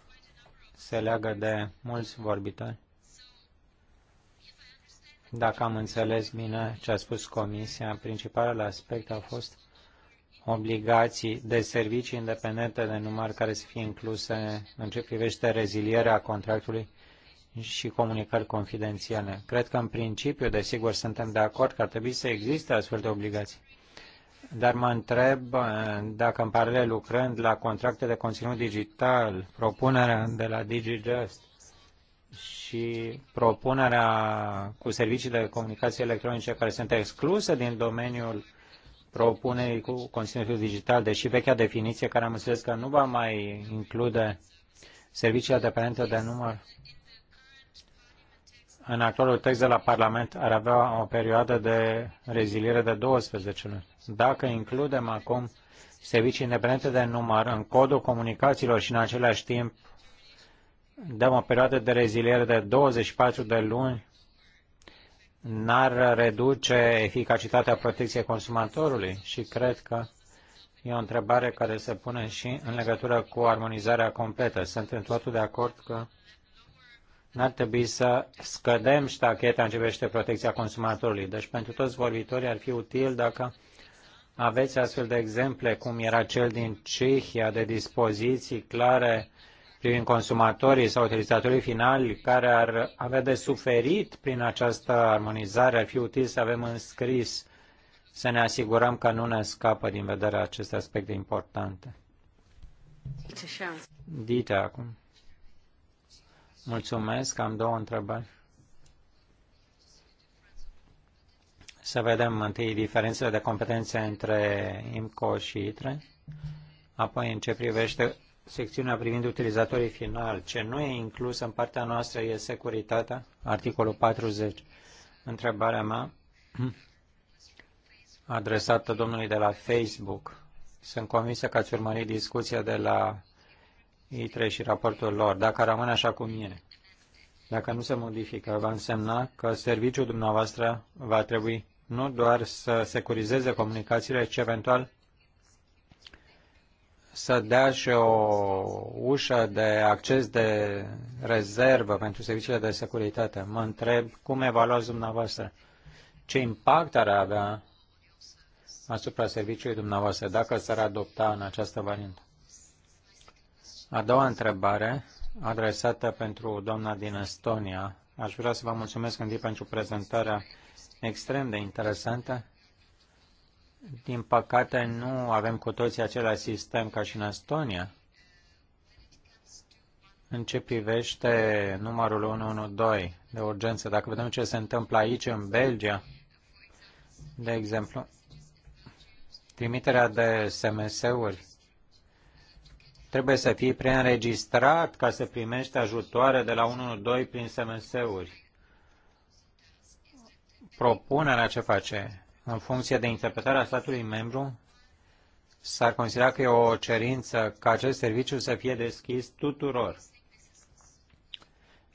se leagă de mulți vorbitori dacă am înțeles bine ce a spus Comisia, principalul aspect a fost obligații de servicii independente de număr care să fie incluse în ce privește rezilierea contractului și comunicări confidențiale. Cred că în principiu, desigur, suntem de acord că ar trebui să existe astfel de obligații. Dar mă întreb eh, dacă în paralel lucrând la contracte de conținut digital, propunerea de la DigiGest, și propunerea cu servicii de comunicații electronice care sunt excluse din domeniul propunerii cu conținutul digital, deși vechea definiție care am înțeles că nu va mai include serviciile dependente de număr în actualul text de la Parlament ar avea o perioadă de reziliere de 12 luni. Dacă includem acum servicii independente de număr în codul comunicațiilor și în același timp dăm o perioadă de reziliere de 24 de luni, n-ar reduce eficacitatea protecției consumatorului și cred că e o întrebare care se pune și în legătură cu armonizarea completă. Sunt în totul de acord că n-ar trebui să scădem ștacheta în ce privește protecția consumatorului. Deci pentru toți vorbitorii ar fi util dacă aveți astfel de exemple, cum era cel din Cehia, de dispoziții clare privind consumatorii sau utilizatorii finali care ar avea de suferit prin această armonizare, ar fi util să avem înscris să ne asigurăm că nu ne scapă din vedere aceste aspecte importante. Dite acum. Mulțumesc, am două întrebări. Să vedem întâi diferențele de competențe între IMCO și ITRE, apoi în ce privește secțiunea privind utilizatorii finali. Ce nu e inclus în partea noastră e securitatea, articolul 40. Întrebarea mea adresată domnului de la Facebook. Sunt convinsă că ați urmărit discuția de la ITRE și raportul lor. Dacă rămâne așa cum e, dacă nu se modifică, va însemna că serviciul dumneavoastră va trebui nu doar să securizeze comunicațiile, ci eventual să dea și o ușă de acces de rezervă pentru serviciile de securitate. Mă întreb cum evaluați dumneavoastră ce impact ar avea asupra serviciului dumneavoastră dacă s-ar adopta în această variantă. A doua întrebare, adresată pentru doamna din Estonia. Aș vrea să vă mulțumesc, Andy, pentru prezentarea extrem de interesantă din păcate, nu avem cu toții același sistem ca și în Estonia. În ce privește numărul 112 de urgență, dacă vedem ce se întâmplă aici, în Belgia, de exemplu, trimiterea de SMS-uri trebuie să fie preînregistrat ca să primești ajutoare de la 112 prin SMS-uri. Propunerea ce face în funcție de interpretarea statului membru, s-ar considera că e o cerință ca acest serviciu să fie deschis tuturor.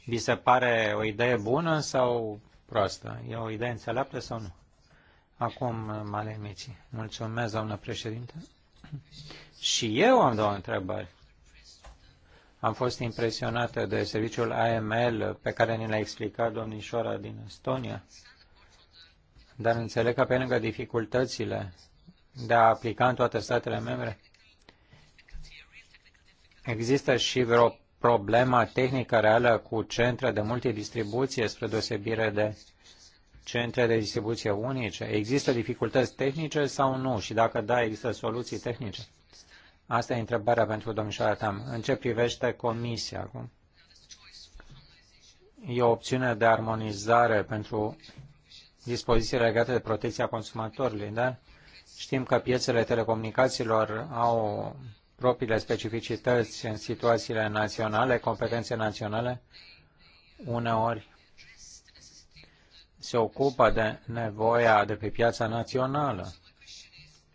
Vi se pare o idee bună sau proastă? E o idee înțeleaptă sau nu? Acum, male mici. Mulțumesc, doamnă președinte. Și eu am două întrebări. Am fost impresionată de serviciul AML pe care ni l-a explicat domnișoara din Estonia dar înțeleg că pe lângă dificultățile de a aplica în toate statele membre, există și vreo problemă tehnică reală cu centre de multidistribuție spre deosebire de centre de distribuție unice? Există dificultăți tehnice sau nu? Și dacă da, există soluții tehnice? Asta e întrebarea pentru domnișoara Tam. În ce privește comisia acum? E o opțiune de armonizare pentru dispoziții legate de protecția consumatorului, dar știm că piețele telecomunicațiilor au propriile specificități în situațiile naționale, competențe naționale, uneori se ocupă de nevoia de pe piața națională.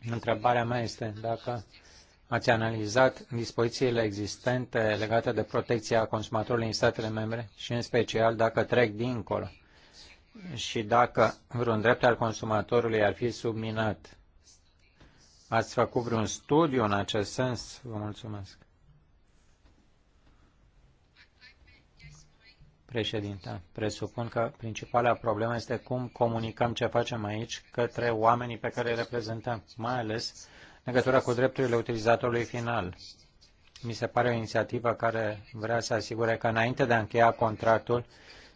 Întrebarea mea este dacă ați analizat dispozițiile existente legate de protecția consumatorului în statele membre și în special dacă trec dincolo și dacă vreun drept al consumatorului ar fi subminat. Ați făcut vreun studiu în acest sens? Vă mulțumesc. Președinte, presupun că principala problemă este cum comunicăm ce facem aici către oamenii pe care îi reprezentăm, mai ales în legătură cu drepturile utilizatorului final. Mi se pare o inițiativă care vrea să asigure că înainte de a încheia contractul,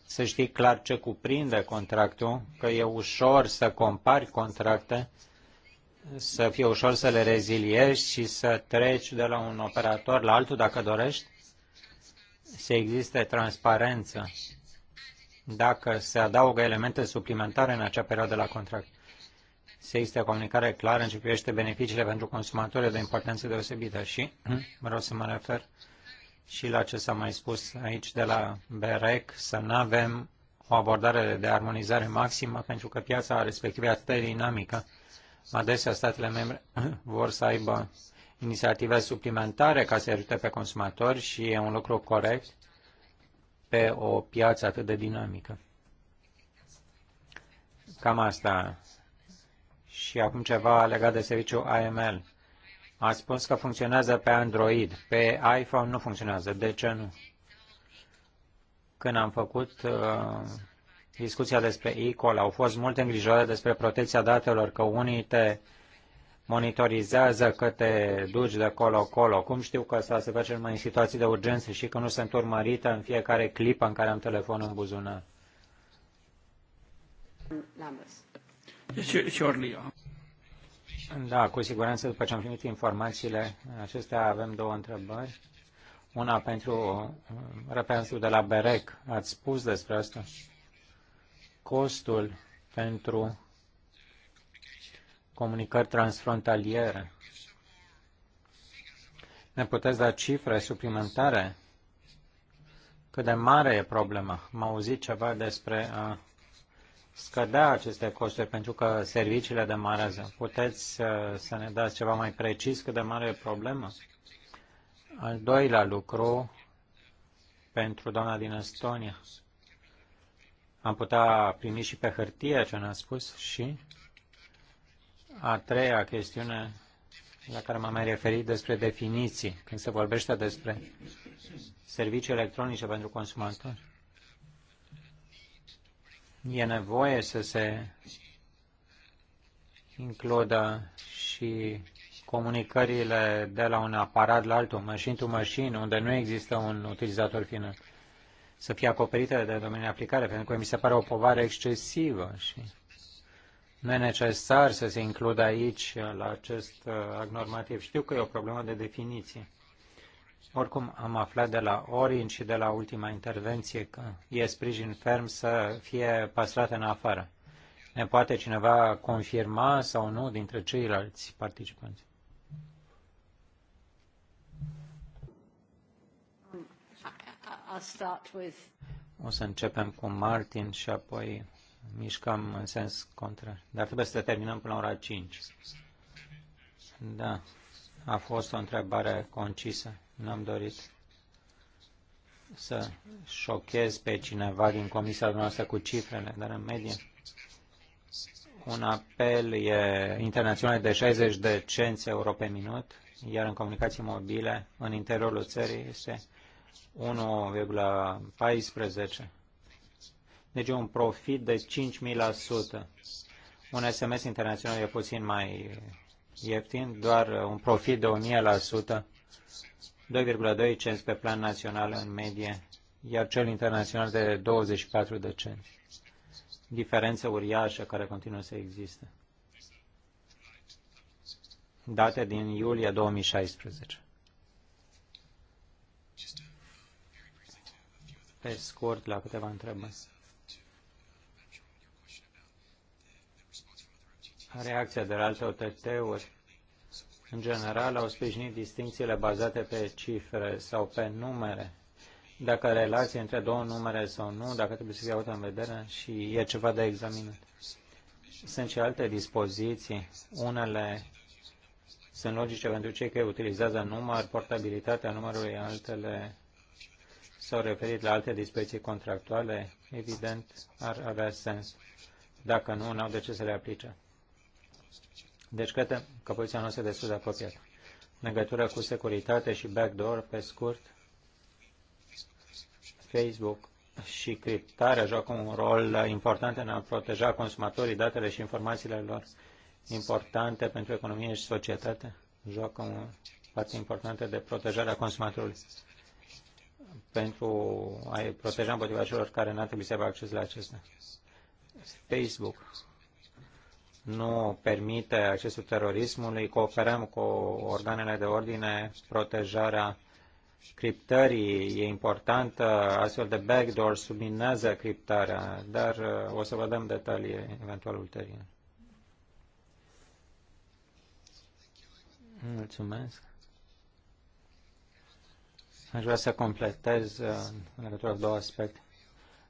să știi clar ce cuprinde contractul, că e ușor să compari contracte, să fie ușor să le reziliești și să treci de la un operator la altul dacă dorești, să existe transparență dacă se adaugă elemente suplimentare în acea perioadă la contract. Se există comunicare clară în ce privește beneficiile pentru consumatori de importanță deosebită și vreau să mă refer și la ce s-a mai spus aici de la BEREC, să nu avem o abordare de armonizare maximă, pentru că piața respectivă e atât de dinamică. Adesea statele membre vor să aibă inițiative suplimentare ca să ajute pe consumatori și e un lucru corect pe o piață atât de dinamică. Cam asta. Și acum ceva legat de serviciul AML. A spus că funcționează pe Android. Pe iPhone nu funcționează. De ce nu? Când am făcut uh, discuția despre e-call, au fost multe îngrijorări despre protecția datelor, că unii te monitorizează că te duci de colo-colo. Cum știu că asta se face numai în situații de urgență și că nu sunt urmărită în fiecare clipă în care am telefonul în buzunar? Surely. Da, cu siguranță, după ce am primit informațiile acestea, avem două întrebări. Una pentru uh, reprezentantul de la BEREC. Ați spus despre asta. Costul pentru comunicări transfrontaliere. Ne puteți da cifre suplimentare? Cât de mare e problema? M-au auzit ceva despre a scădea aceste costuri pentru că serviciile demarează. Puteți uh, să ne dați ceva mai precis cât de mare e problema? Al doilea lucru pentru doamna din Estonia. Am putea primi și pe hârtie ce ne-a spus și a treia chestiune la care m-am mai referit despre definiții, când se vorbește despre servicii electronice pentru consumatori. E nevoie să se includă și comunicările de la un aparat la altul, machine to machine, unde nu există un utilizator final, să fie acoperite de domeniul aplicare, pentru că mi se pare o povară excesivă și nu e necesar să se includă aici la acest uh, act normativ. Știu că e o problemă de definiție. Oricum, am aflat de la Orin și de la ultima intervenție că e sprijin ferm să fie păstrat în afară. Ne poate cineva confirma sau nu dintre ceilalți participanți? O să începem cu Martin și apoi mișcăm în sens contrar. Dar trebuie să terminăm până la ora 5. Da, a fost o întrebare concisă. N-am dorit să șochez pe cineva din comisia noastră cu cifrele, dar în medie un apel e internațional de 60 de cenți euro pe minut, iar în comunicații mobile, în interiorul țării, este 1,14. Deci un profit de 5.000%. Un SMS internațional e puțin mai ieftin, doar un profit de 1.000% 2,2 cenți pe plan național în medie, iar cel internațional de 24 de cenți. Diferență uriașă care continuă să existe. Date din iulie 2016. Pe scurt, la câteva întrebări. Reacția de la alte OTT-uri în general, au sprijinit distințiile bazate pe cifre sau pe numere. Dacă relația între două numere sau nu, dacă trebuie să fie avută în vedere și e ceva de examinat. Sunt și alte dispoziții. Unele sunt logice pentru cei care utilizează număr, portabilitatea numărului, altele s-au referit la alte dispoziții contractuale, evident ar avea sens. Dacă nu, n-au de ce să le aplice. Deci cred că poziția noastră este destul de apropiată. În legătură cu securitate și backdoor, pe scurt, Facebook și criptarea joacă un rol important în a proteja consumatorii, datele și informațiile lor importante pentru economie și societate. Joacă un parte importantă de protejarea consumatorului pentru a-i proteja împotriva celor care n-ar trebui să aibă acces la acestea. Facebook nu permite accesul terorismului, cooperăm cu organele de ordine, protejarea criptării e importantă, astfel de backdoor subminează criptarea, dar uh, o să vă dăm detalii eventual ulterior. Mulțumesc. Aș vrea să completez uh, în legătură două aspecte.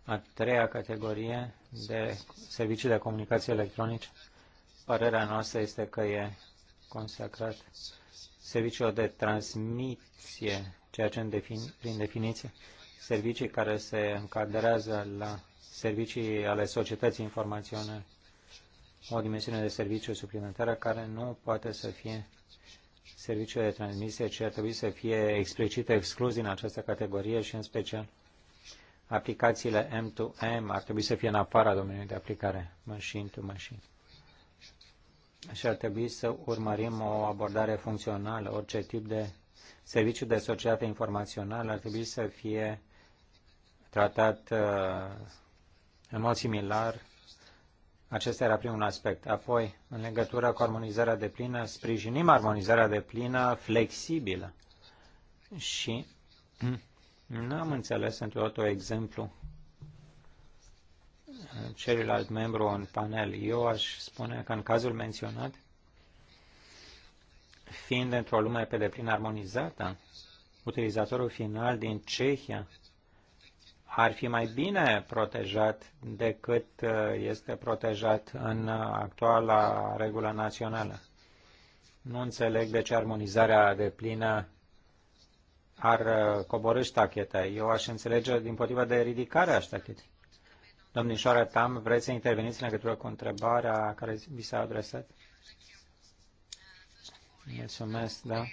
A treia categorie de servicii de comunicații electronice Părerea noastră este că e consacrat serviciul de transmisie, ceea ce în defin, prin definiție servicii care se încadrează la servicii ale societății informaționale, o dimensiune de serviciu suplimentară care nu poate să fie serviciul de transmisie, ci ar trebui să fie explicit exclus din această categorie și în special aplicațiile M2M ar trebui să fie în afara domeniului de aplicare, machine to machine și ar trebui să urmărim o abordare funcțională. Orice tip de serviciu de societate informațională ar trebui să fie tratat uh, în mod similar. Acesta era primul aspect. Apoi, în legătură cu armonizarea de plină, sprijinim armonizarea de plină flexibilă. Și nu am înțeles într-o exemplu celălalt membru în panel. Eu aș spune că în cazul menționat, fiind într-o lume pe deplin armonizată, utilizatorul final din Cehia ar fi mai bine protejat decât uh, este protejat în uh, actuala regulă națională. Nu înțeleg de ce armonizarea de plină ar uh, coborâ ștacheta. Eu aș înțelege din potriva de ridicare a ștachetei. Domnișoara Tam, vreți să interveniți în legătură cu întrebarea care vi s-a adresat? Mulțumesc, da.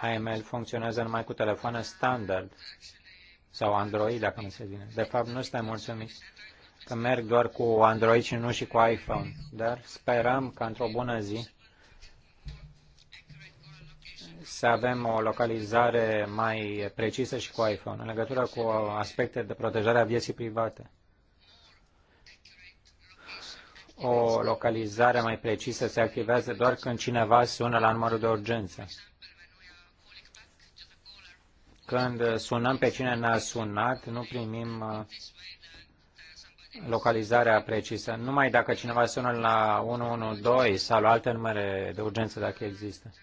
AML funcționează numai cu telefoane standard sau Android, dacă nu se vine. De fapt, nu suntem mulțumiți că merg doar cu Android și nu și cu iPhone, dar sperăm că într-o bună zi să avem o localizare mai precisă și cu iPhone în legătură cu aspecte de protejare a vieții private o localizare mai precisă se activează doar când cineva sună la numărul de urgență. Când sunăm pe cine ne-a sunat, nu primim uh, localizarea precisă. Numai dacă cineva sună la 112 sau la alte numere de urgență, dacă există.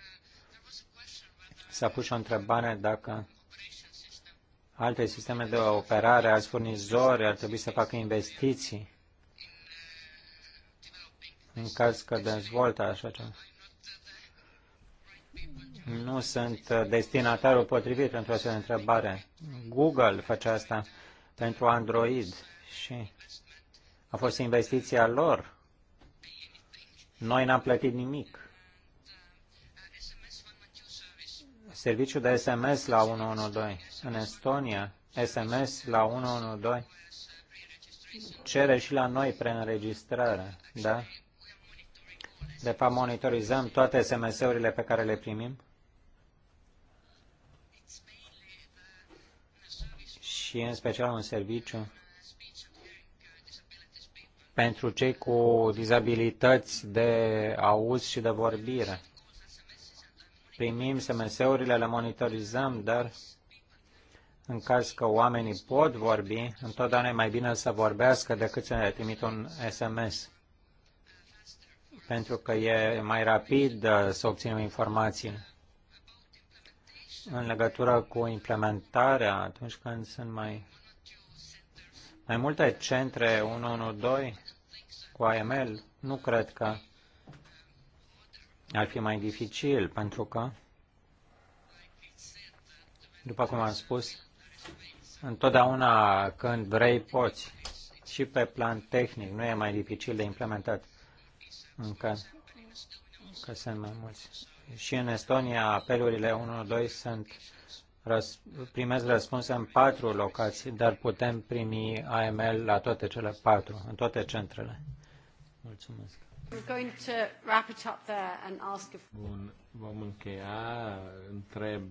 S-a pus o întrebare dacă alte sisteme de operare, alți furnizori ar trebui să facă investiții în caz că dezvoltă așa ceva. Nu sunt destinatarul potrivit pentru această întrebare. Google face asta pentru Android și a fost investiția lor. Noi n-am plătit nimic. Serviciul de SMS la 112. În Estonia, SMS la 112 cere și la noi preînregistrare, da? De fapt, monitorizăm toate SMS-urile pe care le primim și în special un serviciu pentru cei cu dizabilități de auz și de vorbire. Primim SMS-urile, le monitorizăm, dar în caz că oamenii pot vorbi, întotdeauna e mai bine să vorbească decât să ne trimit un SMS pentru că e mai rapid uh, să obținem informații În legătură cu implementarea, atunci când sunt mai, mai multe centre 112 cu AML, nu cred că ar fi mai dificil, pentru că, după cum am spus, întotdeauna când vrei, poți. Și pe plan tehnic nu e mai dificil de implementat în caz că sunt mai mulți. Și în Estonia apelurile 1-2 sunt răs, primesc răspuns în patru locații, dar putem primi AML la toate cele patru, în toate centrele. Mulțumesc. Bun, vom încheia. Întreb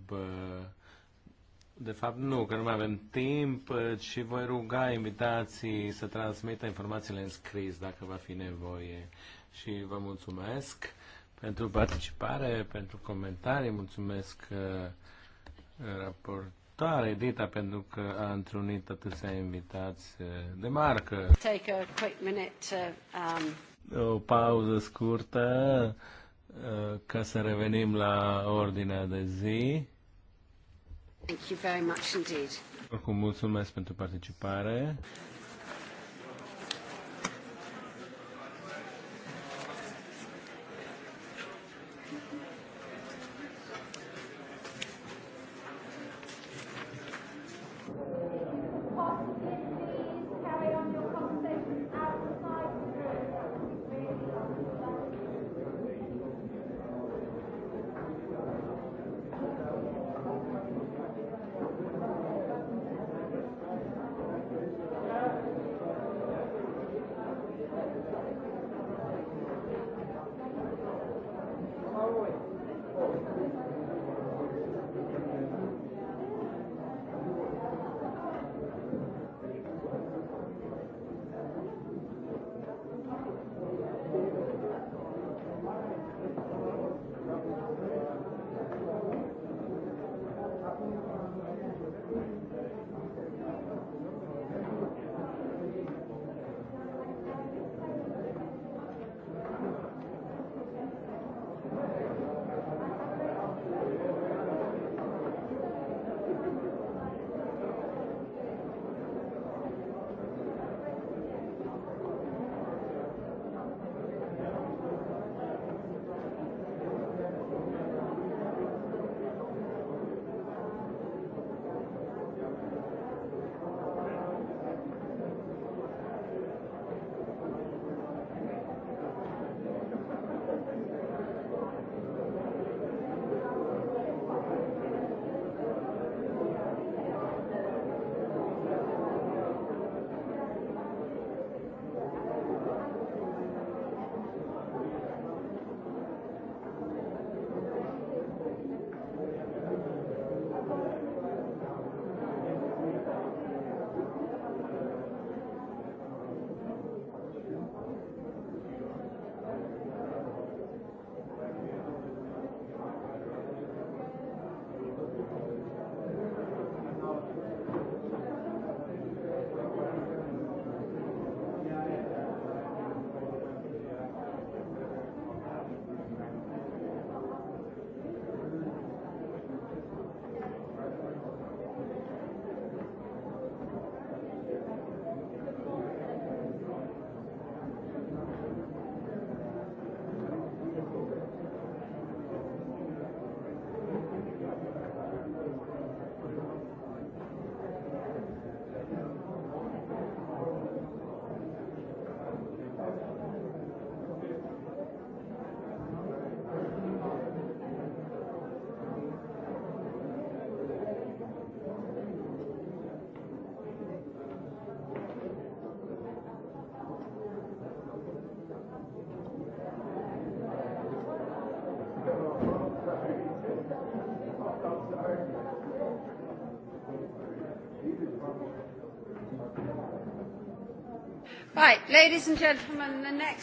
de fapt, nu, că nu mai avem timp și voi ruga invitații să transmită informațiile în scris dacă va fi nevoie și vă mulțumesc pentru participare, pentru comentarii, mulțumesc uh, raportare Dita pentru că a întrunit atâția invitați uh, de marcă. Take a quick minute to, um... O pauză scurtă uh, ca să revenim la ordinea de zi. Thank you very much indeed. Oricum, mulțumesc pentru participare.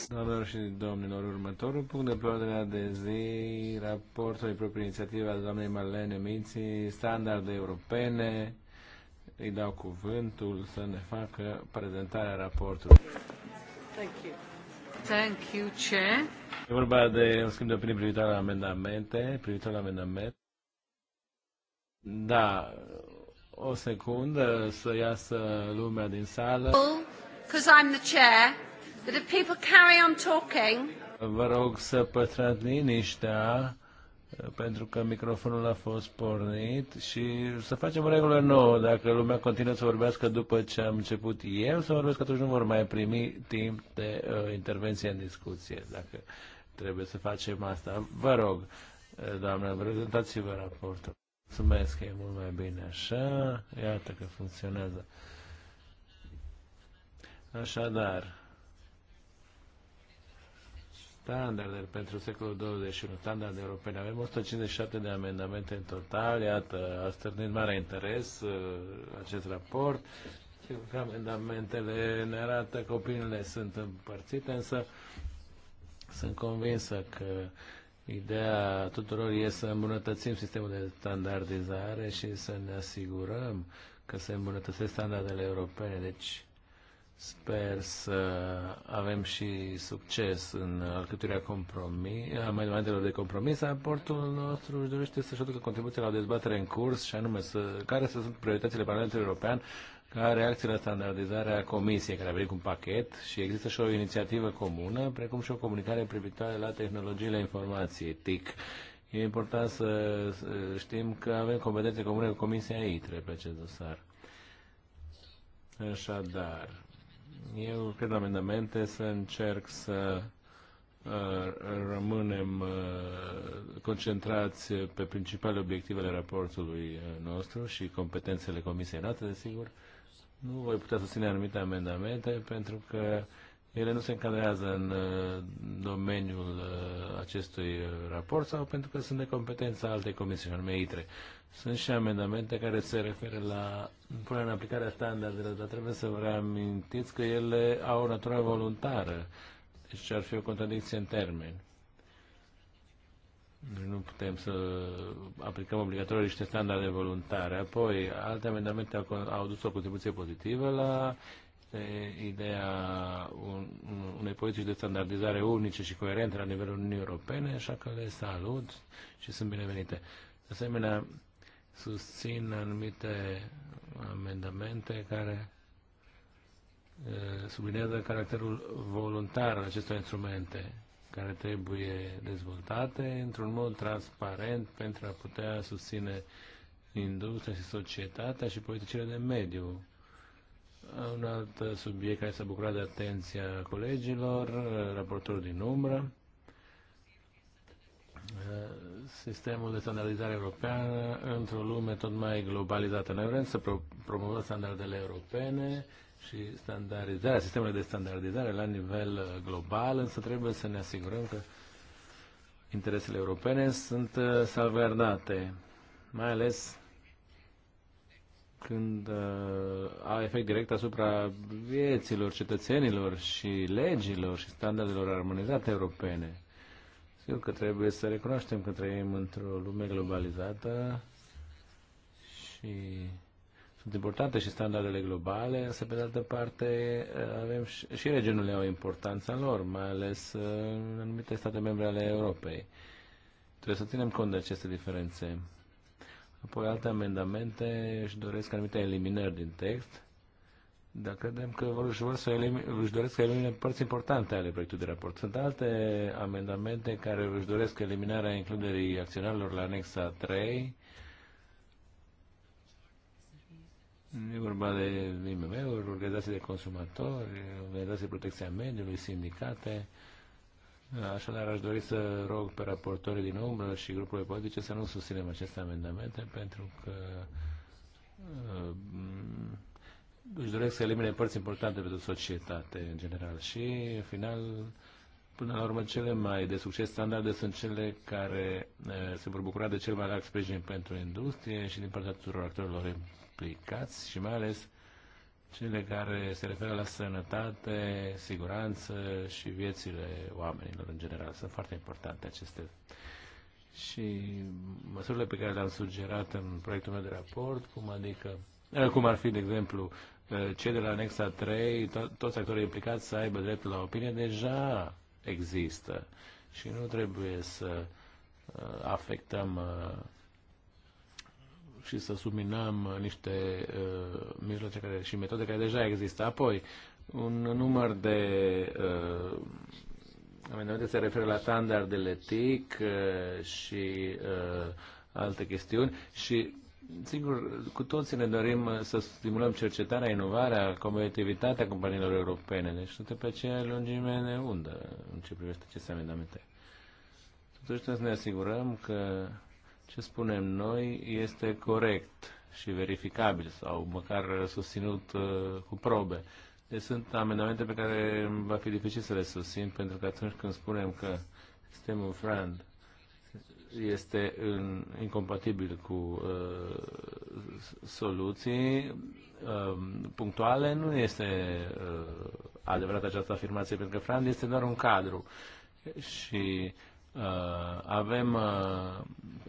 Doamnelor și domnilor, următorul punct de pe ordinea de zi, raportul de proprie inițiativă al doamnei Marlene Minții, standarde europene, îi dau cuvântul să ne facă prezentarea raportului. Thank you. Thank you, Chair. E vorba de un schimb de opinie privitor la amendamente, privitor la amendament. Da, o secundă să iasă lumea din sală. Oh because I'm the chair, that if people carry on talking... Vă rog să păstrați liniștea, pentru că microfonul a fost pornit și să facem o regulă nouă. Dacă lumea continuă să vorbească după ce am început eu să vorbesc, atunci nu vor mai primi timp de uh, intervenție în discuție, dacă trebuie să facem asta. Vă rog, uh, doamnă, prezentați-vă raportul. Mulțumesc, e mult mai bine așa. Iată că funcționează. Așadar, standardele pentru secolul 21, standarde europene. Avem 157 de amendamente în total, iată, a stârnit mare interes uh, acest raport. Sigur că amendamentele ne arată că opiniile sunt împărțite, însă sunt convinsă că ideea tuturor e să îmbunătățim sistemul de standardizare și să ne asigurăm că se îmbunătățesc standardele europene. Deci, Sper să avem și succes în alcătuirea amendamentelor de compromis. Raportul nostru își dorește să-și aducă contribuția la o dezbatere în curs și anume să, care să sunt prioritățile Parlamentului European ca reacție la standardizarea Comisiei, care a venit cu un pachet și există și o inițiativă comună, precum și o comunicare privitoare la tehnologiile informației, TIC. E important să știm că avem competențe comune cu Comisia ITRE pe acest dosar. Așadar, eu prin amendamente să încerc să uh, rămânem uh, concentrați pe principalele obiectivele raportului uh, nostru și competențele Comisiei Noastre, desigur. Nu voi putea susține anumite amendamente pentru că ele nu se încadrează în uh, domeniul uh, acestui uh, raport sau pentru că sunt de competență alte comisii, anume ITRE. Sunt și amendamente care se referă la punerea în aplicare standardelor, dar trebuie să vă reamintiți că ele au o natură voluntară. Deci ar fi o contradicție în termeni. Nu putem să aplicăm obligatoriu niște standarde voluntare. Apoi, alte amendamente au, au dus o contribuție pozitivă la este ideea unei politici de standardizare unice și coerente la nivelul Uniunii Europene, așa că le salut și sunt binevenite. De asemenea, susțin anumite amendamente care sublinează caracterul voluntar al acestor instrumente care trebuie dezvoltate într-un mod transparent pentru a putea susține industria și societatea și politicile de mediu un alt subiect care s-a bucurat de atenția colegilor, raportorul din umbră, sistemul de standardizare europeană într-o lume tot mai globalizată. Noi vrem să pro promovăm standardele europene și standardizarea, sistemele de standardizare la nivel global, însă trebuie să ne asigurăm că interesele europene sunt salvardate, mai ales când uh, au efect direct asupra vieților cetățenilor și legilor și standardelor armonizate europene. Sigur că trebuie să recunoaștem că trăim într-o lume globalizată și sunt importante și standardele globale, însă pe de altă parte uh, avem și, și regiunile au importanța lor, mai ales uh, în anumite state membre ale Europei. Trebuie să ținem cont de aceste diferențe. Apoi alte amendamente își doresc anumite eliminări din text, dar credem că vor, își, vor să elimine, își doresc să elimine părți importante ale proiectului de raport. Sunt alte amendamente care își doresc eliminarea includerii acționarilor la anexa 3, E vorba de IMM-uri, organizații de consumatori, organizații de protecția mediului, sindicate, Așadar, aș dori să rog pe raportorii din umbră și grupurile politice să nu susținem aceste amendamente, pentru că uh, își doresc să elimine părți importante pentru societate în general. Și, în final, până la urmă, cele mai de succes standarde sunt cele care uh, se vor bucura de cel mai larg sprijin pentru industrie și din partea tuturor actorilor implicați și mai ales cele care se referă la sănătate, siguranță și viețile oamenilor în general. Sunt foarte importante aceste și măsurile pe care le-am sugerat în proiectul meu de raport, cum adică eh, cum ar fi, de exemplu, eh, cei de la Anexa 3, to- toți actorii implicați să aibă dreptul la opinie, deja există și nu trebuie să eh, afectăm și să subminăm niște uh, mijloace care, și metode care deja există. Apoi, un număr de uh, amendamente se referă la standardele TIC uh, și uh, alte chestiuni și Sigur, cu toții ne dorim uh, să stimulăm cercetarea, inovarea, competitivitatea companiilor europene. Deci suntem pe aceea lungime de undă în ce privește aceste amendamente. Totuși trebuie să ne asigurăm că ce spunem noi este corect și verificabil sau măcar susținut uh, cu probe. Deci sunt amendamente pe care va fi dificil să le susțin, pentru că atunci când spunem că sistemul FRAND este în, incompatibil cu uh, soluții uh, punctuale, nu este uh, adevărat această afirmație, pentru că FRAND este doar un cadru. Și uh, uh, avem uh,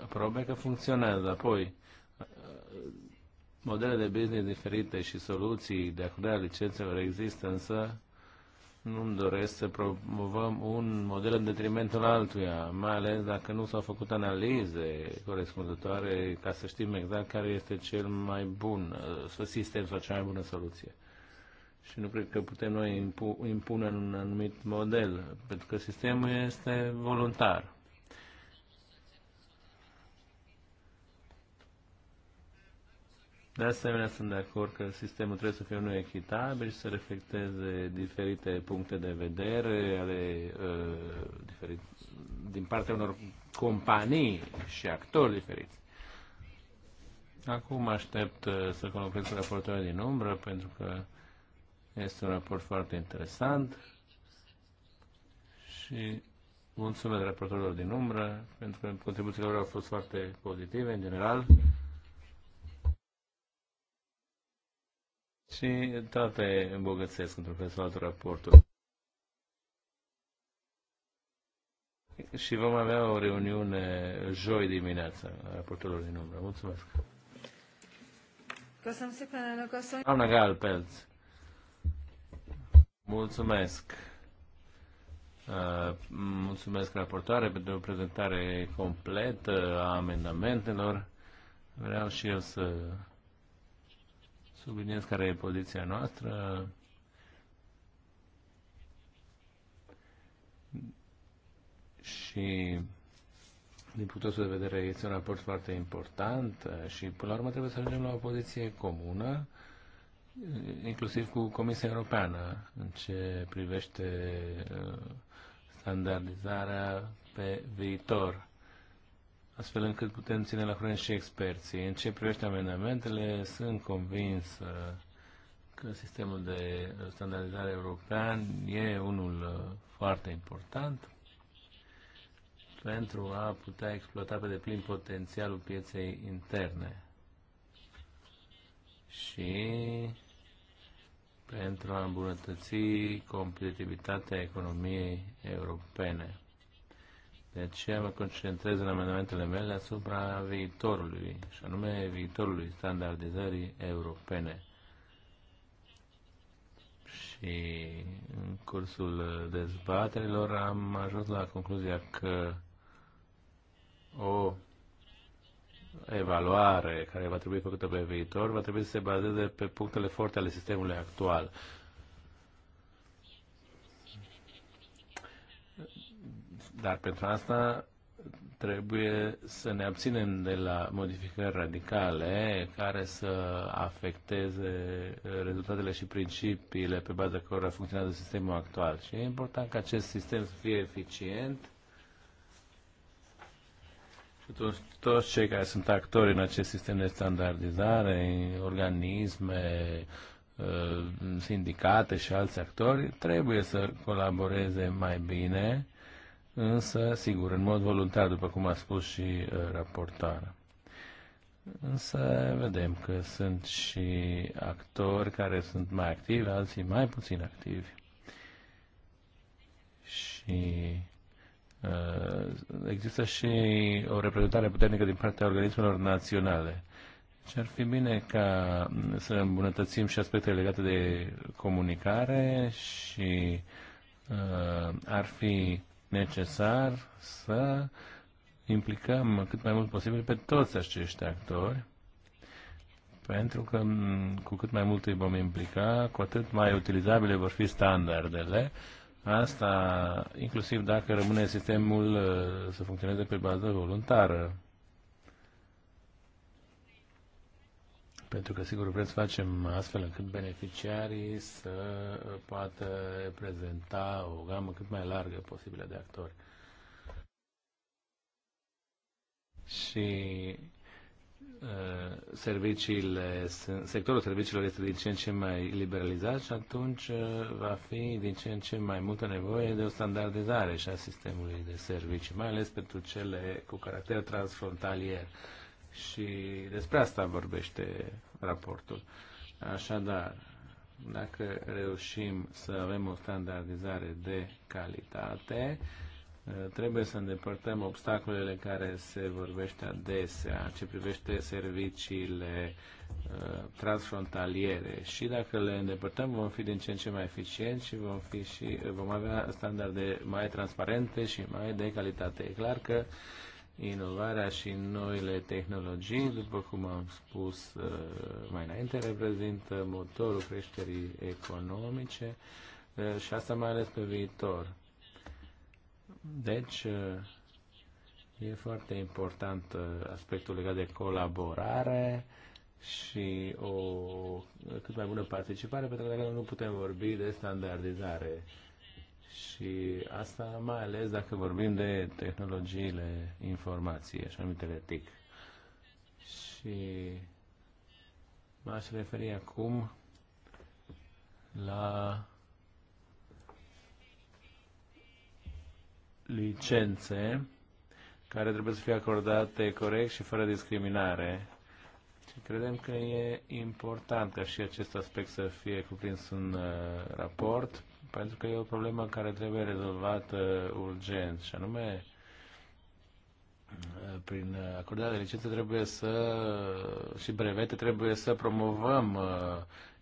probe că funcționează. Apoi, uh, modele de business diferite și soluții de acordare a licențelor există, însă nu-mi doresc să promovăm un model în detrimentul altuia, mai ales dacă nu s-au făcut analize corespunzătoare ca să știm exact care este cel mai bun uh, sistem sau cea mai bună soluție și nu cred că putem noi impu impune un anumit model, pentru că sistemul este voluntar. De asemenea, sunt de acord că sistemul trebuie să fie unul echitabil și să reflecteze diferite puncte de vedere ale, uh, diferit, din partea unor companii și actori diferiți. Acum aștept uh, să conlucrez cu din umbră, pentru că este un raport foarte interesant și mulțumesc raportorilor din umbră pentru că contribuțiile lor au fost foarte pozitive în general. Și toate îmbogățesc într-un fel sau altul raportul. Și vom avea o reuniune joi dimineața a raportorilor din umbră. Mulțumesc! Doamna Gal Pelț. Mulțumesc! Uh, mulțumesc raportoare pentru o prezentare completă a amendamentelor. Vreau și eu să subliniez care e poziția noastră. Și din punctul de vedere este un raport foarte important și până la urmă trebuie să ajungem la o poziție comună inclusiv cu Comisia Europeană, în ce privește uh, standardizarea pe viitor, astfel încât putem ține la curent și experții. În ce privește amendamentele, sunt convins uh, că sistemul de standardizare european e unul uh, foarte important pentru a putea exploata pe deplin potențialul pieței interne. Și pentru a îmbunătăți competitivitatea economiei europene. De aceea mă concentrez în amendamentele mele asupra viitorului, și anume viitorului standardizării europene. Și în cursul dezbaterilor am ajuns la concluzia că o evaluare care va trebui făcută pe viitor va trebui să se bazeze pe punctele forte ale sistemului actual. Dar pentru asta trebuie să ne abținem de la modificări radicale care să afecteze rezultatele și principiile pe baza cărora funcționează sistemul actual. Și e important ca acest sistem să fie eficient toți cei care sunt actori în acest sistem de standardizare, organisme, uh, sindicate și alți actori, trebuie să colaboreze mai bine, însă, sigur, în mod voluntar, după cum a spus și uh, raportoarea. Însă vedem că sunt și actori care sunt mai activi, alții mai puțin activi. Și Uh, există și o reprezentare puternică din partea organismelor naționale. Și ar fi bine ca să îmbunătățim și aspectele legate de comunicare și uh, ar fi necesar să implicăm cât mai mult posibil pe toți acești actori, pentru că mm, cu cât mai mult îi vom implica, cu atât mai utilizabile vor fi standardele Asta, inclusiv dacă rămâne sistemul uh, să funcționeze pe bază voluntară. Pentru că, sigur, vrem să facem astfel încât beneficiarii să poată reprezenta o gamă cât mai largă posibilă de actori. Și Eh, serviciile, sectorul serviciilor este din ce în ce mai liberalizat și atunci eh, va fi din ce în ce mai multă nevoie de o standardizare și a sistemului de servicii, mai ales pentru cele cu caracter transfrontalier. Și despre asta vorbește raportul. Așadar, dacă reușim să avem o standardizare de calitate, uh, Eh, trebuie să îndepărtăm obstacolele care se vorbește adesea ce privește serviciile eh, transfrontaliere și dacă le îndepărtăm vom fi din ce în ce mai eficienți și vom, fi și, vom avea standarde mai transparente și mai de calitate. E clar că inovarea și noile tehnologii, după cum am spus eh, mai înainte, reprezintă motorul creșterii economice și asta mai ales pe viitor. Deci, eh, e foarte important eh, aspectul legat de colaborare și o cât mai bună participare, pentru că dacă nu putem vorbi de standardizare. Și asta mai ales dacă vorbim de tehnologiile informației, așa numitele TIC. Și m-aș referi acum la licențe care trebuie să fie acordate corect și fără discriminare. Și credem că e important ca și acest aspect să fie cuprins în uh, raport, pentru că e o problemă care trebuie rezolvată uh, urgent, și anume uh, prin uh, acordarea de licențe trebuie să și brevete trebuie să promovăm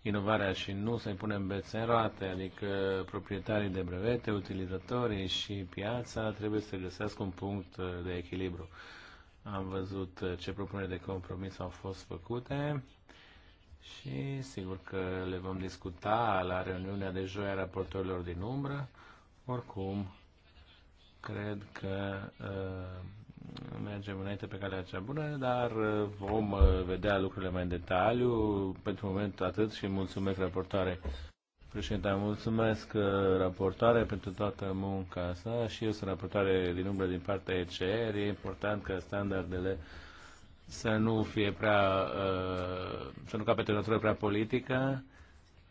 inovarea și nu să-i punem bețe în roate, adică proprietarii de brevete, utilizatorii și piața trebuie să găsească un punct de echilibru. Am văzut ce propuneri de compromis au fost făcute și sigur că le vom discuta la reuniunea de joi a raportorilor din umbră. Oricum, cred că uh, mergem înainte pe calea cea bună, dar uh, vom uh, vedea lucrurile mai în detaliu. Pentru moment atât și mulțumesc raportoare. Președinte, mulțumesc uh, raportoare pentru toată munca sa și eu sunt raportoare din umbră din partea ECR. E important că standardele să nu fie prea, să nu capete natură prea politică.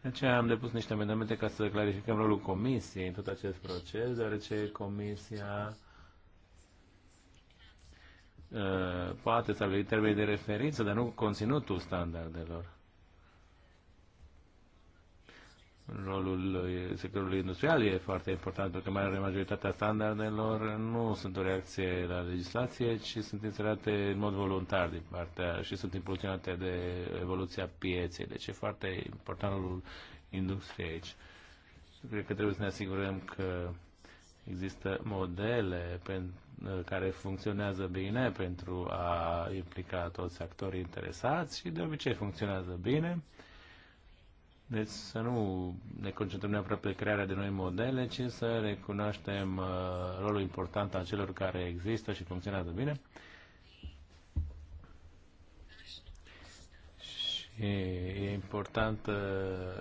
De aceea am depus niște amendamente ca să clarificăm rolul Comisiei în tot acest proces, deoarece Comisia Eh, poate stabili termeni de referință, dar nu conținutul standardelor. Rolul eh, sectorului industrial e foarte important, pentru că marea majoritatea standardelor nu sunt o reacție la legislație, ci sunt inserate în mod voluntar din partea și sunt impulsionate de evoluția pieței. Deci e foarte important rolul industriei aici. Cred că trebuie să ne asigurăm că Există modele uh, care funcționează bine pentru a implica toți actorii interesați și de obicei funcționează bine. Deci să nu ne concentrăm neapărat pe crearea de noi modele, ci să recunoaștem uh, rolul important al celor care există și funcționează bine E, e importantă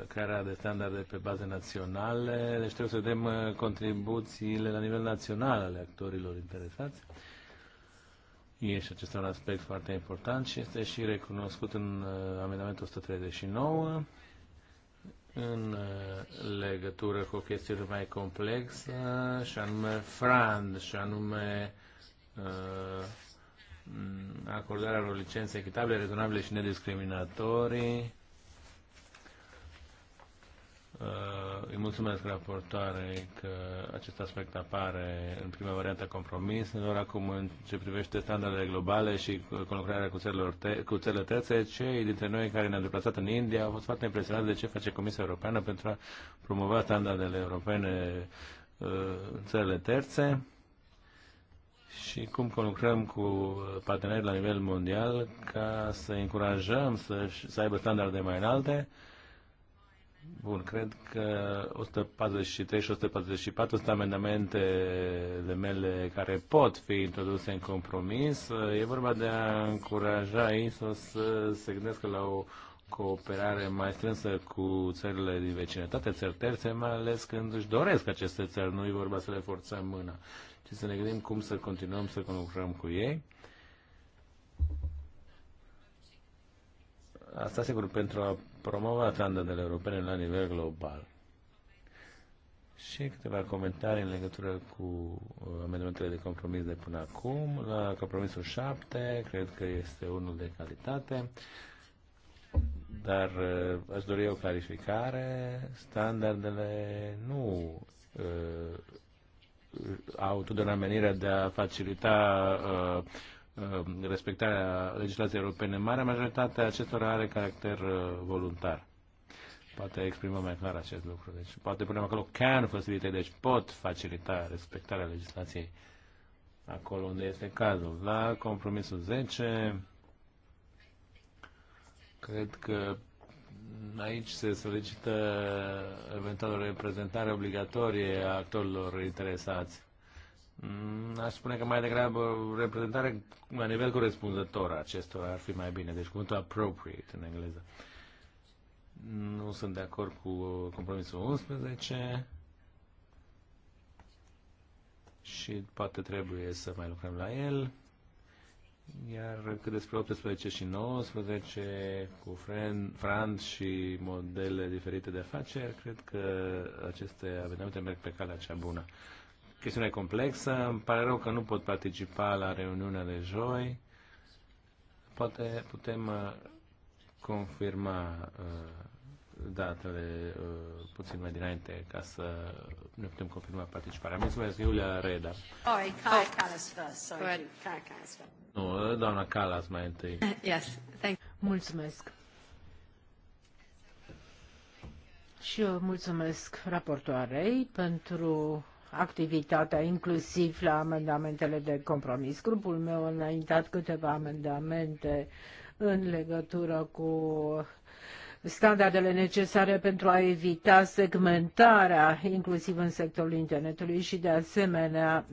crearea de standarde pe baze naționale, deci trebuie să vedem uh, contribuțiile la nivel național ale actorilor interesați. E și acesta un aspect foarte important și este și recunoscut în uh, amendamentul 139 în uh, legătură cu o chestiune mai complexă și anume frand și anume uh, Mm, acordarea unor licențe echitabile, rezonabile și nediscriminatorii. Uh, îi mulțumesc raportoare că acest aspect apare în prima variantă a ora Acum, în ce privește standardele globale și conlucrarea cu, te- cu țările terțe, cei dintre noi care ne-am deplasat în India au fost foarte impresionați de ce face Comisia Europeană pentru a promova standardele europene uh, în țările terțe și cum lucrăm cu parteneri la nivel mondial ca să încurajăm să, să aibă standarde mai înalte. Bun, cred că 143 și 144 sunt amendamentele mele care pot fi introduse în compromis. E vorba de a încuraja ISO să se gândească la o cooperare mai strânsă cu țările din vecinătate, țări terțe, mai ales când își doresc aceste țări, nu e vorba să le forțăm mâna și să ne gândim cum să continuăm să lucrăm cu ei. Asta sigur pentru a promova standardele europene la nivel global. Și câteva comentarii în legătură cu uh, amendamentele de compromis de până acum. La compromisul 7, cred că este unul de calitate, dar uh, aș dori o clarificare. Standardele nu uh, au totdeauna menirea de a facilita uh, uh, respectarea legislației europene. Marea majoritate a acestora are caracter uh, voluntar. Poate exprimăm mai clar acest lucru. Deci poate punem acolo can facilitate, deci pot facilita respectarea legislației acolo unde este cazul. La compromisul 10, cred că Aici se solicită eventual o reprezentare obligatorie a actorilor interesați. Mm, aș spune că mai degrabă reprezentare la nivel corespunzător acestor ar fi mai bine, deci cuvântul appropriate în engleză. Nu sunt de acord cu compromisul 11 și poate trebuie să mai lucrăm la el. Iar cât despre 18 și 19, cu friend, Franz și modele diferite de afaceri, cred că aceste evenimente merg pe calea cea bună. Chestiunea e complexă, îmi pare rău că nu pot participa la reuniunea de joi. Poate putem uh, confirma uh, datele uh, puțin mai dinainte ca să ne putem confirma participarea. Mulțumesc, Iulia Reda. Oh, Caracalas first, sorry. Caracalas first. Nu, doamna Calas mai întâi. Eh, yes, thank Mulțumesc. Și eu mulțumesc raportoarei pentru activitatea inclusiv la amendamentele de compromis. Grupul meu a înaintat câteva amendamente în legătură cu standardele necesare pentru a evita segmentarea, inclusiv în sectorul internetului și de asemenea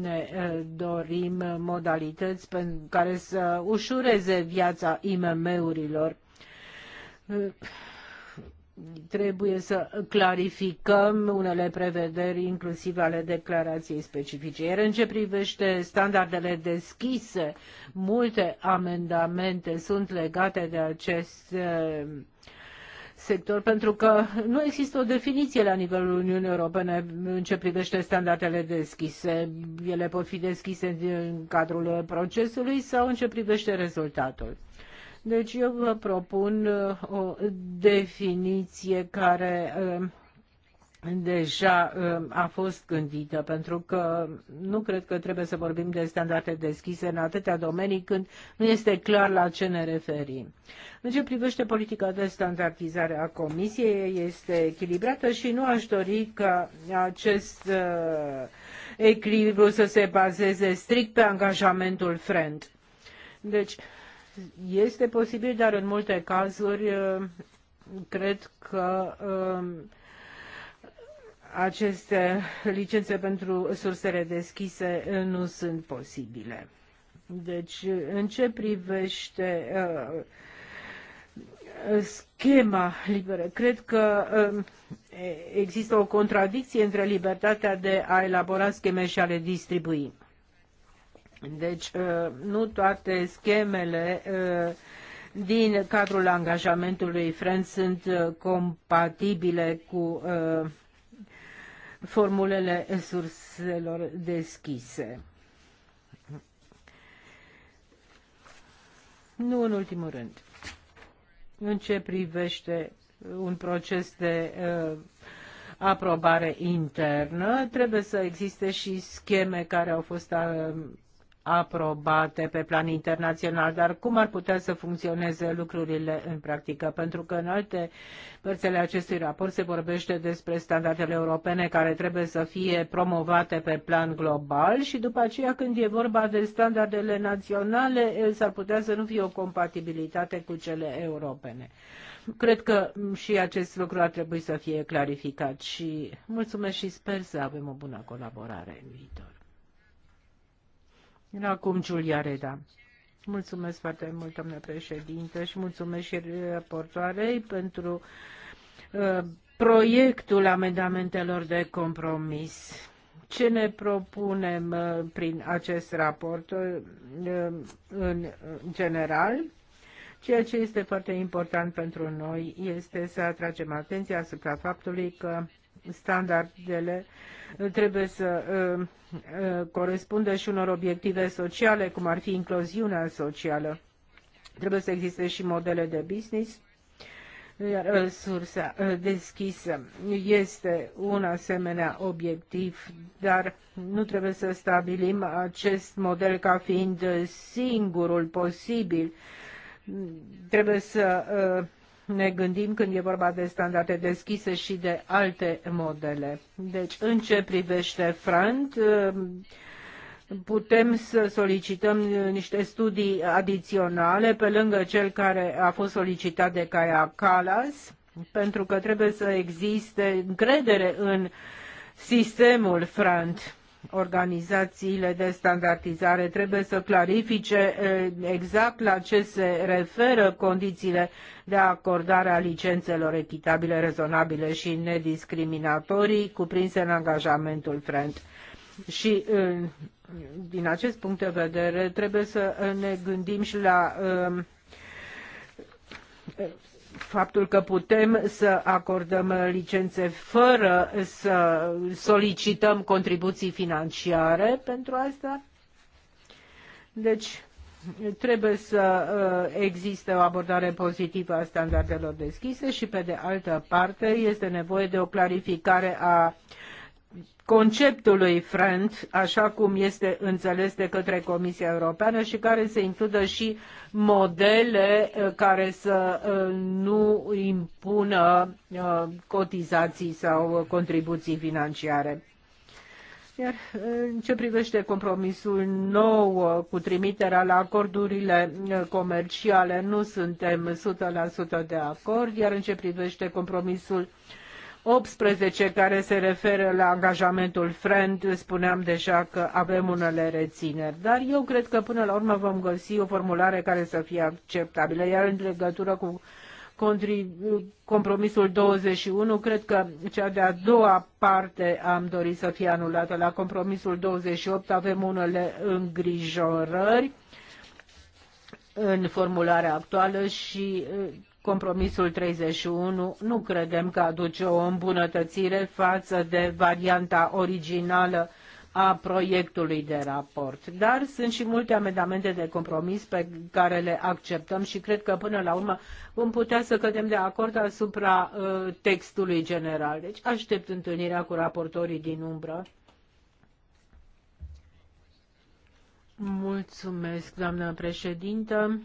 ne eh, dorim modalități pentru care să ușureze viața IMM-urilor eh, trebuie să clarificăm unele prevederi, inclusiv ale declarației specifice. Iar în ce privește standardele deschise, multe amendamente sunt legate de acest eh, sector, pentru că nu există o definiție la nivelul Uniunii Europene în ce privește standardele deschise. Ele pot fi deschise în cadrul procesului sau în ce privește rezultatul. Deci eu vă propun uh, o definiție care uh, deja uh, a fost gândită, pentru că nu cred că trebuie să vorbim de standarde deschise în atâtea domenii când nu este clar la ce ne referim. În ce privește politica de standardizare a Comisiei, este echilibrată și nu aș dori ca acest echilibru să se bazeze strict pe angajamentul friend. Deci, este posibil, dar în multe cazuri uh, cred că um, aceste licențe pentru sursele deschise uh, nu sunt posibile. Deci, în ce privește uh, schema liberă. Cred că um, există o contradicție între libertatea de a elabora scheme și a le distribui. Deci, uh, nu toate schemele uh, din cadrul angajamentului Friends sunt uh, compatibile cu formulele surselor deschise. Nu în ultimul rând. În ce privește un proces de uh, aprobare internă, trebuie să existe și scheme care au fost uh, aprobate pe plan internațional, dar cum ar putea să funcționeze lucrurile în practică? Pentru că în alte părțile acestui raport se vorbește despre standardele europene care trebuie să fie promovate pe plan global și după aceea când e vorba de standardele naționale s-ar putea să nu fie o compatibilitate cu cele europene. Cred că și acest lucru ar trebui să fie clarificat și mulțumesc și sper să avem o bună colaborare în viitor. Acum Giulia Reda. Mulțumesc foarte mult, domnule președinte, și mulțumesc și raportoarei pentru uh, proiectul amendamentelor de compromis. Ce ne propunem uh, prin acest raport uh, în general? Ceea ce este foarte important pentru noi este să atragem atenția asupra faptului că standardele trebuie să uh, uh, corespundă și unor obiective sociale, cum ar fi incluziunea socială. Trebuie să existe și modele de business iar uh, sursa deschisă este un asemenea obiectiv, dar nu trebuie să stabilim acest model ca fiind singurul posibil. Trebuie să uh, ne gândim când e vorba de standarde deschise și de alte modele. Deci, în ce privește FRANT, putem să solicităm niște studii adiționale pe lângă cel care a fost solicitat de Caia Calas, pentru că trebuie să existe încredere în sistemul FRANT organizațiile de standardizare trebuie să clarifice exact la ce se referă condițiile de acordare a licențelor echitabile, rezonabile și nediscriminatorii cuprinse în angajamentul FRENT. Și din acest punct de vedere trebuie să ne gândim și la faptul că putem să acordăm licențe fără să solicităm contribuții financiare pentru asta. Deci, trebuie să uh, existe o abordare pozitivă a standardelor deschise și, pe de altă parte, este nevoie de o clarificare a conceptului FRIEND, așa cum este înțeles de către Comisia Europeană și care să includă și modele uh, care să uh, nu impună uh, cotizații sau contribuții financiare. Iar în ce privește compromisul nou cu trimiterea la acordurile comerciale, nu suntem 100% de acord, iar în ce privește compromisul uh, 18 care se referă la angajamentul friend, spuneam deja că avem unele rețineri, dar eu cred că până la urmă vom găsi o formulare care să fie acceptabilă, iar în legătură cu compromisul 21, cred că cea de-a doua parte am dorit să fie anulată. La compromisul 28 avem unele îngrijorări în formularea actuală și Compromisul 31 nu credem că aduce o îmbunătățire față de varianta originală a proiectului de raport. Dar sunt și multe amendamente de compromis pe care le acceptăm și cred că până la urmă vom putea să cădem de acord asupra uh, textului general. Deci aștept întâlnirea cu raportorii din umbră. Mulțumesc, doamnă președintă.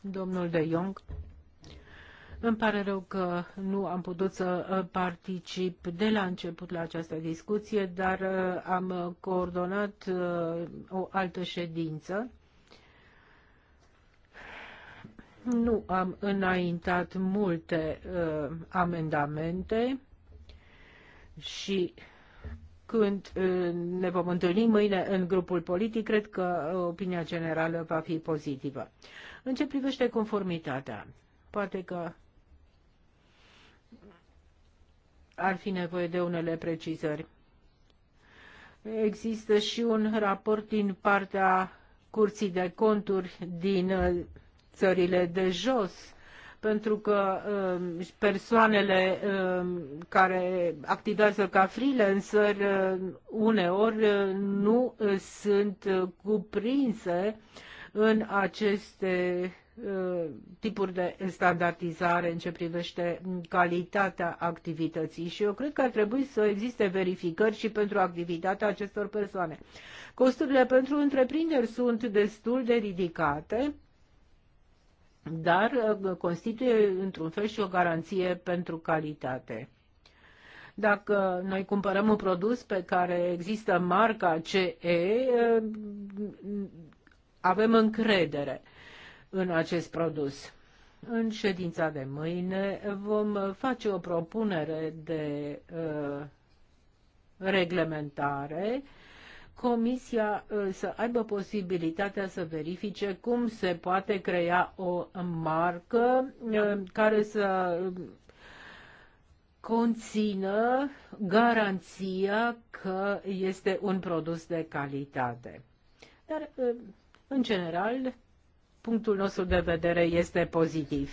Domnul de Jong. Îmi pare rău că nu am putut să uh, particip de la început la această discuție, dar uh, am coordonat uh, o altă ședință. Nu am înaintat multe uh, amendamente și când uh, ne vom întâlni mâine în grupul politic, cred că opinia generală va fi pozitivă. În ce privește conformitatea, poate că ar fi nevoie de unele precizări. Există și un raport din partea Curții de Conturi din uh, țările de jos, pentru că um, persoanele um, care activează ca freelancer uh, uneori uh, nu sunt cuprinse în aceste tipuri de standardizare în ce privește calitatea activității și eu cred că ar trebui să existe verificări și pentru activitatea acestor persoane. Costurile pentru întreprinderi sunt destul de ridicate, dar uh, constituie într-un fel și o garanție pentru calitate. Dacă noi cumpărăm un produs pe care există marca CE, uh, avem încredere în acest produs. În ședința de mâine vom face o propunere de uh, reglementare Comisia uh, să aibă posibilitatea să verifice cum se poate crea o marcă uh, da. care să uh, conțină garanția că este un produs de calitate. Dar, în general, punctul nostru de vedere este pozitiv.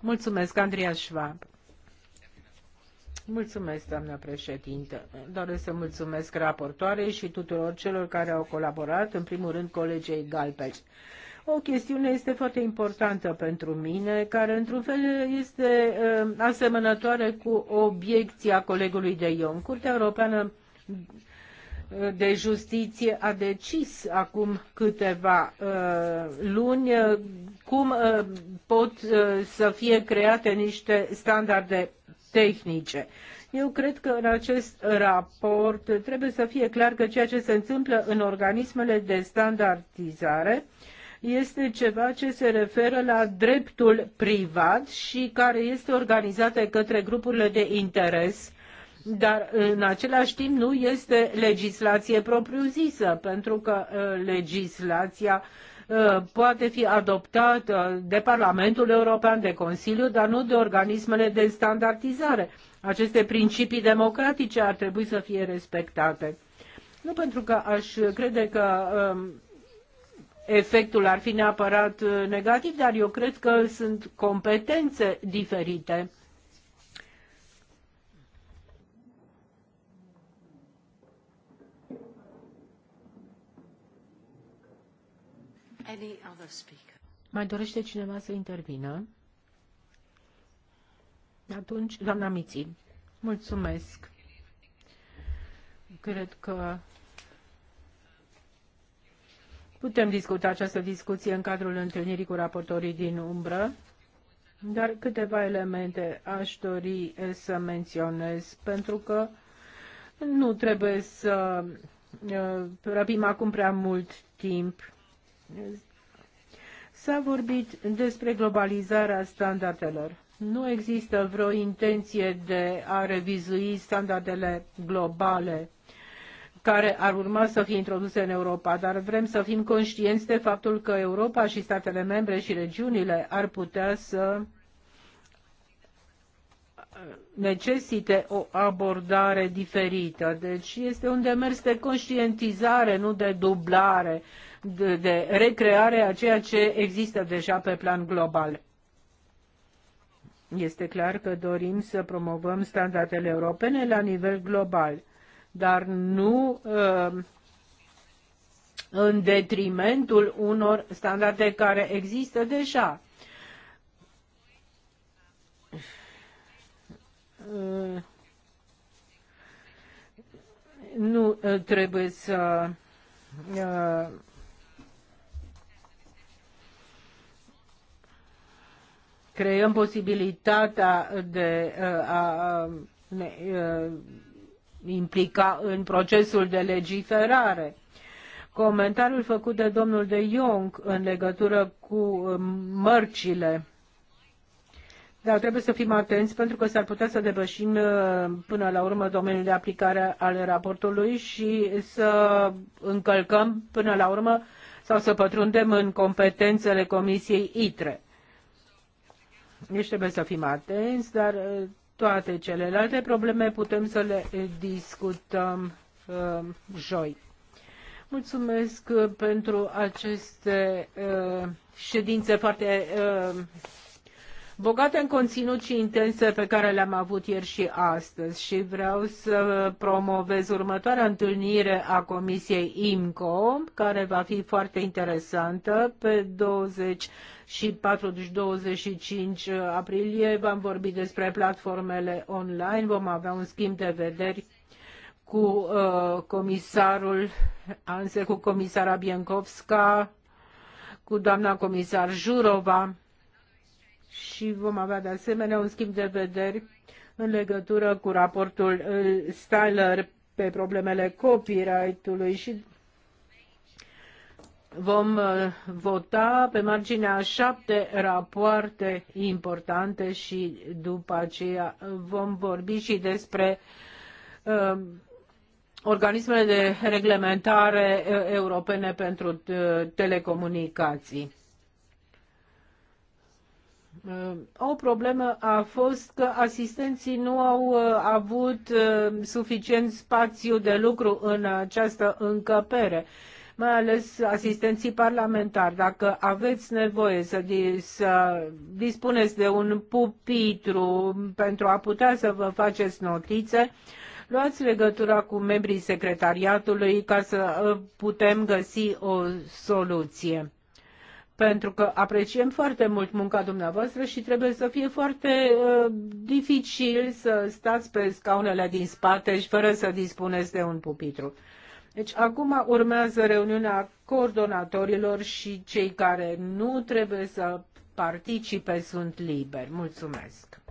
Mulțumesc, Andreea Schwab. Mulțumesc, doamnă președintă. Doresc să mulțumesc raportoare și tuturor celor care au colaborat, în primul rând colegei Galpeș. O chestiune este foarte importantă pentru mine, care într-un fel este uh, asemănătoare cu obiecția colegului de Ion. Curtea Europeană de Justiție a decis acum câteva uh, luni uh, cum uh, pot să fie create niște standarde tehnice. Eu cred că în acest raport trebuie să fie clar că ceea ce se întâmplă în organismele de standardizare este ceva ce se referă la dreptul privat și care este organizat către grupurile de interes dar în același timp nu este legislație propriu-zisă, pentru că uh, legislația uh, poate fi adoptată de Parlamentul European, de Consiliu, dar nu de organismele de standardizare. Aceste principii democratice ar trebui să fie respectate. Nu pentru că aș crede că um, efectul ar fi neapărat uh, negativ, dar eu cred că sunt competențe diferite Mai dorește cineva să intervină? Atunci, doamna Miții, mulțumesc. Cred că putem discuta această discuție în cadrul întâlnirii cu raportorii din umbră, dar câteva elemente aș dori eh, să menționez, pentru că nu trebuie să eh, răbim acum prea mult timp S-a vorbit despre globalizarea standardelor. Nu există vreo intenție de a revizui standardele globale care ar urma să fie introduse în Europa, dar vrem să fim conștienți de faptul că Europa și statele membre și regiunile ar putea să necesite o abordare diferită. Deci este un demers de conștientizare, nu de dublare de, de recreare a ceea ce există deja pe plan global. Este clar că dorim să promovăm standardele europene la nivel global, dar nu uh, în detrimentul unor standarde care există deja. Uh, nu uh, trebuie să uh, creăm posibilitatea de uh, a ne uh, implica în procesul de legiferare. Comentariul făcut de domnul de Jong în legătură cu uh, mărcile dar trebuie să fim atenți pentru că s-ar putea să depășim până la urmă domeniul de aplicare al raportului și să încălcăm până la urmă sau să pătrundem în competențele Comisiei ITRE. Deci trebuie să fim atenți, dar uh, toate celelalte probleme putem să le uh, discutăm uh, joi. Mulțumesc uh, pentru aceste uh, ședințe foarte uh, bogate în conținut și intense pe care le-am avut ieri și astăzi și vreau să promovez următoarea întâlnire a Comisiei IMCO, care va fi foarte interesantă pe 20 și 40-25 deci aprilie vom vorbi despre platformele online, vom avea un schimb de vederi cu uh, comisarul Anse, cu comisara Biencovska, cu doamna comisar Jurova și vom avea de asemenea un schimb de vederi în legătură cu raportul uh, Styler pe problemele copyright-ului și vom uh, vota pe marginea șapte rapoarte importante și după aceea vom vorbi și despre uh, organismele de reglementare europene pentru telecomunicații. Uh, o problemă a fost că asistenții nu au uh, avut uh, suficient spațiu de lucru în această încăpere mai ales asistenții parlamentari. Dacă aveți nevoie să, să dispuneți de un pupitru pentru a putea să vă faceți notițe, luați legătura cu membrii secretariatului ca să putem găsi o soluție pentru că apreciem foarte mult munca dumneavoastră și trebuie să fie foarte uh, dificil să stați pe scaunele din spate și fără să dispuneți de un pupitru. Deci acum urmează reuniunea coordonatorilor și cei care nu trebuie să participe sunt liberi. Mulțumesc!